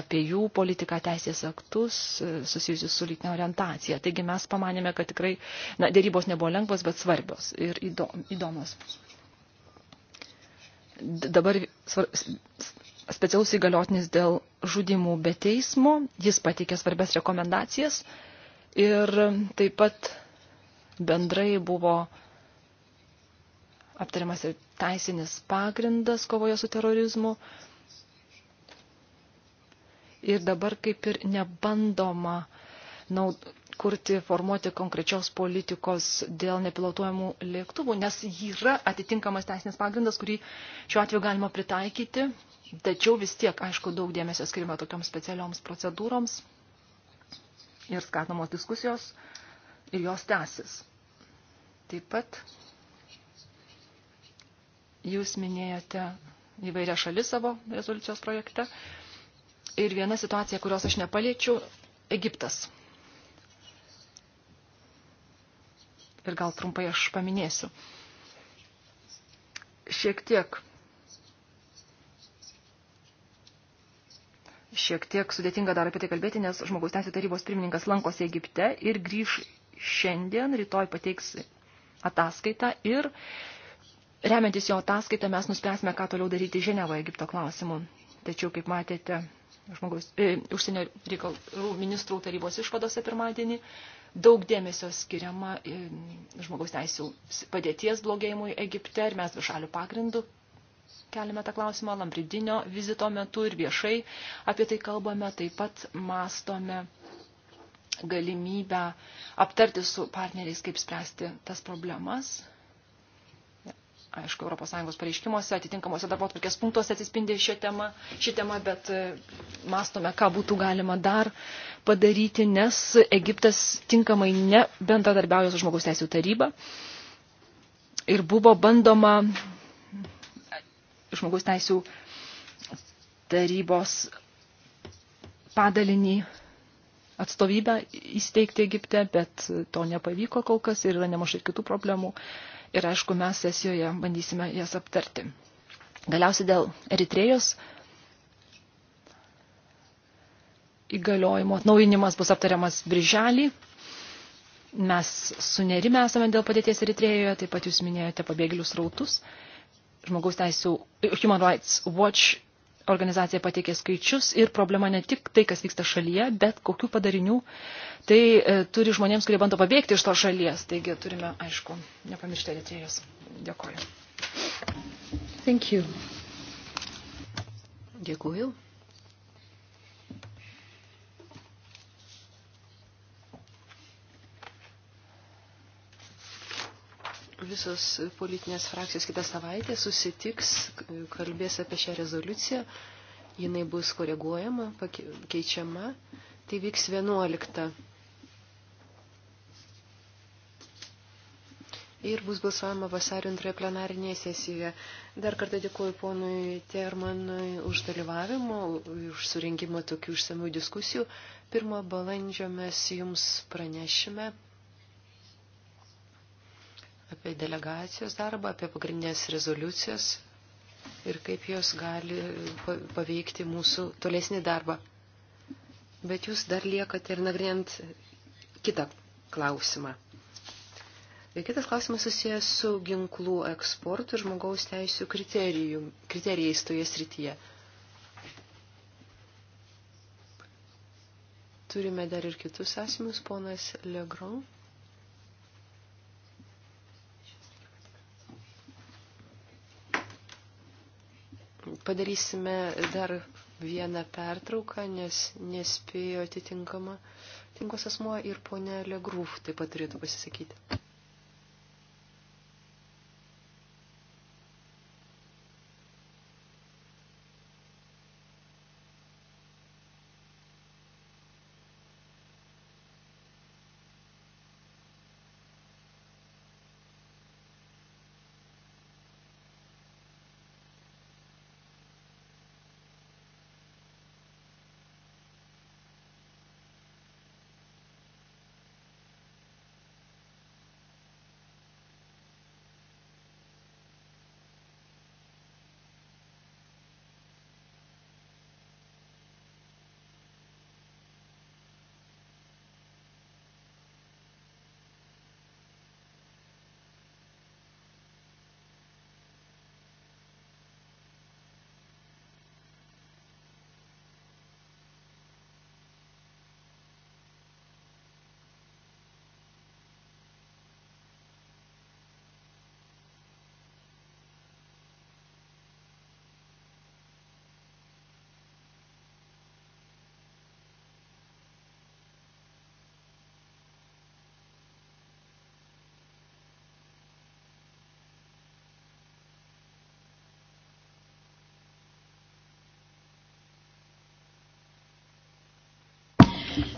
apie jų politiką teisės aktus susijusius su lytinė orientacija. Taigi mes pamanėme, kad tikrai na, dėrybos nebuvo lengvos, bet svarbios ir įdomios. Dabar specialus įgaliotinis dėl žudimų be teismo, jis pateikė svarbias rekomendacijas ir taip pat bendrai buvo aptariamas ir teisinis pagrindas kovoje su terorizmu. Ir dabar kaip ir nebandoma naud, kurti, formuoti konkrečios politikos dėl nepilotuojamų lėktuvų, nes yra atitinkamas teisinės pagrindas, kurį šiuo atveju galima pritaikyti, tačiau vis tiek, aišku, daug dėmesio skirima tokioms specialioms procedūroms ir skatinamos diskusijos ir jos tęsis. Taip pat jūs minėjote įvairią šalį savo rezoliucijos projekte. Ir viena situacija, kurios aš nepaliečiau, Egiptas. Ir gal trumpai aš paminėsiu. Šiek tiek. Šiek tiek sudėtinga dar apie tai kalbėti, nes žmogaus teisų tarybos pirmininkas lankosi Egipte ir grįž šiandien, rytoj pateiks ataskaitą ir remiantis jo ataskaitą mes nuspręsime, ką toliau daryti Ženevoje Egipto klausimu. Tačiau, kaip matėte, žmogus, e, užsienio reikalų ministrų tarybos išvadose pirmadienį, daug dėmesio skiriama e, žmogaus teisų padėties blogėjimui Egipte ir mes dvišalių pagrindų keliame tą klausimą Lambridinio vizito metu ir viešai apie tai kalbame, taip pat mastome galimybę aptarti su partneriais, kaip spręsti tas problemas. Aišku, ES pareiškimuose, atitinkamuose darbo atvarkės punktuose atsispindė ši tema, ši tema, bet e, mastome, ką būtų galima dar padaryti, nes Egiptas tinkamai nebendradarbiauja su žmogaus teisų taryba. Ir buvo bandoma žmogaus teisų tarybos padalinį atstovybę įsteigti Egipte, bet to nepavyko kol kas ir yra nemažai kitų problemų. Ir aišku, mes sesijoje bandysime jas aptarti. Galiausiai dėl Eritrėjos įgaliojimo atnaujinimas bus aptariamas brželį. Mes sunerime esame dėl padėties Eritrėjoje, taip pat jūs minėjote pabėgėlius rautus. Žmogaus teisų Human Rights Watch organizacija pateikė skaičius ir problema ne tik tai, kas vyksta šalyje, bet kokių padarinių tai e, turi žmonėms, kurie bando pabėgti iš to šalies. Taigi turime, aišku, nepamiršti Eritrėjos. Dėkoju. Thank you. Dėkuoju. Visos politinės frakcijos kitą savaitę susitiks, kalbės apie šią rezoliuciją, jinai bus koreguojama, keičiama, tai vyks 11. Ir bus balsuojama vasario antroje plenarinėje sesijoje. Dar kartą dėkuoju ponui Termanui už dalyvavimą, už surinkimą tokių išsamių diskusijų. Pirmą balandžio mes jums pranešime apie delegacijos darbą, apie pagrindinės rezoliucijas ir kaip jos gali paveikti mūsų tolesnį darbą. Bet jūs dar liekate ir nagrinant kitą klausimą. Ir kitas klausimas susijęs su ginklų eksportu ir žmogaus teisų kriterijais toje srityje. Turime dar ir kitus asmenus, ponas Legrand. padarysime dar vieną pertrauką, nes nespėjo atitinkama tinkos asmuo ir ponė Legruf taip pat turėtų pasisakyti.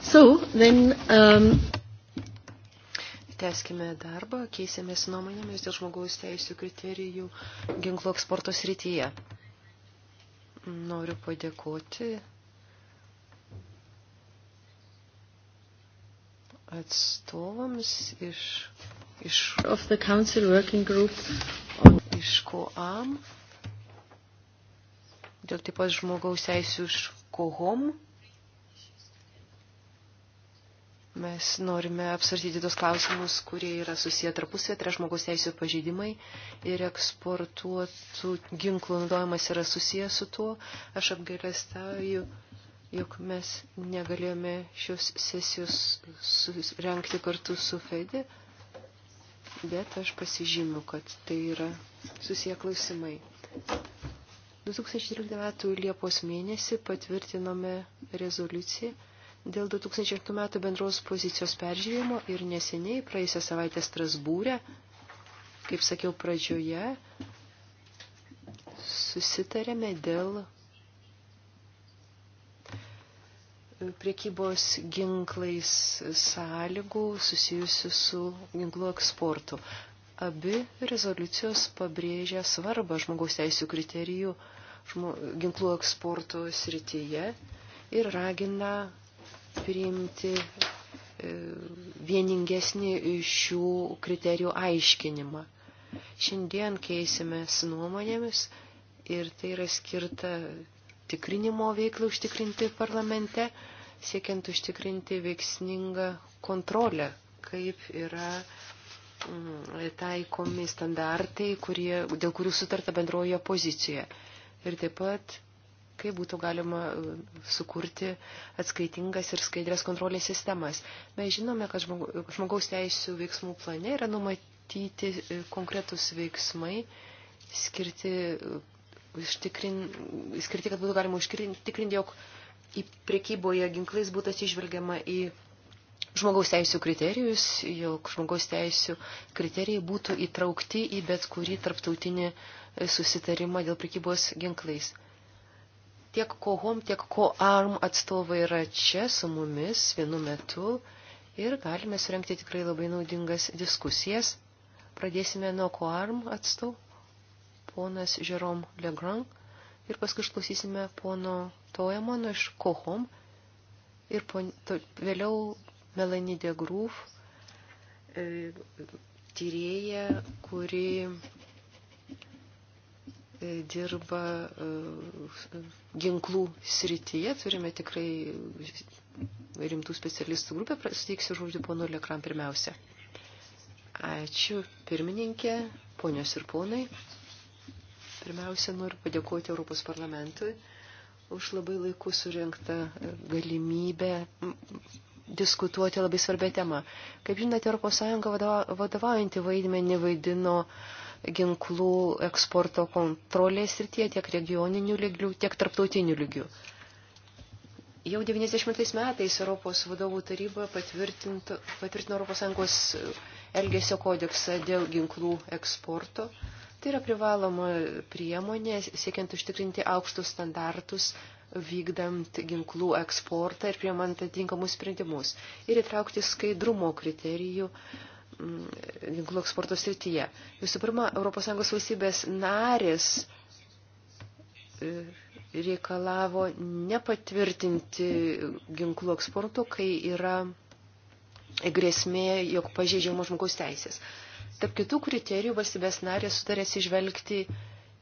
So, then, um, Teskime darbą, keisėmės nuomonėmis dėl žmogaus teisų kriterijų ginklo eksporto srityje. Noriu padėkoti atstovams iš, iš, of the council working group on, iš COAM dėl taip pat žmogaus teisų iš COHOM. Mes norime apsvarstyti tos klausimus, kurie yra susiję tarpusavė, tai yra žmogaus teisų pažeidimai ir eksportuotų ginklų naudojimas yra susijęs su tuo. Aš apgailestauju, jog mes negalėjome šios sesijos surenkti kartu su Fedi, bet aš pasižymiu, kad tai yra susiję klausimai. 2013 m. Liepos mėnesį patvirtinome rezoliuciją dėl 2008 metų bendros pozicijos peržiūrėjimo ir neseniai praėjusią savaitę Strasbūrę, kaip sakiau pradžioje, susitarėme dėl priekybos ginklais sąlygų susijusių su ginklų eksportu. Abi rezoliucijos pabrėžia svarbą žmogaus teisų kriterijų ginklų eksporto srityje ir ragina priimti e, vieningesnį šių kriterijų aiškinimą. Šiandien keisimės nuomonėmis ir tai yra skirta tikrinimo veiklą užtikrinti parlamente, siekiant užtikrinti veiksmingą kontrolę, kaip yra mm, taikomi standartai, kurie, dėl kurių sutarta bendroje pozicijoje. Ir taip pat kaip būtų galima e, sukurti atskaitingas ir skaidrės kontrolės sistemas. Mes žinome, kad žmogaus teisų veiksmų plane yra numatyti e, konkretus veiksmai skirti, ištikrin, e, skirti kad būtų galima užtikrinti, jog į priekyboje ginklais būtų atsižvelgiama į žmogaus teisų kriterijus, jog žmogaus teisų kriterijai būtų įtraukti į bet kurį tarptautinį susitarimą dėl prekybos ginklais. Tiek kohom, tiek koarm atstovai yra čia su mumis vienu metu ir galime surenkti tikrai labai naudingas diskusijas. Pradėsime nuo koarm atstovų, ponas Žerom Legrand, ir paskui išklausysime pono Toemono iš kohom ir pon, to, vėliau Melanie de Groove, e, tyrėja, kuri E, dirba e, ginklų srityje. Turime tikrai rimtų specialistų grupę. Suteiksiu žodį ponu Lekram pirmiausia. Ačiū pirmininkė, ponios ir ponai. Pirmiausia, noriu padėkoti Europos parlamentui už labai laiku surinktą galimybę diskutuoti labai svarbę temą. Kaip žinote, ES vadovaujanti vaidmenį vaidino uh, ginklų eksporto kontrolės srityje tiek regioninių lygių, tiek tarptautinių lygių. Jau 90 metais Europos vadovų taryba patvirtino ES elgesio kodeksą dėl ginklų eksporto. Tai yra privaloma priemonė siekiant užtikrinti aukštus standartus vykdant ginklų eksportą ir priemant atitinkamus sprendimus ir įtraukti skaidrumo kriterijų uh, Mm, ginklų eksporto srityje. Visų pirma, ES valstybės narės e, reikalavo nepatvirtinti ginklų eksporto, kai yra grėsmė, jog pažeidžiamos žmogaus teisės. Tarp kitų kriterijų valstybės narės sutarė atsižvelgti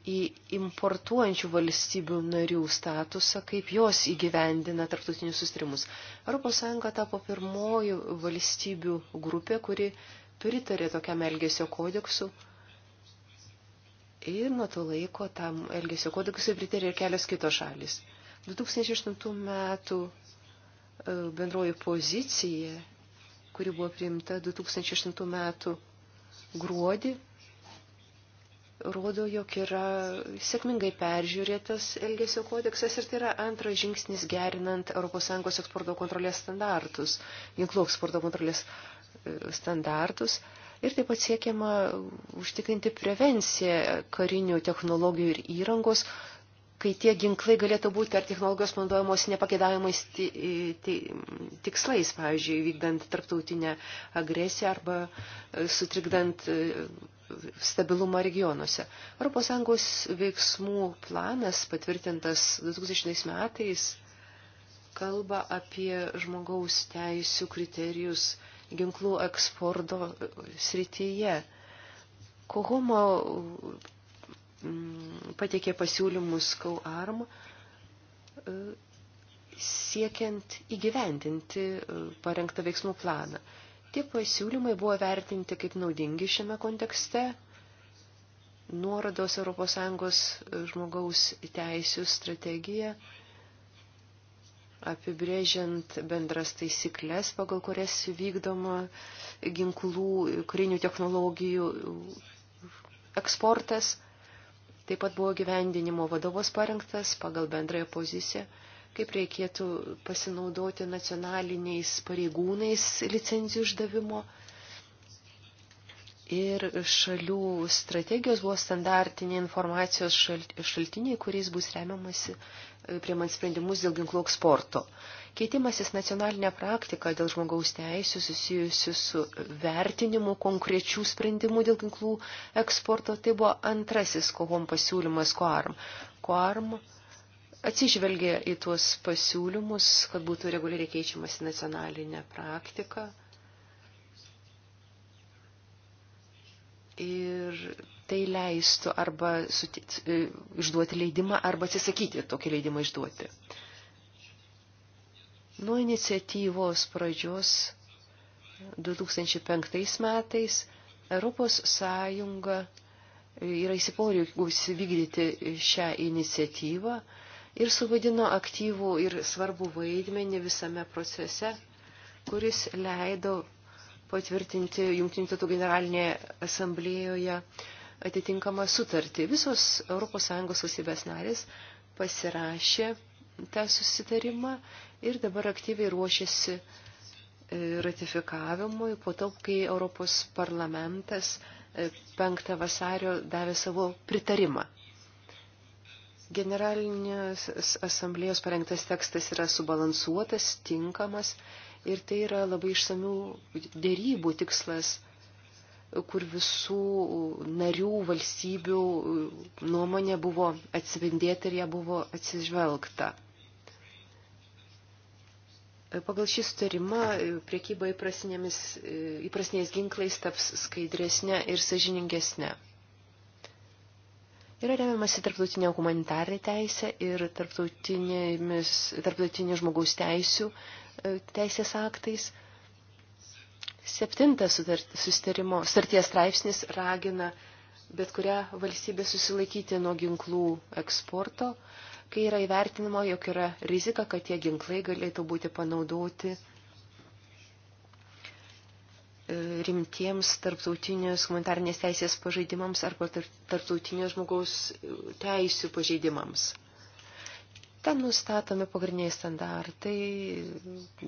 į importuojančių valstybių narių statusą, kaip jos įgyvendina tarptautinius sustrimus. ES tapo pirmoji valstybių grupė, kuri pritarė tokiam elgesio kodeksu. Ir nuo to laiko tam elgesio kodeksui pritarė ir kelios kitos šalis. 2008 metų e, bendroji pozicija, kuri buvo priimta 2008 metų gruodį, rodo, jog yra sėkmingai peržiūrėtas Elgesio kodeksas ir tai yra antras žingsnis gerinant ES eksporto kontrolės standartus, ginklų eksporto kontrolės standartus ir taip pat siekiama užtikrinti prevenciją karinių technologijų ir įrangos, kai tie ginklai galėtų būti ar technologijos naudojamos nepakėdavimais tikslais, pavyzdžiui, vykdant tarptautinę agresiją arba e, sutrikdant e, stabilumą regionuose. ES veiksmų planas patvirtintas 2000 metais kalba apie žmogaus teisų kriterijus ginklų eksporto srityje. Kohomo mm, pateikė pasiūlymus Kauarm e, siekiant įgyvendinti e, parengtą veiksmų planą. Tie pasiūlymai buvo vertinti kaip naudingi šiame kontekste. Nuorodos ES žmogaus teisų strategija apibrėžiant bendras taisyklės, pagal kurias vykdoma ginklų, karinių technologijų eksportas. Taip pat buvo gyvendinimo vadovos parengtas pagal bendrąją poziciją, kaip reikėtų pasinaudoti nacionaliniais pareigūnais licencijų išdavimo ir šalių strategijos buvo standartiniai informacijos šaltiniai, kuriais bus remiamasi e, priemant sprendimus dėl ginklų eksporto. Keitimasis nacionalinė praktika dėl žmogaus teisų susijusi su vertinimu konkrečių sprendimų dėl ginklų eksporto, tai buvo antrasis kohom pasiūlymas koarm. Koarm atsižvelgė į tuos pasiūlymus, kad būtų reguliariai keičiamasi nacionalinė praktika ir tai leistų arba sutit, e, išduoti leidimą arba atsisakyti tokį leidimą išduoti. Nuo iniciatyvos pradžios 2005 metais Europos Sąjunga yra įsipareigojusi vykdyti šią iniciatyvą ir suvaidino aktyvų ir svarbų vaidmenį visame procese, kuris leido patvirtinti Junktinių tautų generalinėje asamblėjoje atitinkamą sutartį. Visos ES valstybės narės pasirašė tą susitarimą ir dabar aktyviai ruošiasi e, ratifikavimui po to, kai Europos parlamentas 5 e, vasario davė savo pritarimą. Generalinės asamblėjos parengtas tekstas yra subalansuotas, tinkamas Ir tai yra labai išsamių dėrybų tikslas, kur visų narių valstybių nuomonė buvo atsivindėta ir ją buvo atsižvelgta. Pagal šį sutarimą priekyba įprasniais ginklais taps skaidresnė ir sažiningesnė. Yra remiamasi tarptautinė humanitarė teisė ir tarptautinė žmogaus teisų E, teisės aktais. Septintas sustarimo starties straipsnis ragina bet kurią valstybę susilaikyti nuo ginklų eksporto, kai yra įvertinimo, jog yra rizika, kad tie ginklai galėtų būti panaudoti e, rimtiems tarptautinės humanitarnės teisės pažeidimams arba tarptautinės žmogaus teisų pažeidimams. Ten nustatomi pagrindiniai standartai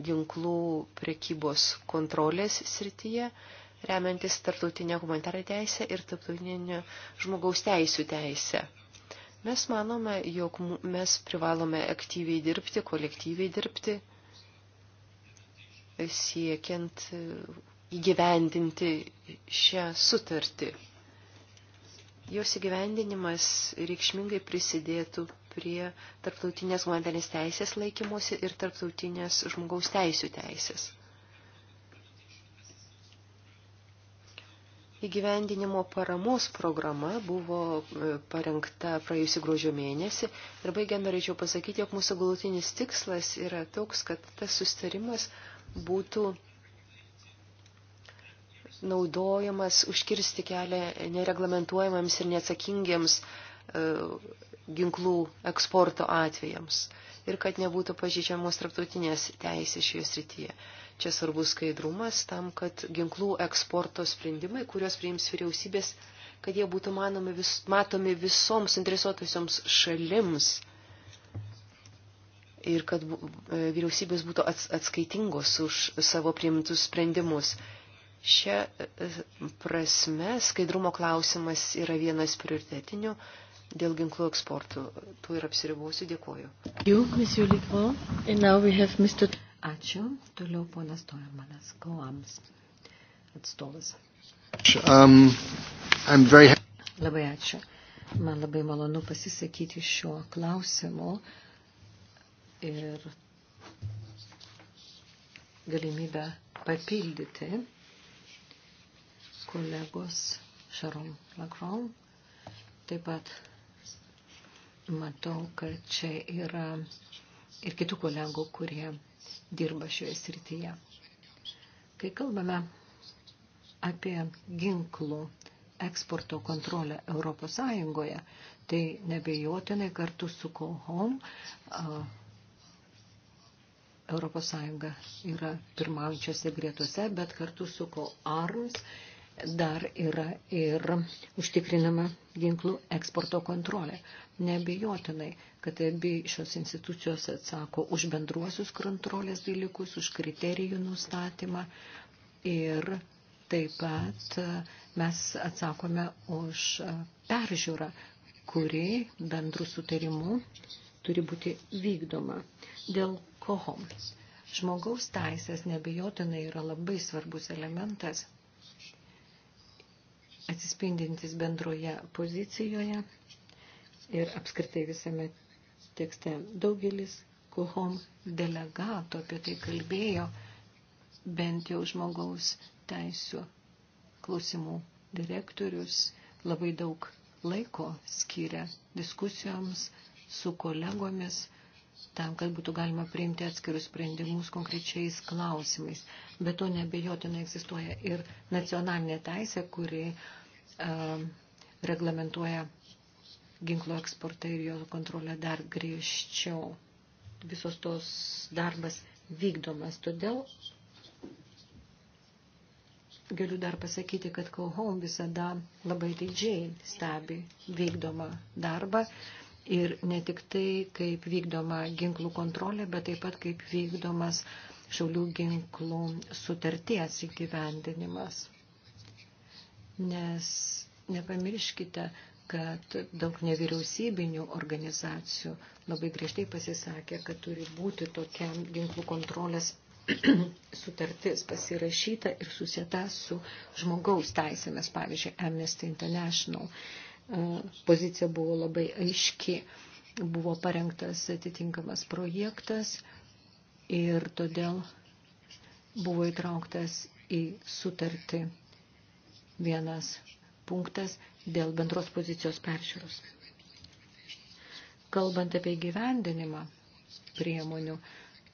ginklų prekybos kontrolės srityje, remiantis tartautinę humanitarą teisę ir tartautinę žmogaus teisų teisę. Mes manome, jog mes privalome aktyviai dirbti, kolektyviai dirbti, siekiant e, įgyvendinti šią sutartį. Jos įgyvendinimas reikšmingai prisidėtų prie tarptautinės humanitarinės teisės laikymosi ir tarptautinės žmogaus teisų teisės. Įgyvendinimo paramos programa buvo e, parengta praėjusį gruodžio mėnesį ir baigia norėčiau pasakyti, jog mūsų galutinis tikslas yra toks, kad tas sustarimas būtų naudojamas užkirsti kelią nereglamentuojamams ir neatsakingiems e, ginklų eksporto atvejams ir kad nebūtų pažydžiamos tarptautinės teisės šioje srityje. Čia svarbus skaidrumas tam, kad ginklų eksporto sprendimai, kuriuos priims vyriausybės, kad jie būtų manomi vis, matomi visoms interesuotusioms šalims ir kad e, vyriausybės būtų atskaitingos už savo priimtus sprendimus. Šia e, e, prasme skaidrumo klausimas yra vienas prioritetinių dėl ginklų eksportų. Tuo ir apsiribosiu, dėkoju. Ačiū. Toliau ponas Toermanas, Koams atstovas. Um, very... Labai ačiū. Man labai malonu pasisakyti šiuo klausimu ir galimybę papildyti kolegos Sharon Lacron, taip pat Matau, kad čia yra ir kitų kolegų, kurie dirba šioje srityje. Kai kalbame apie ginklų eksporto kontrolę Europos Sąjungoje, tai nebejotinai kartu su Kohom Europos Sąjunga yra pirmaujančiose gretose, bet kartu su Koarms dar yra ir užtikrinama ginklų eksporto kontrolė. Nebejotinai, kad abi šios institucijos atsako už bendruosius kontrolės dalykus, už kriterijų nustatymą ir taip pat mes atsakome už peržiūrą, kuri bendrų sutarimų turi būti vykdoma. Dėl kohom. Žmogaus teisės nebejotinai yra labai svarbus elementas atsispindintis bendroje pozicijoje ir apskritai visame tekste. Daugelis kuhom delegato apie tai kalbėjo, bent jau žmogaus teisų klausimų direktorius labai daug laiko skiria diskusijoms su kolegomis, tam, kad būtų galima priimti atskirus sprendimus konkrečiais klausimais. Bet to nebejotinai egzistuoja ir nacionalinė teisė, kuri uh, reglamentuoja ginklo eksportą ir jo kontrolę dar griežčiau. Visos tos darbas vykdomas. Todėl galiu dar pasakyti, kad Kauhom visada labai teidžiai stebi vykdomą darbą. Ir ne tik tai, kaip vykdoma ginklų kontrolė, bet taip pat kaip vykdomas šaulių ginklų sutarties įgyvendinimas nes nepamirškite, kad daug nevyriausybinių organizacijų labai griežtai pasisakė, kad turi būti tokia ginklų kontrolės sutartis pasirašyta ir susieta su žmogaus teisėmis, pavyzdžiui, Amnesty International e, pozicija buvo labai aiški, buvo parengtas atitinkamas projektas ir todėl buvo įtrauktas į sutartį vienas punktas dėl bendros pozicijos peržiūros. Kalbant apie gyvendinimą priemonių,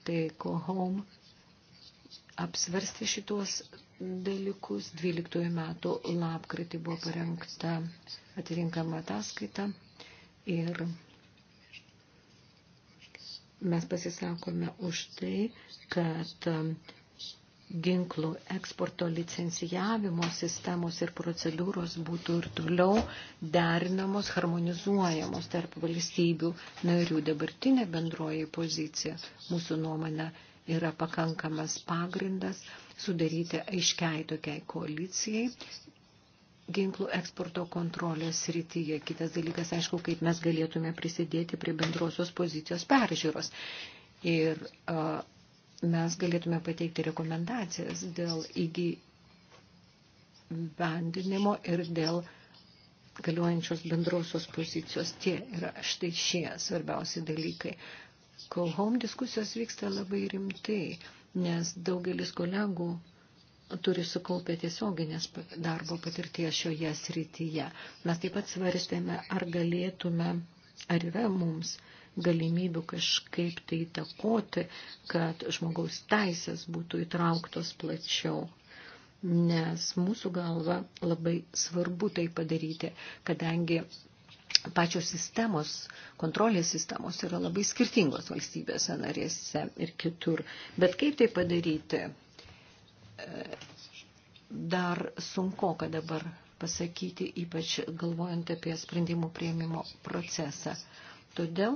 tai Go Home apsvarstė šitos dalykus. 12 metų lapkritį buvo parengta atitinkama ataskaita ir mes pasisakome už tai, kad ginklų eksporto licencijavimo sistemos ir procedūros būtų ir toliau derinamos, harmonizuojamos tarp valstybių narių. Dabartinė bendroji pozicija mūsų nuomonė yra pakankamas pagrindas sudaryti aiškiai tokiai koalicijai ginklų eksporto kontrolės srityje. Kitas dalykas, aišku, kaip mes galėtume prisidėti prie bendrosios pozicijos peržiūros. Ir uh, mes galėtume pateikti rekomendacijas dėl įgyvendinimo ir dėl galiuojančios bendrosios pozicijos. Tie yra štai šie svarbiausi dalykai. Kauhom diskusijos vyksta labai rimtai, nes daugelis kolegų turi sukaupę tiesioginės darbo patirties šioje srityje. Mes taip pat svarstėme, ar galėtume, ar yra mums galimybių kažkaip tai įtakoti, kad žmogaus teisės būtų įtrauktos plačiau. Nes mūsų galva labai svarbu tai padaryti, kadangi pačios sistemos, kontrolės sistemos yra labai skirtingos valstybėse narėse ir kitur. Bet kaip tai padaryti, dar sunku, kad dabar pasakyti, ypač galvojant apie sprendimų prieimimo procesą. Todėl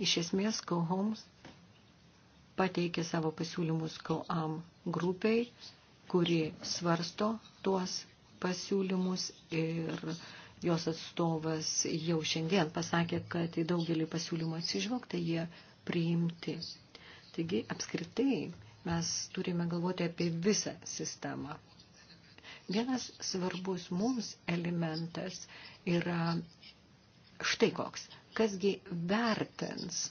Iš esmės, GoHomes pateikė savo pasiūlymus GoAm grupiai, kuri svarsto tuos pasiūlymus ir jos atstovas jau šiandien pasakė, kad į daugelį pasiūlymų atsižvelgta jie priimti. Taigi, apskritai, mes turime galvoti apie visą sistemą. Vienas svarbus mums elementas yra štai koks. Kasgi vertins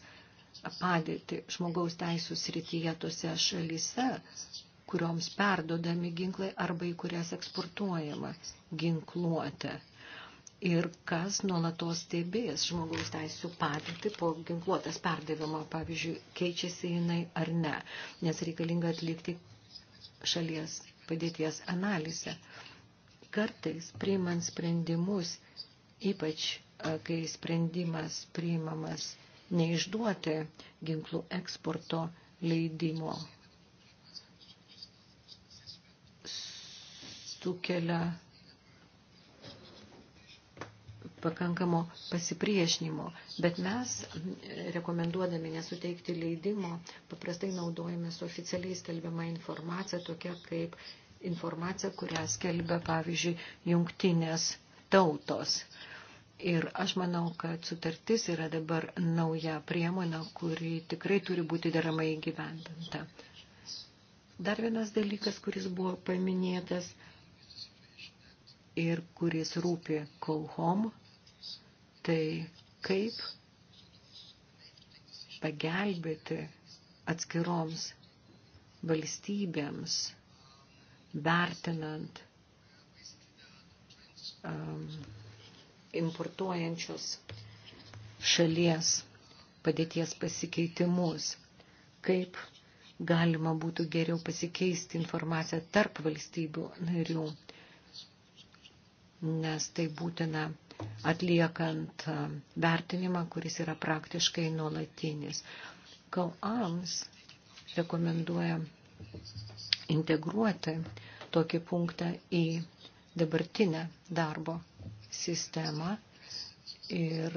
padėti žmogaus teisų srityje tose šalyse, kurioms perdodami ginklai arba į kurias eksportuojama ginkluotė. Ir kas nuolatos stebės žmogaus teisų padėtį po ginkluotės perdavimo, pavyzdžiui, keičiasi jinai ar ne, nes reikalinga atlikti šalies padėties analizę. Kartais priimant sprendimus, ypač E, kai sprendimas priimamas neišduoti ginklų eksporto leidimo sukelia pakankamo pasipriešinimo, bet mes, rekomenduodami nesuteikti leidimo, paprastai naudojame su oficialiai skelbiama informacija, tokia kaip informacija, kurią skelbia, pavyzdžiui, jungtinės tautos. Ir aš manau, kad sutartis yra dabar nauja priemonė, kuri tikrai turi būti deramai įgyvendinta. Dar vienas dalykas, kuris buvo paminėtas ir kuris rūpi kolhom, tai kaip pagelbėti atskiroms valstybėms, vertinant um, importuojančios šalies padėties pasikeitimus, kaip galima būtų geriau pasikeisti informaciją tarp valstybių narių, nes tai būtina atliekant vertinimą, kuris yra praktiškai nuolatinis. Kauams rekomenduoja integruoti tokį punktą į dabartinę darbo sistemą ir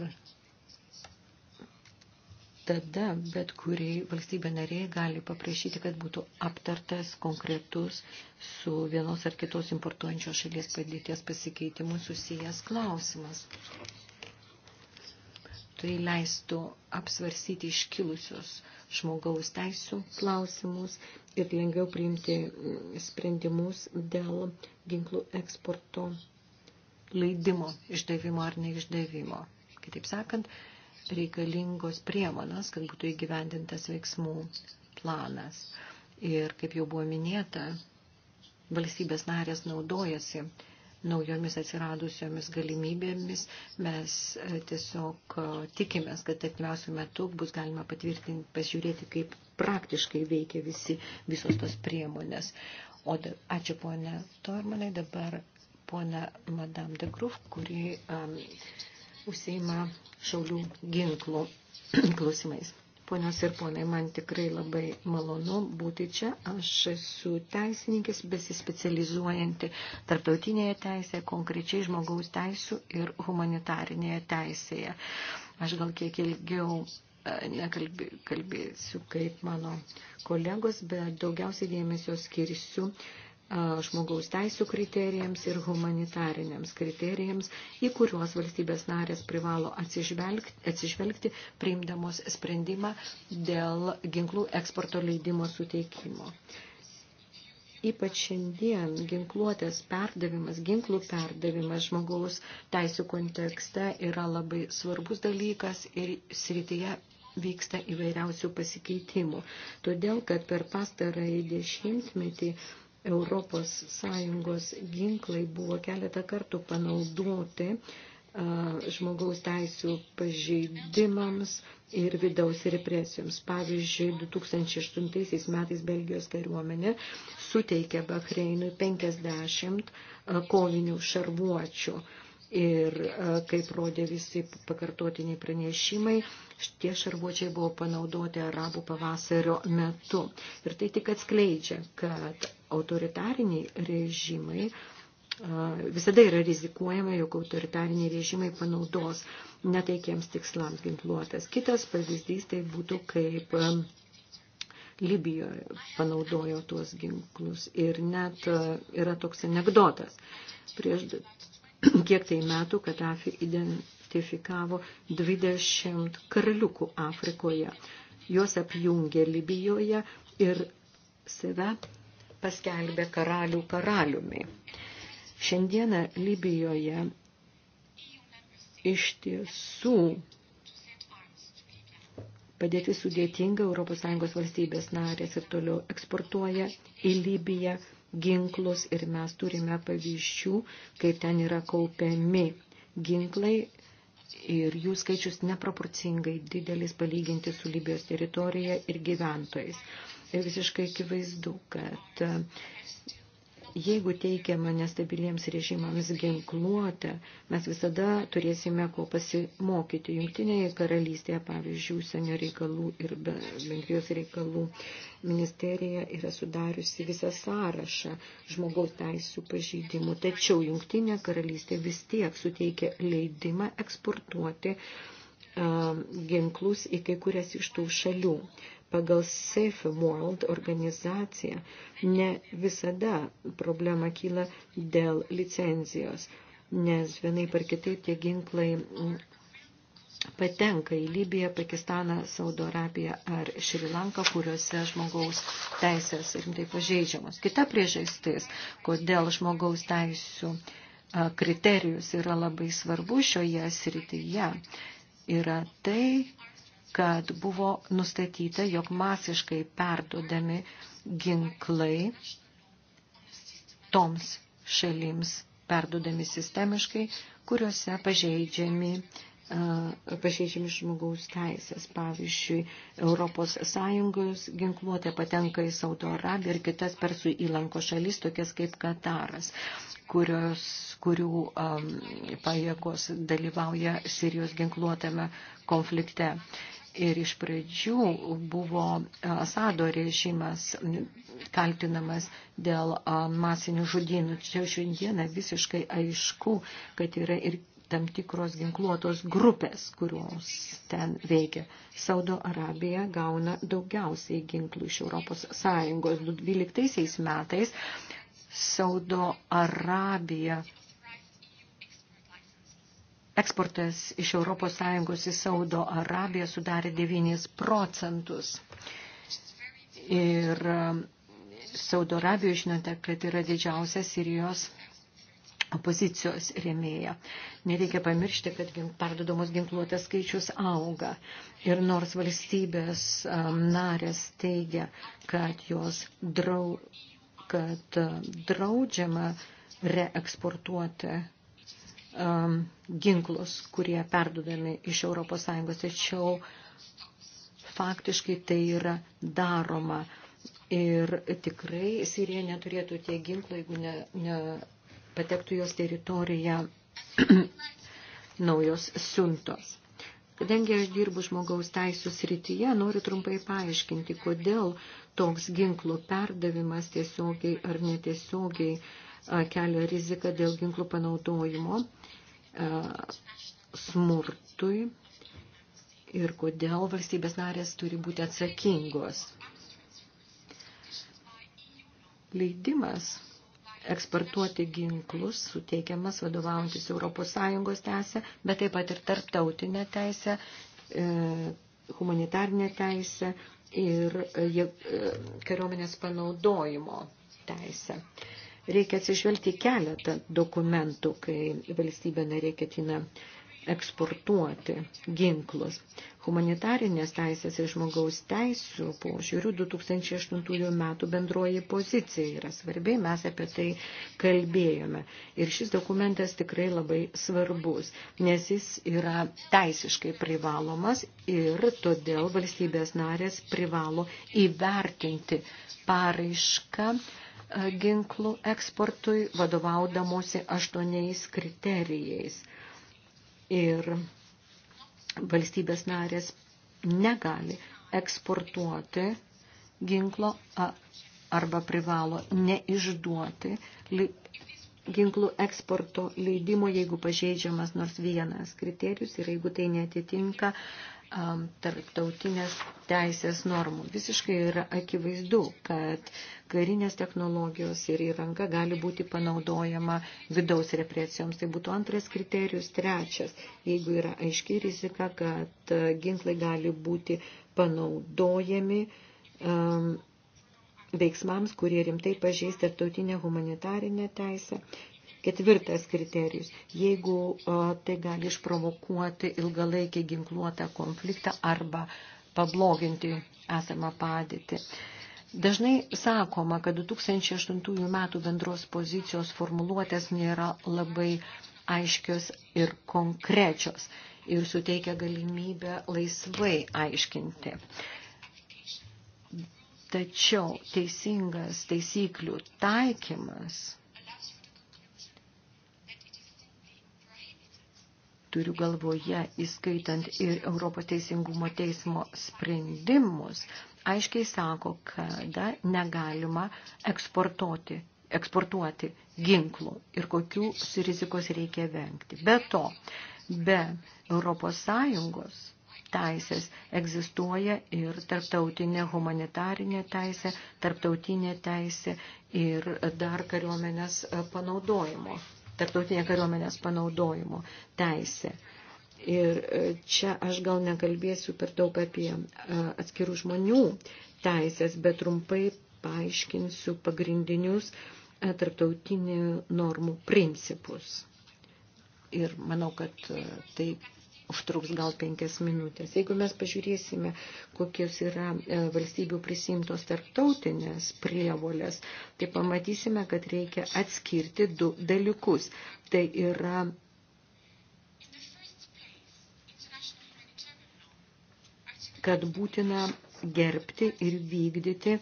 tada bet kuriai valstybė nariai gali paprašyti, kad būtų aptartas konkretus su vienos ar kitos importuojančios šalies padėties pasikeitimu susijęs klausimas. Tai leistų apsvarsyti iškilusios žmogaus teisų klausimus ir lengviau priimti sprendimus dėl ginklų eksporto leidimo išdavimo ar neišdavimo. Kitaip sakant, reikalingos priemonas, kad būtų įgyvendintas veiksmų planas. Ir kaip jau buvo minėta, valstybės narės naudojasi naujomis atsiradusiomis galimybėmis. Mes e, tiesiog e, tikimės, kad artimiausių metų bus galima patvirtinti, pasižiūrėti, kaip praktiškai veikia visi, visos tos priemonės. O da, ačiū ponė Tormanai, dabar poną Madame de Gruf, kuri um, užsieima šaulių ginklų klausimais. Ponios ir ponai, man tikrai labai malonu būti čia. Aš esu teisininkis, besispecializuojanti tarptautinėje teisėje, konkrečiai žmogaus teisų ir humanitarinėje teisėje. Aš gal kiek ilgiau e, nekalbėsiu kaip mano kolegos, bet daugiausiai dėmesio skirsiu uh, žmogaus teisų kriterijams ir humanitariniams kriterijams, į kuriuos valstybės narės privalo atsižvelgti, atsižvelgti priimdamos sprendimą dėl ginklų eksporto leidimo suteikimo ypač šiandien ginkluotės perdavimas, ginklų perdavimas žmogaus teisų kontekste yra labai svarbus dalykas ir srityje vyksta įvairiausių pasikeitimų. Todėl, kad per pastarąjį dešimtmetį uh, Europos Sąjungos ginklai buvo keletą kartų panaudoti žmogaus teisų pažeidimams ir vidaus represijoms. Pavyzdžiui, 2008 metais Belgijos kariuomenė suteikė Bahreinui 50 kovinių šarvuočių. Ir kaip rodė visi pakartotiniai pranešimai, tie šarvuočiai buvo panaudoti arabų pavasario metu. Ir tai tik atskleidžia, kad autoritariniai režimai visada yra rizikuojama, jog autoritariniai režimai panaudos netaikiems tikslams ginkluotas. Kitas pavyzdys tai būtų kaip Libijoje panaudojo tuos ginklus ir net yra toks anegdotas. Prieš kiek tai metų Katafi identifikavo 20 karaliukų Afrikoje. Juos apjungė Libijoje ir save paskelbė karalių karaliumi. Šiandieną Libijoje iš tiesų padėti sudėtinga, ES valstybės narės ir toliau eksportuoja į Libiją ginklus ir mes turime pavyzdžių, kaip ten yra kaupiami ginklai ir jų skaičius neproporcingai didelis palyginti su Libijos teritorija ir gyventojais ir tai visiškai akivaizdu, kad e, jeigu teikiama nestabiliems režimams ginkluotę, mes visada turėsime ko pasimokyti. Jungtinėje karalystėje, pavyzdžiui, užsienio reikalų ir bendrijos reikalų ministerija yra sudariusi visą sąrašą žmogaus teisų pažeidimų. Tačiau Jungtinė karalystė vis tiek suteikia leidimą eksportuoti e, ginklus į kai kurias iš tų šalių pagal Safe World organizaciją ne visada problema kyla dėl licenzijos, nes vienai par kitaip tie ginklai patenka į Libiją, Pakistaną, Saudo Arabiją ar Šrilanką, kuriuose žmogaus teisės rimtai pažeidžiamos. Kita priežastis, kodėl žmogaus teisų kriterijus yra labai svarbu šioje srityje, yra tai, kad buvo nustatyta, jog masiškai perduodami ginklai toms šalims perduodami sistemiškai, kuriuose pažeidžiami e, pažeidžiami žmogaus teisės. Pavyzdžiui, Europos Sąjungos ginkluotė patenka į Saudo Arabiją ir kitas Persų įlanko šalis, tokias kaip Kataras, kurios, kurių um, pajėgos dalyvauja Sirijos ginkluotame konflikte. Ir iš pradžių buvo e, Asado režimas kaltinamas dėl e, masinių žudynų. Čia šiandieną visiškai aišku, kad yra ir tam tikros ginkluotos grupės, kurios ten veikia. Saudo Arabija gauna daugiausiai ginklų iš Europos Sąjungos. 2012 metais Saudo Arabija eksportas iš ES į Saudo Arabiją sudarė 9 procentus. Ir um, Saudo Arabijoje žinote, kad yra didžiausia Sirijos opozicijos rėmėja. Nereikia pamiršti, kad perdodamos ginkluotės skaičius auga. Ir nors valstybės um, narės teigia, kad jos drau, kad um, draudžiama reeksportuoti um, ginklus, kurie perdudami iš ES. Tačiau faktiškai tai yra daroma. Ir tikrai Sirija neturėtų tie ginklai, jeigu ne, ne patektų jos teritoriją naujos siuntos. Kadangi aš dirbu žmogaus teisų srityje, noriu trumpai paaiškinti, kodėl toks ginklų perdavimas tiesiogiai ar netiesiogiai uh, kelia riziką dėl ginklų panaudojimo smurtui ir kodėl valstybės narės turi būti atsakingos. Leidimas eksportuoti ginklus suteikiamas vadovaujantis ES teisė, bet taip pat ir tarptautinė teisė, e, humanitarinė teisė ir e, e, kariuomenės panaudojimo teisė reikia atsižvelgti keletą dokumentų, kai valstybė narė ketina eksportuoti ginklus. Humanitarinės teisės ir žmogaus teisų požiūrių 2008 metų bendroji pozicija yra svarbi, mes apie tai kalbėjome. Ir šis dokumentas tikrai labai svarbus, nes jis yra teisiškai privalomas ir todėl valstybės narės privalo įvertinti paraišką ginklų eksportui, vadovaudamosi aštuoniais kriterijais. Ir valstybės narės negali eksportuoti ginklo arba privalo neišduoti ginklų eksporto leidimo, jeigu pažeidžiamas nors vienas kriterijus ir jeigu tai netitinka uh, um, tarptautinės teisės normų. Visiškai yra akivaizdu, kad karinės technologijos ir įranga gali būti panaudojama vidaus represijoms. Tai būtų antras kriterijus. Trečias, jeigu yra aiški rizika, kad e, ginklai gali būti panaudojami um, veiksmams, kurie rimtai pažeis tarptautinę humanitarinę teisę Ketvirtas kriterijus. Jeigu tai gali išprovokuoti ilgalaikį ginkluotą konfliktą arba pabloginti esamą padėtį. Dažnai sakoma, kad 2008 metų bendros pozicijos formuluotės nėra labai aiškios ir konkrečios ir suteikia galimybę laisvai aiškinti. Tačiau teisingas taisyklių taikymas turiu galvoje, įskaitant ir Europos teisingumo teismo sprendimus, aiškiai sako, kada negalima eksportuoti, eksportuoti ginklų ir kokių rizikos reikia vengti. Be to, be Europos Sąjungos teisės egzistuoja ir tarptautinė humanitarinė teisė, tarptautinė teisė ir dar kariuomenės panaudojimo tarptautinė kariuomenės panaudojimo teisė. Ir e, čia aš gal nekalbėsiu per daug apie e, atskirų žmonių teisės, bet trumpai paaiškinsiu pagrindinius e, tarptautinių normų principus. Ir manau, kad tai užtruks gal penkias minutės. Jeigu mes pažiūrėsime, kokios yra e, valstybių prisimtos tarptautinės prievolės, tai pamatysime, kad reikia atskirti du dalykus. Tai yra kad būtina gerbti ir vykdyti e,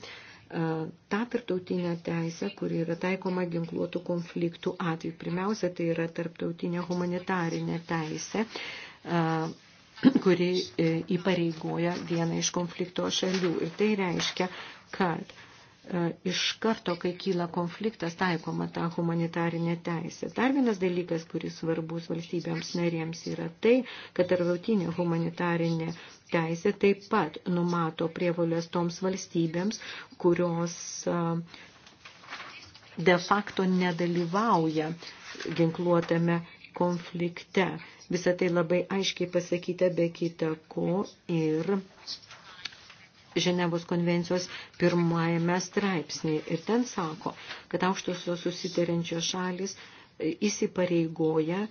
tą tarptautinę teisę, kuri yra taikoma ginkluotų konfliktų atveju. Pirmiausia, tai yra tarptautinė humanitarinė teisė, kuri e, įpareigoja vieną iš konflikto šalių. Ir tai reiškia, kad e, iš karto, kai kyla konfliktas, taikoma ta humanitarinė teisė. Dar vienas dalykas, kuris svarbus valstybėms narėms, yra tai, kad tarptautinė humanitarinė teisė taip pat numato prievolės toms valstybėms, kurios de facto nedalyvauja ginkluotame konflikte. Visą tai labai aiškiai pasakyta be kita ko ir Ženevos konvencijos pirmajame straipsnėje. Ir ten sako, kad aukštosios susitarinčios šalis e, įsipareigoja e,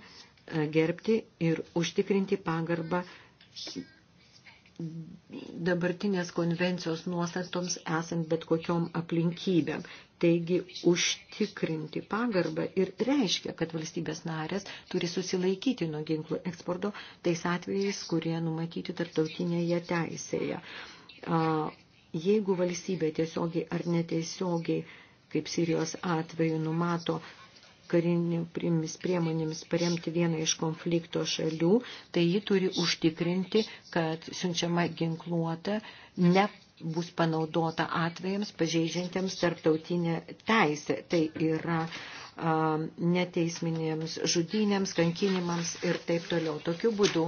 gerbti ir užtikrinti pagarbą dabartinės konvencijos nuostatoms esant bet kokiom aplinkybėm. Taigi užtikrinti pagarbą ir reiškia, kad valstybės narės turi susilaikyti nuo ginklų eksporto tais atvejais, kurie numatyti tarptautinėje teisėje. Jeigu valstybė tiesiogiai ar netiesiogiai, kaip Sirijos atveju, numato karinėmis priemonėmis paremti vieną iš konflikto šalių, tai ji turi užtikrinti, kad siunčiama ginkluota ne bus panaudota atvejams pažeidžiantiems tarptautinę teisę. Tai yra um, neteisminėms žudynėms, kankinimams ir taip toliau. Tokiu būdu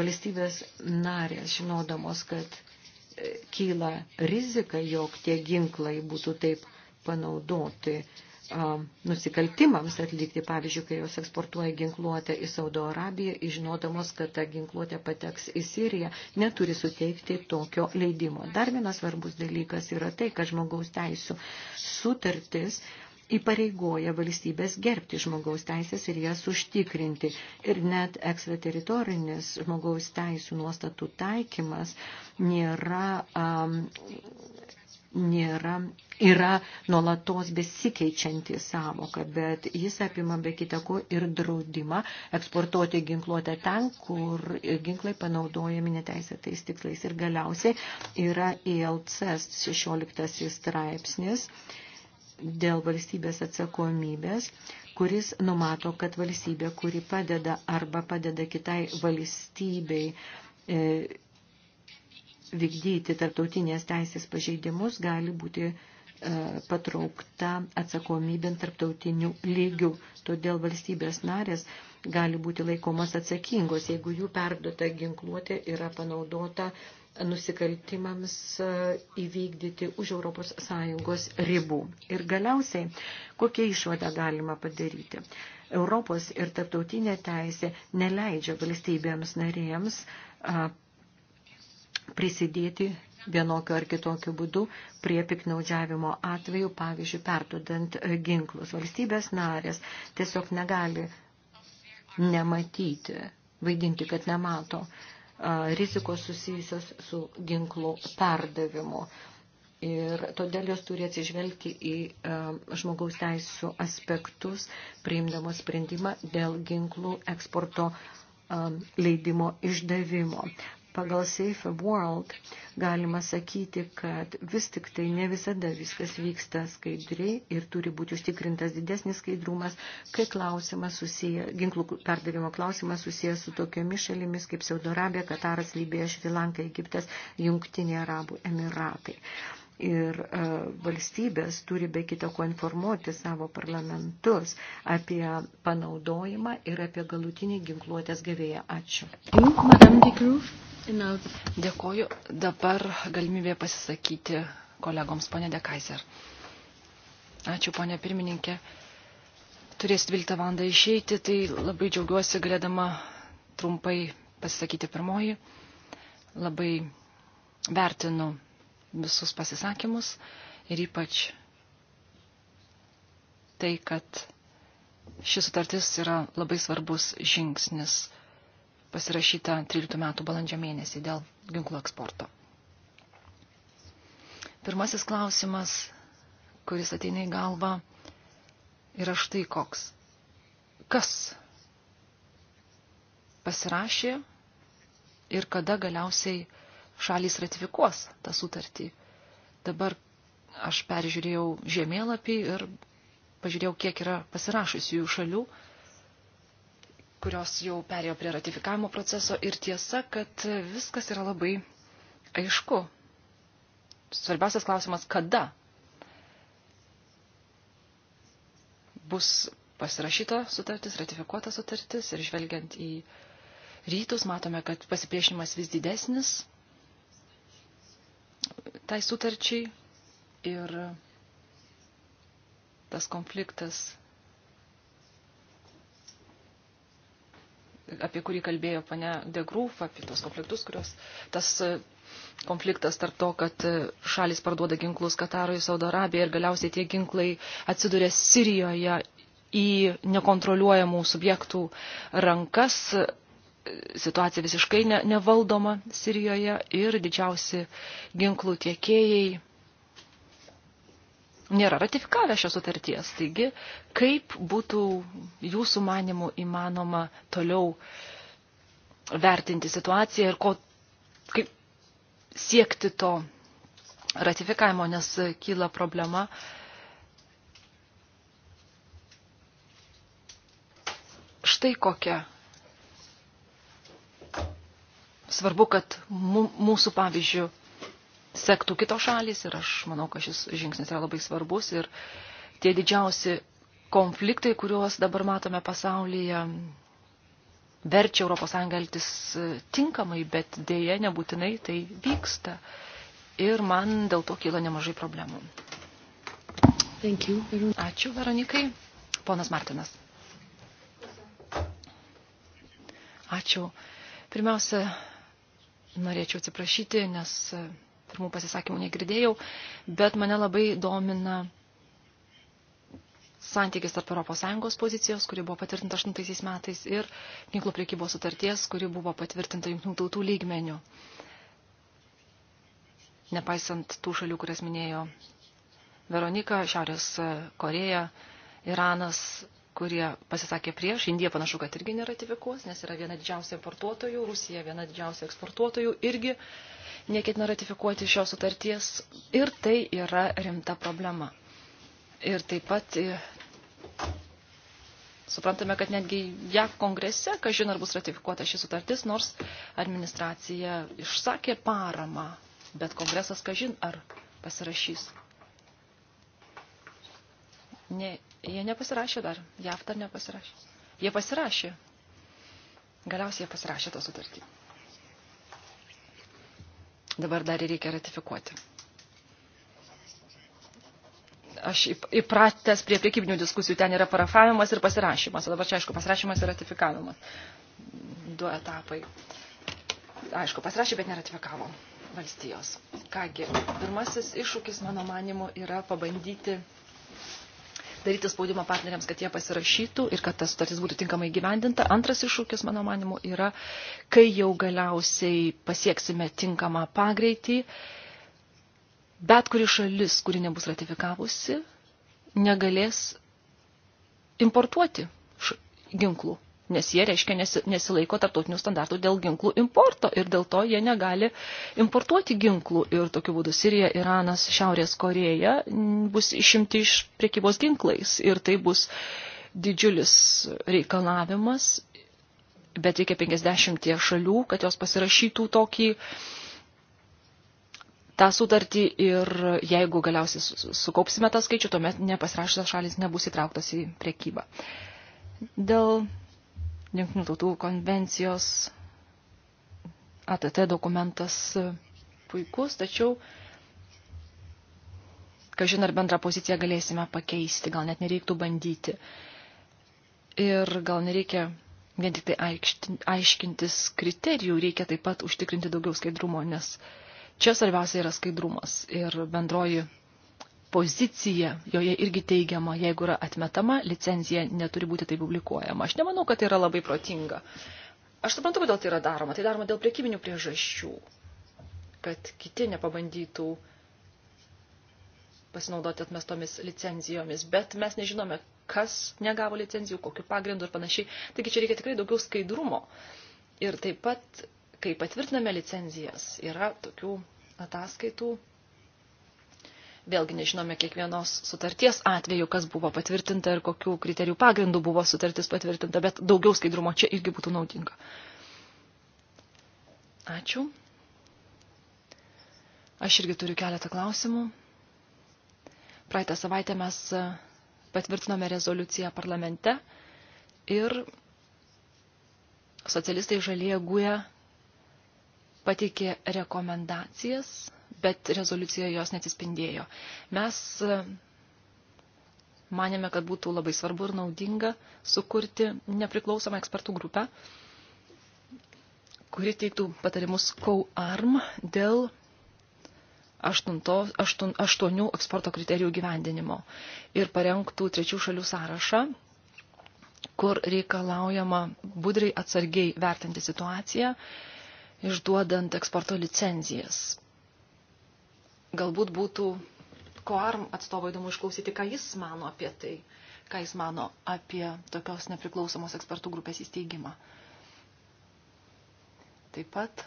valstybės narės, žinodamos, kad e, kyla rizika, jog tie ginklai būtų taip panaudoti, uh, nusikaltimams atlikti, pavyzdžiui, kai jos eksportuoja ginkluotę į Saudo Arabiją, žinodamos, kad ta ginkluotė pateks į Siriją, neturi suteikti tokio leidimo. Dar vienas svarbus dalykas yra tai, kad žmogaus teisų sutartis įpareigoja valstybės gerbti žmogaus teisės ir jas užtikrinti. Ir net ekstrateritorinis žmogaus teisų nuostatų taikymas nėra um, nėra, yra nuolatos besikeičianti savoka, bet jis apima be kitako ir draudimą eksportuoti ginkluotę ten, kur ginklai panaudojami neteisėtais tikslais. Ir galiausiai yra ILC 16 straipsnis dėl valstybės atsakomybės, kuris numato, kad valstybė, kuri padeda arba padeda kitai valstybei e, vykdyti tarptautinės teisės pažeidimus, gali būti e, patraukta atsakomybė tarptautinių lygių. Todėl valstybės narės gali būti laikomas atsakingos, jeigu jų perduota ginkluotė yra panaudota nusikaltimams e, įvykdyti už ES ribų. Ir galiausiai, kokią išvadą galima padaryti? Europos ir tarptautinė teisė neleidžia valstybėms narėms prisidėti vienokiu ar kitokiu būdu prie piknaudžiavimo atveju, pavyzdžiui, perdodant ginklus. Valstybės narės tiesiog negali nematyti, vaidinti, kad nemato rizikos susijusios su ginklų perdavimu. Ir todėl jos turi atsižvelgti į žmogaus teisų aspektus, priimdamos sprendimą dėl ginklų eksporto leidimo išdavimo pagal Safe World galima sakyti, kad vis tik tai ne visada viskas vyksta skaidriai ir turi būti užtikrintas didesnis skaidrumas, kai klausimas susiję, ginklų perdavimo klausimas susijęs su tokiomis šalimis kaip Saudo Arabija, Kataras, Libija, Šrilanka, Egiptas, Jungtinė Arabų Emiratai. Ir e, valstybės turi be kita ko informuoti savo parlamentus apie panaudojimą ir apie galutinį ginkluotės gavėją. Ačiū. Madame Dekruf. Dėkoju. Dabar galimybė pasisakyti kolegoms, ponė Dekaiser. Ačiū, ponė pirmininkė. Turės 12 valandą išeiti, tai labai džiaugiuosi galėdama trumpai pasisakyti pirmoji. Labai vertinu visus pasisakymus ir ypač tai, kad šis sutartis yra labai svarbus žingsnis pasirašyta 13 metų balandžio mėnesį dėl ginklų eksporto. Pirmasis klausimas, kuris ateina į galvą, yra štai koks. Kas pasirašė ir kada galiausiai šalys ratifikuos tą sutartį. Dabar aš peržiūrėjau žemėlapį ir pažiūrėjau, kiek yra pasirašusių jų šalių kurios jau perėjo prie ratifikavimo proceso ir tiesa, kad viskas yra labai aišku. Svarbiausias klausimas, kada bus pasirašyta sutartis, ratifikuota sutartis ir žvelgiant į rytus matome, kad pasipriešinimas vis didesnis tai sutarčiai ir tas konfliktas apie kurį kalbėjo pane Degrūf, apie tos konfliktus, kurios tas e, konfliktas tarp to, kad e, šalis parduoda ginklus Katarui, Saudo Arabijai ir galiausiai tie ginklai atsiduria Sirijoje į nekontroliuojamų subjektų rankas. Situacija visiškai nevaldoma Sirijoje ir didžiausi ginklų tiekėjai nėra ratifikavę šios sutarties. Taigi, kaip būtų jūsų manimų įmanoma toliau vertinti situaciją ir ko, kaip siekti to ratifikavimo, nes kyla problema. Štai kokia. Svarbu, kad mūsų pavyzdžių sektų kitos šalis ir aš manau, kad šis žingsnis yra labai svarbus ir tie didžiausi konfliktai, kuriuos dabar matome pasaulyje, verčia ES elgtis e, tinkamai, bet dėje nebūtinai tai vyksta. Ir man dėl to kyla nemažai problemų. Thank you. Ačiū, Veronikai. Ponas Martinas. Ačiū. Pirmiausia, norėčiau atsiprašyti, nes pirmų pasisakymų negirdėjau, bet mane labai domina santykis tarp ES pozicijos, kuri buvo patvirtinta 8 metais, ir ginklų priekybos sutarties, kuri buvo patvirtinta jungtinių tautų lygmenių. Nepaisant tų šalių, kurias minėjo Veronika, Šiaurės Koreja, Iranas, kurie pasisakė prieš, Indija panašu, kad irgi neratifikuos, nes yra viena didžiausia importuotojų, Rusija viena didžiausia eksportuotojų, irgi uh, neketina ratifikuoti šios sutarties ir tai yra rimta problema. Ir taip pat e, suprantame, kad netgi JAV kongrese, kažin ar bus ratifikuota ši sutartis, nors administracija išsakė paramą, bet kongresas kažin ar pasirašys. Ne, jie nepasirašė dar, JAV dar nepasirašė. Jie pasirašė. Galiausiai jie pasirašė tą sutartį dabar dar reikia ratifikuoti. Aš įpratęs prie priekybinių diskusijų, ten yra parafavimas ir pasirašymas, o dabar čia aišku, pasirašymas ir ratifikavimas. Du etapai. Aišku, pasirašė, bet neratifikavo valstijos. Kągi, pirmasis iššūkis, mano manimu, yra pabandyti daryti spaudimą partneriams, kad jie pasirašytų ir kad tas sutartis būtų tinkamai gyvendinta. Antras iššūkis, mano manimu, yra, kai jau galiausiai pasieksime tinkamą pagreitį, bet kuri šalis, kuri nebus ratifikavusi, negalės importuoti ginklų nes jie, reiškia, nesilaiko tarptautinių standartų dėl ginklų importo ir dėl to jie negali importuoti ginklų. Ir tokiu būdu Sirija, Iranas, Šiaurės Koreja bus išimti iš priekybos ginklais ir tai bus didžiulis reikalavimas, bet reikia 50 šalių, kad jos pasirašytų tokį tą sutartį ir jeigu galiausiai sukaupsime tą skaičių, tuomet nepasirašytas šalis nebus įtrauktas į priekybą. Dėl Junktinių tautų konvencijos ATT dokumentas puikus, tačiau, kažin ar bendrą poziciją galėsime pakeisti, gal net nereiktų bandyti. Ir gal nereikia vien tik tai aiškintis kriterijų, reikia taip pat užtikrinti daugiau skaidrumo, nes čia svarbiausia yra skaidrumas ir bendroji pozicija, joje irgi teigiama, jeigu yra atmetama, licencija neturi būti tai publikuojama. Aš nemanau, kad tai yra labai protinga. Aš suprantu, kodėl tai yra daroma. Tai daroma dėl priekybinių priežasčių, kad kiti nepabandytų pasinaudoti atmestomis licencijomis, bet mes nežinome, kas negavo licencijų, kokiu pagrindu ir panašiai. Taigi čia reikia tikrai daugiau skaidrumo. Ir taip pat, kai patvirtiname licenzijas, yra tokių ataskaitų, Vėlgi nežinome kiekvienos sutarties atveju, kas buvo patvirtinta ir kokių kriterijų pagrindų buvo sutartis patvirtinta, bet daugiau skaidrumo čia irgi būtų naudinga. Ačiū. Aš irgi turiu keletą klausimų. Praeitą savaitę mes e, patvirtinome rezoliuciją parlamente ir socialistai žalie guja pateikė rekomendacijas bet rezoliucijoje jos netispindėjo. Mes e, manėme, kad būtų labai svarbu ir naudinga sukurti nepriklausomą ekspertų grupę, kuri teiktų patarimus COARM dėl aštunto, aštun, aštuonių eksporto kriterijų gyvendinimo ir parengtų trečių šalių sąrašą, kur reikalaujama budriai atsargiai vertinti situaciją, išduodant eksporto licenzijas galbūt būtų Koarm atstovo įdomu išklausyti, ką jis mano apie tai, ką jis mano apie tokios nepriklausomos ekspertų grupės įsteigimą. Taip pat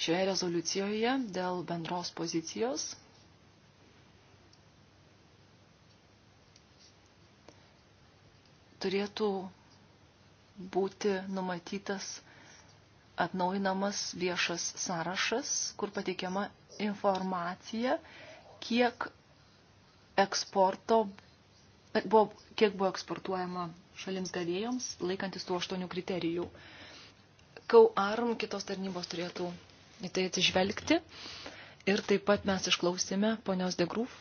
šioje rezoliucijoje dėl bendros pozicijos turėtų būti numatytas atnaujinamas viešas sąrašas, kur pateikiama informacija, kiek eksporto buvo, kiek buvo eksportuojama šalims gavėjoms, laikantis tų aštuonių kriterijų. KAUARM kitos tarnybos turėtų į tai atsižvelgti. Ir taip pat mes išklausėme ponios Degruf.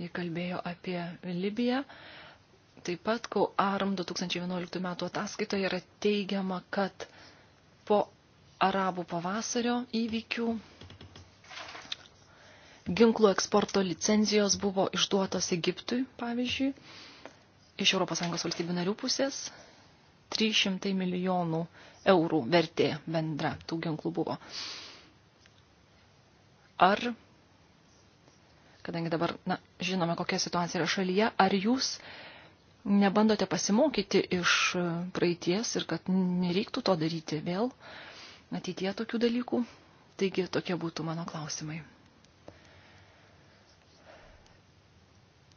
Jie kalbėjo apie Libiją. Taip pat, kau ARM 2011 metų ataskaitoje yra teigiama, kad po arabų pavasario įvykių ginklų eksporto licenzijos buvo išduotos Egiptui, pavyzdžiui, iš ES valstybių narių pusės 300 milijonų eurų vertė bendra tų ginklų buvo. Ar, kadangi dabar na, žinome, kokia situacija yra šalyje, ar jūs nebandote pasimokyti iš praeities ir kad nereiktų to daryti vėl ateitie tokių dalykų. Taigi tokie būtų mano klausimai.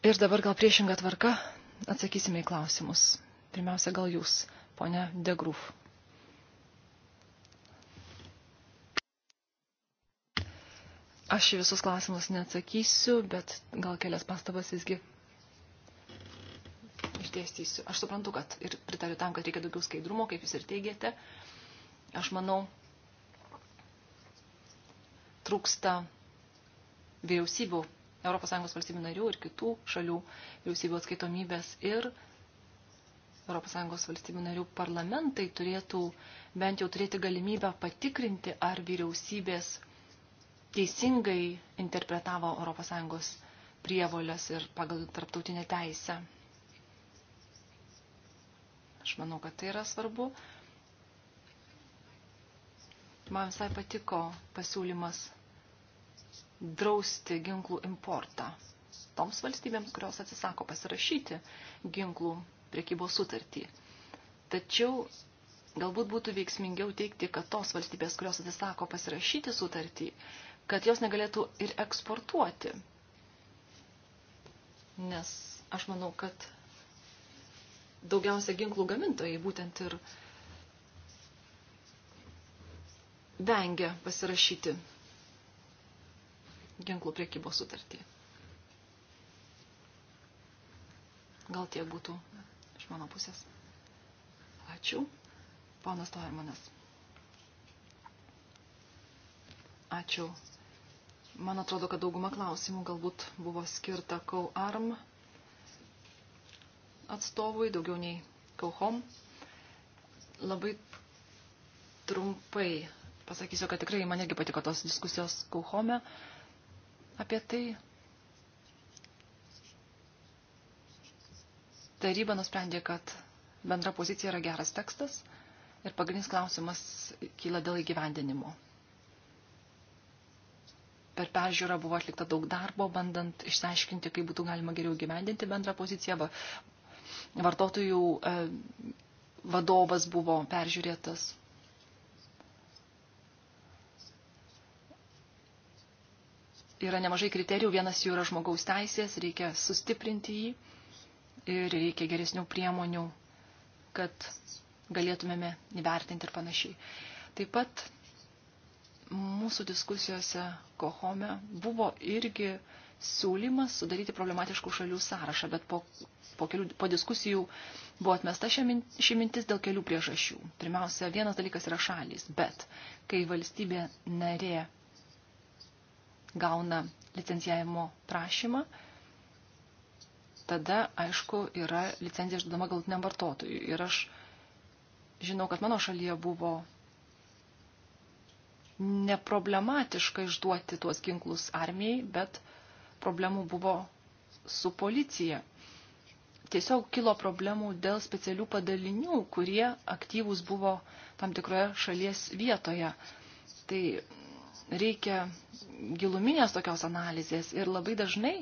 Ir dabar gal priešinga tvarka atsakysime į klausimus. Pirmiausia, gal jūs, ponia Degruf. Aš visus klausimus neatsakysiu, bet gal kelias pastabas visgi išdėstysiu. Aš suprantu, kad ir pritariu tam, kad reikia daugiau skaidrumo, kaip jūs ir teigėte. Aš manau, trūksta vyriausybių, ES valstybių narių ir kitų šalių vyriausybių atskaitomybės ir ES valstybių narių parlamentai turėtų bent jau turėti galimybę patikrinti, ar vyriausybės teisingai interpretavo ES prievolės ir pagal tarptautinę teisę. Aš manau, kad tai yra svarbu. Man visai patiko pasiūlymas drausti ginklų importą toms valstybėms, kurios atsisako pasirašyti ginklų priekybos sutartį. Tačiau galbūt būtų veiksmingiau teikti, kad tos valstybės, kurios atsisako pasirašyti sutartį, kad jos negalėtų ir eksportuoti. Nes aš manau, kad daugiausia ginklų gamintojai būtent ir vengia pasirašyti ginklų priekybos sutartį. Gal tie būtų iš mano pusės. Ačiū. Ponas Toermanas. Ačiū. Man atrodo, kad dauguma klausimų galbūt buvo skirta Kau Arm atstovui, daugiau nei Kauhom. Labai trumpai pasakysiu, kad tikrai man irgi patiko tos diskusijos Kauhome apie tai. Taryba nusprendė, kad bendra pozicija yra geras tekstas ir pagrindinis klausimas kyla dėl įgyvendinimo. Per peržiūrą buvo atlikta daug darbo, bandant išsiaiškinti, kaip būtų galima geriau gyvendinti bendrą poziciją, vartotojų e, vadovas buvo peržiūrėtas. Yra nemažai kriterijų, vienas jų yra žmogaus teisės, reikia sustiprinti jį ir reikia geresnių priemonių, kad galėtumėme įvertinti ir panašiai. Taip pat mūsų diskusijose Kohome buvo irgi uh, siūlymas sudaryti problematiškų šalių sąrašą, bet po, po, kelių, po diskusijų buvo atmesta ši mintis dėl kelių priežasčių. Pirmiausia, vienas dalykas yra šalys, bet kai valstybė narė gauna licencijavimo prašymą, tada, aišku, yra licencija išduodama galutiniam vartotojui. Ir aš žinau, kad mano šalyje buvo neproblematiška išduoti tuos ginklus armijai, bet uh, problemų buvo su policija. Tiesiog kilo problemų dėl specialių padalinių, kurie aktyvūs buvo tam tikroje šalies vietoje. Tai reikia giluminės tokios analizės ir labai dažnai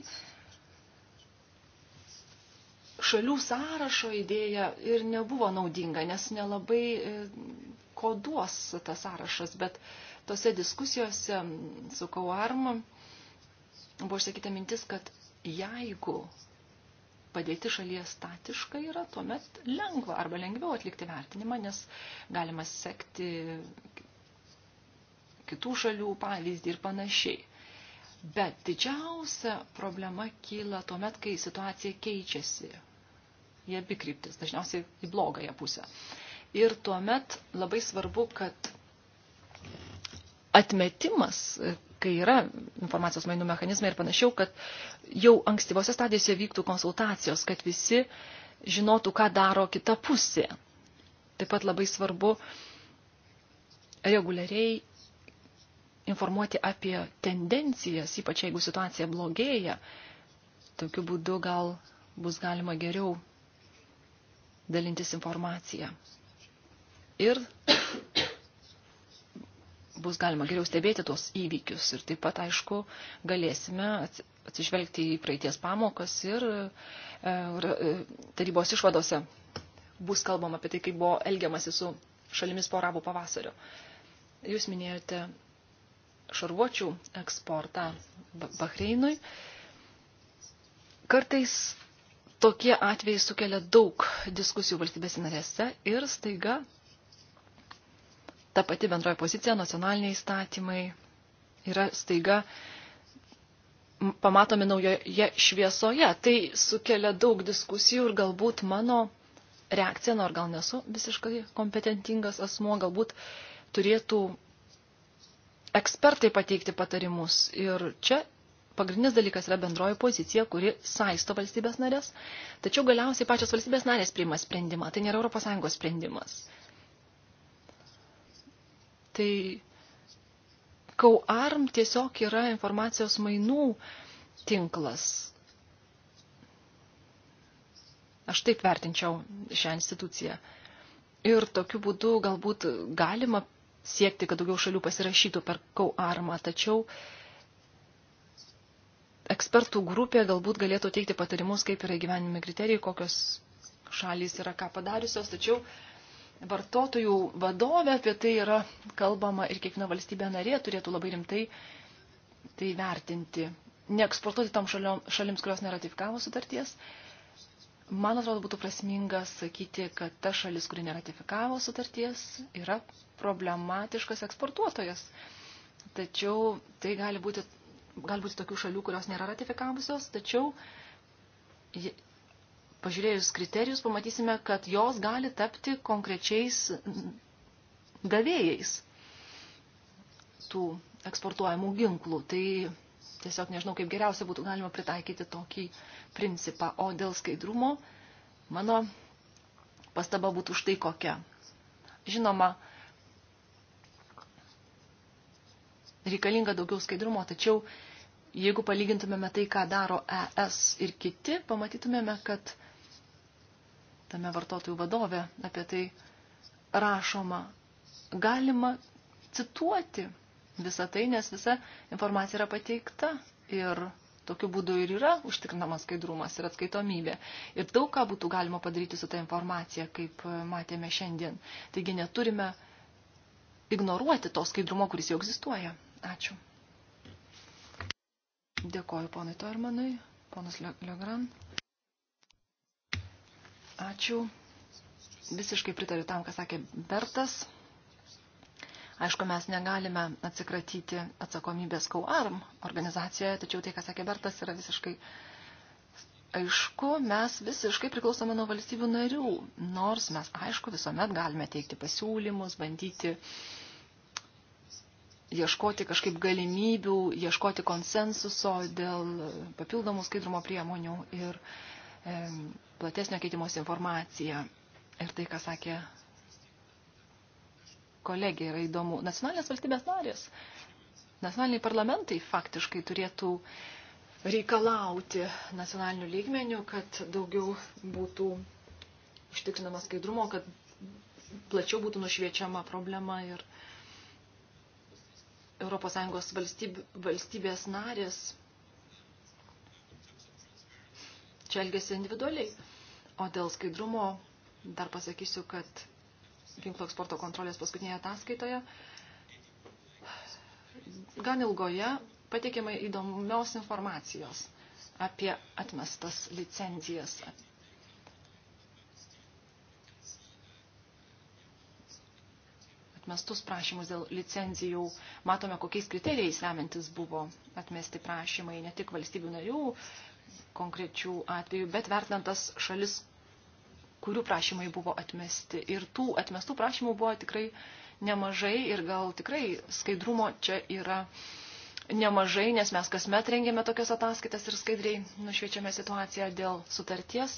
šalių sąrašo idėja ir nebuvo naudinga, nes nelabai e, koduos tas sąrašas, bet tose diskusijose su Kauarmu buvo išsakyta mintis, kad jeigu padėti šalyje statiškai yra, tuomet lengva arba lengviau atlikti vertinimą, nes galima sekti kitų šalių pavyzdį ir panašiai. Bet didžiausia problema kyla tuomet, kai situacija keičiasi. Jie abi kryptis, dažniausiai į blogąją pusę. Ir tuomet labai svarbu, kad atmetimas kai yra informacijos mainų mechanizmai ir panašiau, kad jau ankstyvose stadijose vyktų konsultacijos, kad visi žinotų, ką daro kita pusė. Taip pat labai svarbu reguliariai informuoti apie tendencijas, ypač jeigu situacija blogėja. Tokiu būdu gal bus galima geriau dalintis informaciją. Ir bus galima geriau stebėti tuos įvykius ir taip pat, aišku, galėsime atsižvelgti į praeities pamokas ir, ir e, e, tarybos išvadose bus kalbama apie tai, kaip buvo elgiamasi su šalimis po arabų pavasario. Jūs minėjote šarvuočių eksportą Bahreinui. Kartais tokie atvejai sukelia daug diskusijų valstybės narėse ir staiga ta pati bendroji pozicija, nacionaliniai įstatymai yra staiga pamatomi naujoje šviesoje. Tai sukelia daug diskusijų ir galbūt mano reakcija, nors gal nesu visiškai kompetentingas asmo, galbūt turėtų ekspertai pateikti patarimus. Ir čia pagrindinis dalykas yra bendroji pozicija, kuri saisto valstybės narės, tačiau galiausiai pačios valstybės narės priima sprendimą, tai nėra ES sprendimas. Tai KOARM tiesiog yra informacijos mainų tinklas. Aš taip vertinčiau šią instituciją. Ir tokiu būdu galbūt galima siekti, kad daugiau šalių pasirašytų per KOARMą, tačiau ekspertų grupė galbūt galėtų teikti patarimus, kaip yra gyvenimi kriterijai, kokios šalys yra ką padariusios, tačiau uh, vartotojų vadovė, apie tai yra kalbama ir kiekviena valstybė narė turėtų labai rimtai tai vertinti. Neeksportuoti tam šalims, kurios neratifikavo sutarties. Man atrodo, būtų prasminga sakyti, kad ta šalis, kuri neratifikavo sutarties, yra problematiškas eksportuotojas. Tačiau tai gali būti, gali būti tokių šalių, kurios nėra ratifikavusios, tačiau pažiūrėjus kriterijus, pamatysime, kad jos gali tapti konkrečiais gavėjais tų eksportuojamų ginklų. Tai tiesiog nežinau, kaip geriausia būtų galima pritaikyti tokį principą. O dėl skaidrumo mano pastaba būtų štai kokia. Žinoma, reikalinga daugiau skaidrumo, tačiau jeigu palygintumėme tai, ką daro ES ir kiti, pamatytumėme, kad tame vartotojų vadove apie tai rašoma. Galima cituoti visą tai, nes visa informacija yra pateikta ir tokiu būdu ir yra užtikrinamas skaidrumas ir atskaitomybė. Ir daug ką būtų galima padaryti su ta informacija, kaip matėme šiandien. Taigi neturime ignoruoti to skaidrumo, kuris jau egzistuoja. Ačiū. Dėkoju ponui Tormanui, ponas Legrand. Ačiū. Visiškai pritariu tam, ką sakė Bertas. Aišku, mes negalime atsikratyti atsakomybės KOARM organizacijoje, tačiau tai, ką sakė Bertas, yra visiškai aišku, mes visiškai priklausome nuo valstybių narių, nors mes, aišku, visuomet galime teikti pasiūlymus, bandyti ieškoti kažkaip galimybių, ieškoti konsensuso dėl papildomų skaidrumo priemonių ir E, platesnio keitimos informaciją. Ir tai, ką sakė kolegė, yra įdomu. Nacionalinės valstybės narės, nacionaliniai parlamentai faktiškai turėtų reikalauti nacionalinių lygmenių, kad daugiau būtų užtikrinama skaidrumo, kad plačiau būtų nušviečiama problema ir ES valstyb, valstybės narės čia elgesi individualiai. O dėl skaidrumo dar pasakysiu, kad ginklo eksporto kontrolės paskutinėje ataskaitoje gan ilgoje pateikiama įdomios informacijos apie atmestas licencijas. Atmestus prašymus dėl licencijų matome, kokiais kriterijais remiantis buvo atmesti prašymai ne tik valstybių narių, konkrečių atvejų, bet vertinantas šalis, kurių prašymai buvo atmesti. Ir tų atmestų prašymų buvo tikrai nemažai ir gal tikrai skaidrumo čia yra nemažai, nes mes kasmet rengėme tokias ataskaitas ir skaidriai nušviečiame situaciją dėl sutarties.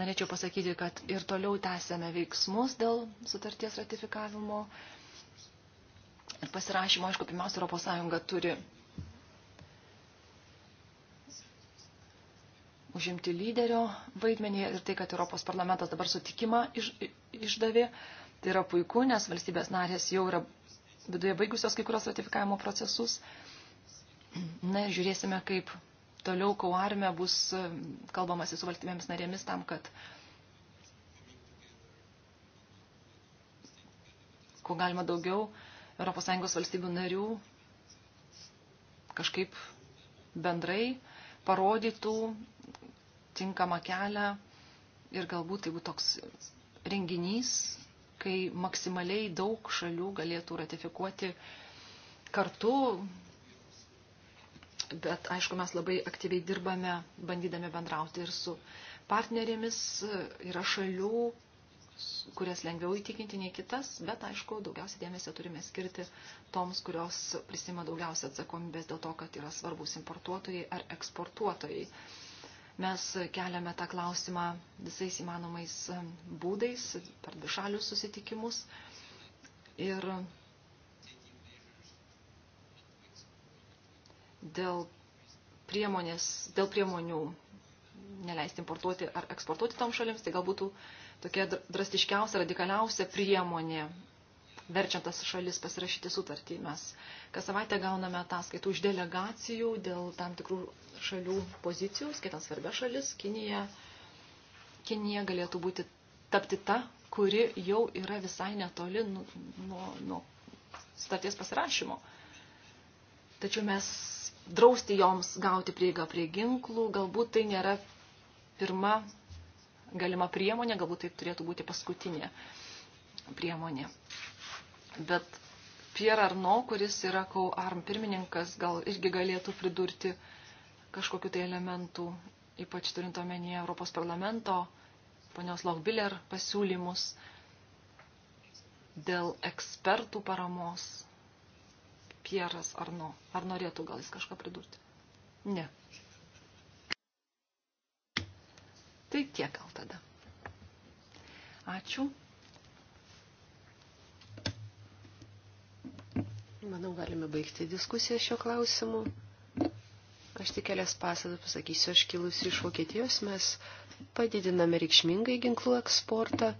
Norėčiau pasakyti, kad ir toliau tęsėme veiksmus dėl sutarties ratifikavimo ir pasirašymo. Aišku, pirmiausia, ES turi užimti lyderio vaidmenį ir tai, kad Europos parlamentas dabar sutikimą iš, išdavė, tai yra puiku, nes valstybės narės jau yra viduje baigusios kai kurios ratifikavimo procesus. Na ir žiūrėsime, kaip toliau kauarme bus um, kalbamasi su valstybėmis narėmis tam, kad kuo galima daugiau ES valstybių narių kažkaip bendrai parodytų tinkamą kelią ir galbūt tai būtų toks renginys, kai maksimaliai daug šalių galėtų ratifikuoti kartu. Bet aišku, mes labai aktyviai dirbame, bandydami bendrauti ir su partnerėmis. Yra šalių, kurias lengviau įtikinti nei kitas, bet aišku, daugiausia dėmesio turime skirti toms, kurios prisima daugiausia atsakomybės dėl to, kad yra svarbus importuotojai ar eksportuotojai. Mes keliame tą klausimą visais įmanomais būdais per dvišalius susitikimus. Ir dėl, priemonės, dėl priemonių neleisti importuoti ar eksportuoti tom šalims, tai galbūt tokia drastiškiausia, radikaliausia priemonė verčiantas šalis pasirašyti sutartį. Mes kas savaitę gauname ataskaitų iš delegacijų dėl tam tikrų šalių pozicijų, skaitant svarbia šalis, Kinija, Kinija galėtų būti tapti ta, kuri jau yra visai netoli nuo, nuo, nuo sutarties pasirašymo. Tačiau mes drausti joms gauti prieigą prie ginklų, galbūt tai nėra pirma galima priemonė, galbūt tai turėtų būti paskutinė priemonė bet Pierre Arno, kuris yra KOARM pirmininkas, gal irgi galėtų pridurti kažkokiu tai elementų, ypač turint omenyje Europos parlamento, ponios Lochbiller pasiūlymus dėl ekspertų paramos. Pieras Arno. Ar norėtų gal jis kažką pridurti? Ne. Tai tiek gal tada. Ačiū. Manau, galime baigti diskusiją šio klausimu. Aš tik kelias pasadas pasakysiu, aš kilusi iš Vokietijos, mes padidiname reikšmingai ginklų eksportą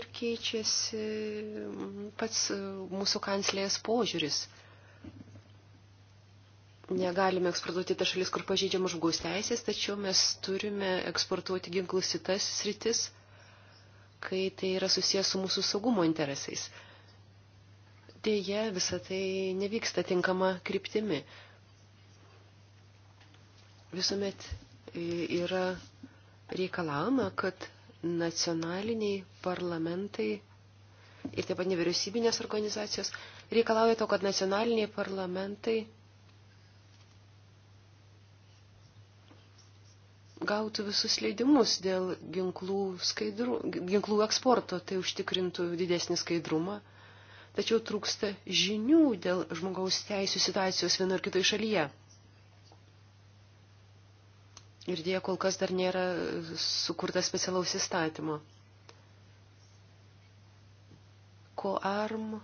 ir keičiasi pats mūsų kanclėjas požiūris. Negalime eksportuoti tą šalis, kur pažeidžiama žmogaus teisės, tačiau mes turime eksportuoti ginklus į tas sritis, kai tai yra susijęs su mūsų saugumo interesais. Dėje visą tai nevyksta tinkama kryptimi. Visuomet e, yra reikalavama, kad nacionaliniai parlamentai ir taip pat nevyriausybinės organizacijos reikalauja to, kad nacionaliniai parlamentai gautų visus leidimus dėl ginklų, skaidru, ginklų eksporto, tai užtikrintų didesnį skaidrumą tačiau trūksta žinių dėl žmogaus teisų situacijos vieno ar kitoje šalyje. Ir dėja, kol kas dar nėra sukurta specialaus įstatymo. Koarm e,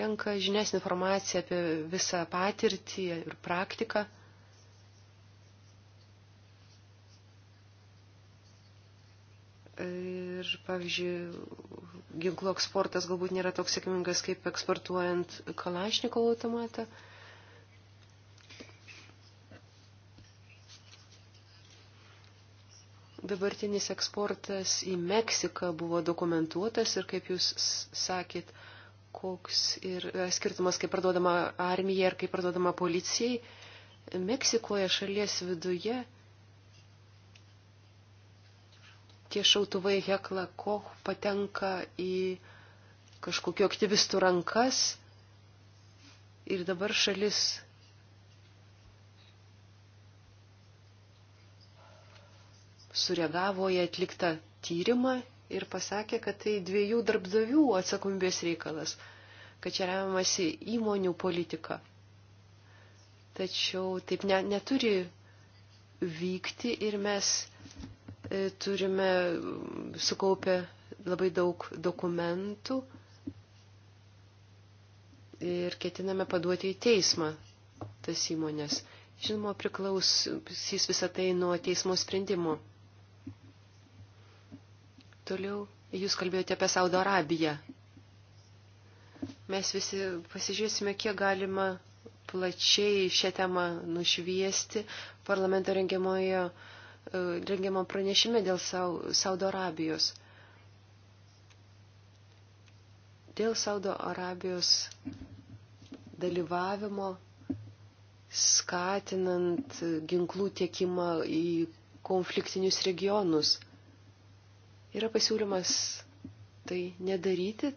renka žinias informaciją apie visą patirtį ir praktiką. Ir, pavyzdžiui, ginklų eksportas galbūt nėra toks sėkmingas, kaip eksportuojant Kalašnikovo automatą. Dabartinis eksportas į Meksiką buvo dokumentuotas ir, kaip jūs sakėt, koks ir e, skirtumas, kaip parduodama armija ir kaip parduodama policijai. Meksikoje šalies viduje tie šautuvai Hekla Koch patenka į kažkokiu aktyvistų rankas ir dabar šalis sureagavo į atliktą tyrimą ir pasakė, kad tai dviejų darbdavių atsakomybės reikalas, kad čia remiamasi įmonių politika. Tačiau taip ne, neturi vykti ir mes E, turime sukaupę labai daug dokumentų ir ketiname paduoti į teismą tas įmonės. Žinoma, priklausys visą tai nuo teismo sprendimo. Toliau jūs kalbėjote apie Saudo Arabiją. Mes visi pasižiūrėsime, kiek galima plačiai šią temą nušviesti parlamento rengiamojo uh, E, rengiamam pranešime dėl Saudo Arabijos. Dėl Saudo Arabijos dalyvavimo skatinant ginklų tiekimą į konfliktinius regionus. Yra pasiūlymas tai nedaryti,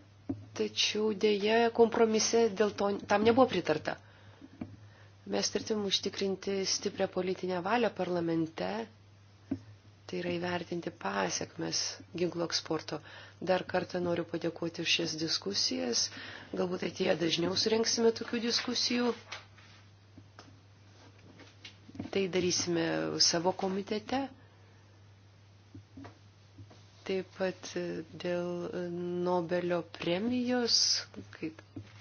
tačiau dėja kompromise dėl to tam nebuvo pritarta. Mes turtim užtikrinti stiprią politinę valią parlamente tai yra įvertinti pasiekmes ginklo eksporto. Dar kartą noriu padėkoti už šias diskusijas. Galbūt ateityje dažniau surinksime tokių diskusijų. Tai darysime savo komitete. Taip pat dėl Nobelio premijos, kai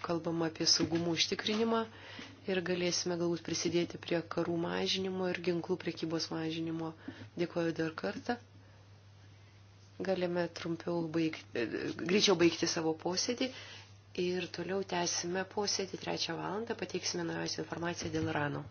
kalbama apie saugumų užtikrinimą ir galėsime galbūt prisidėti prie karų mažinimo ir ginklų priekybos mažinimo. Dėkuoju dar kartą. Galime trumpiau baigti, greičiau baigti savo posėdį ir toliau tęsime posėdį trečią valandą, pateiksime naujausią informaciją dėl Rano.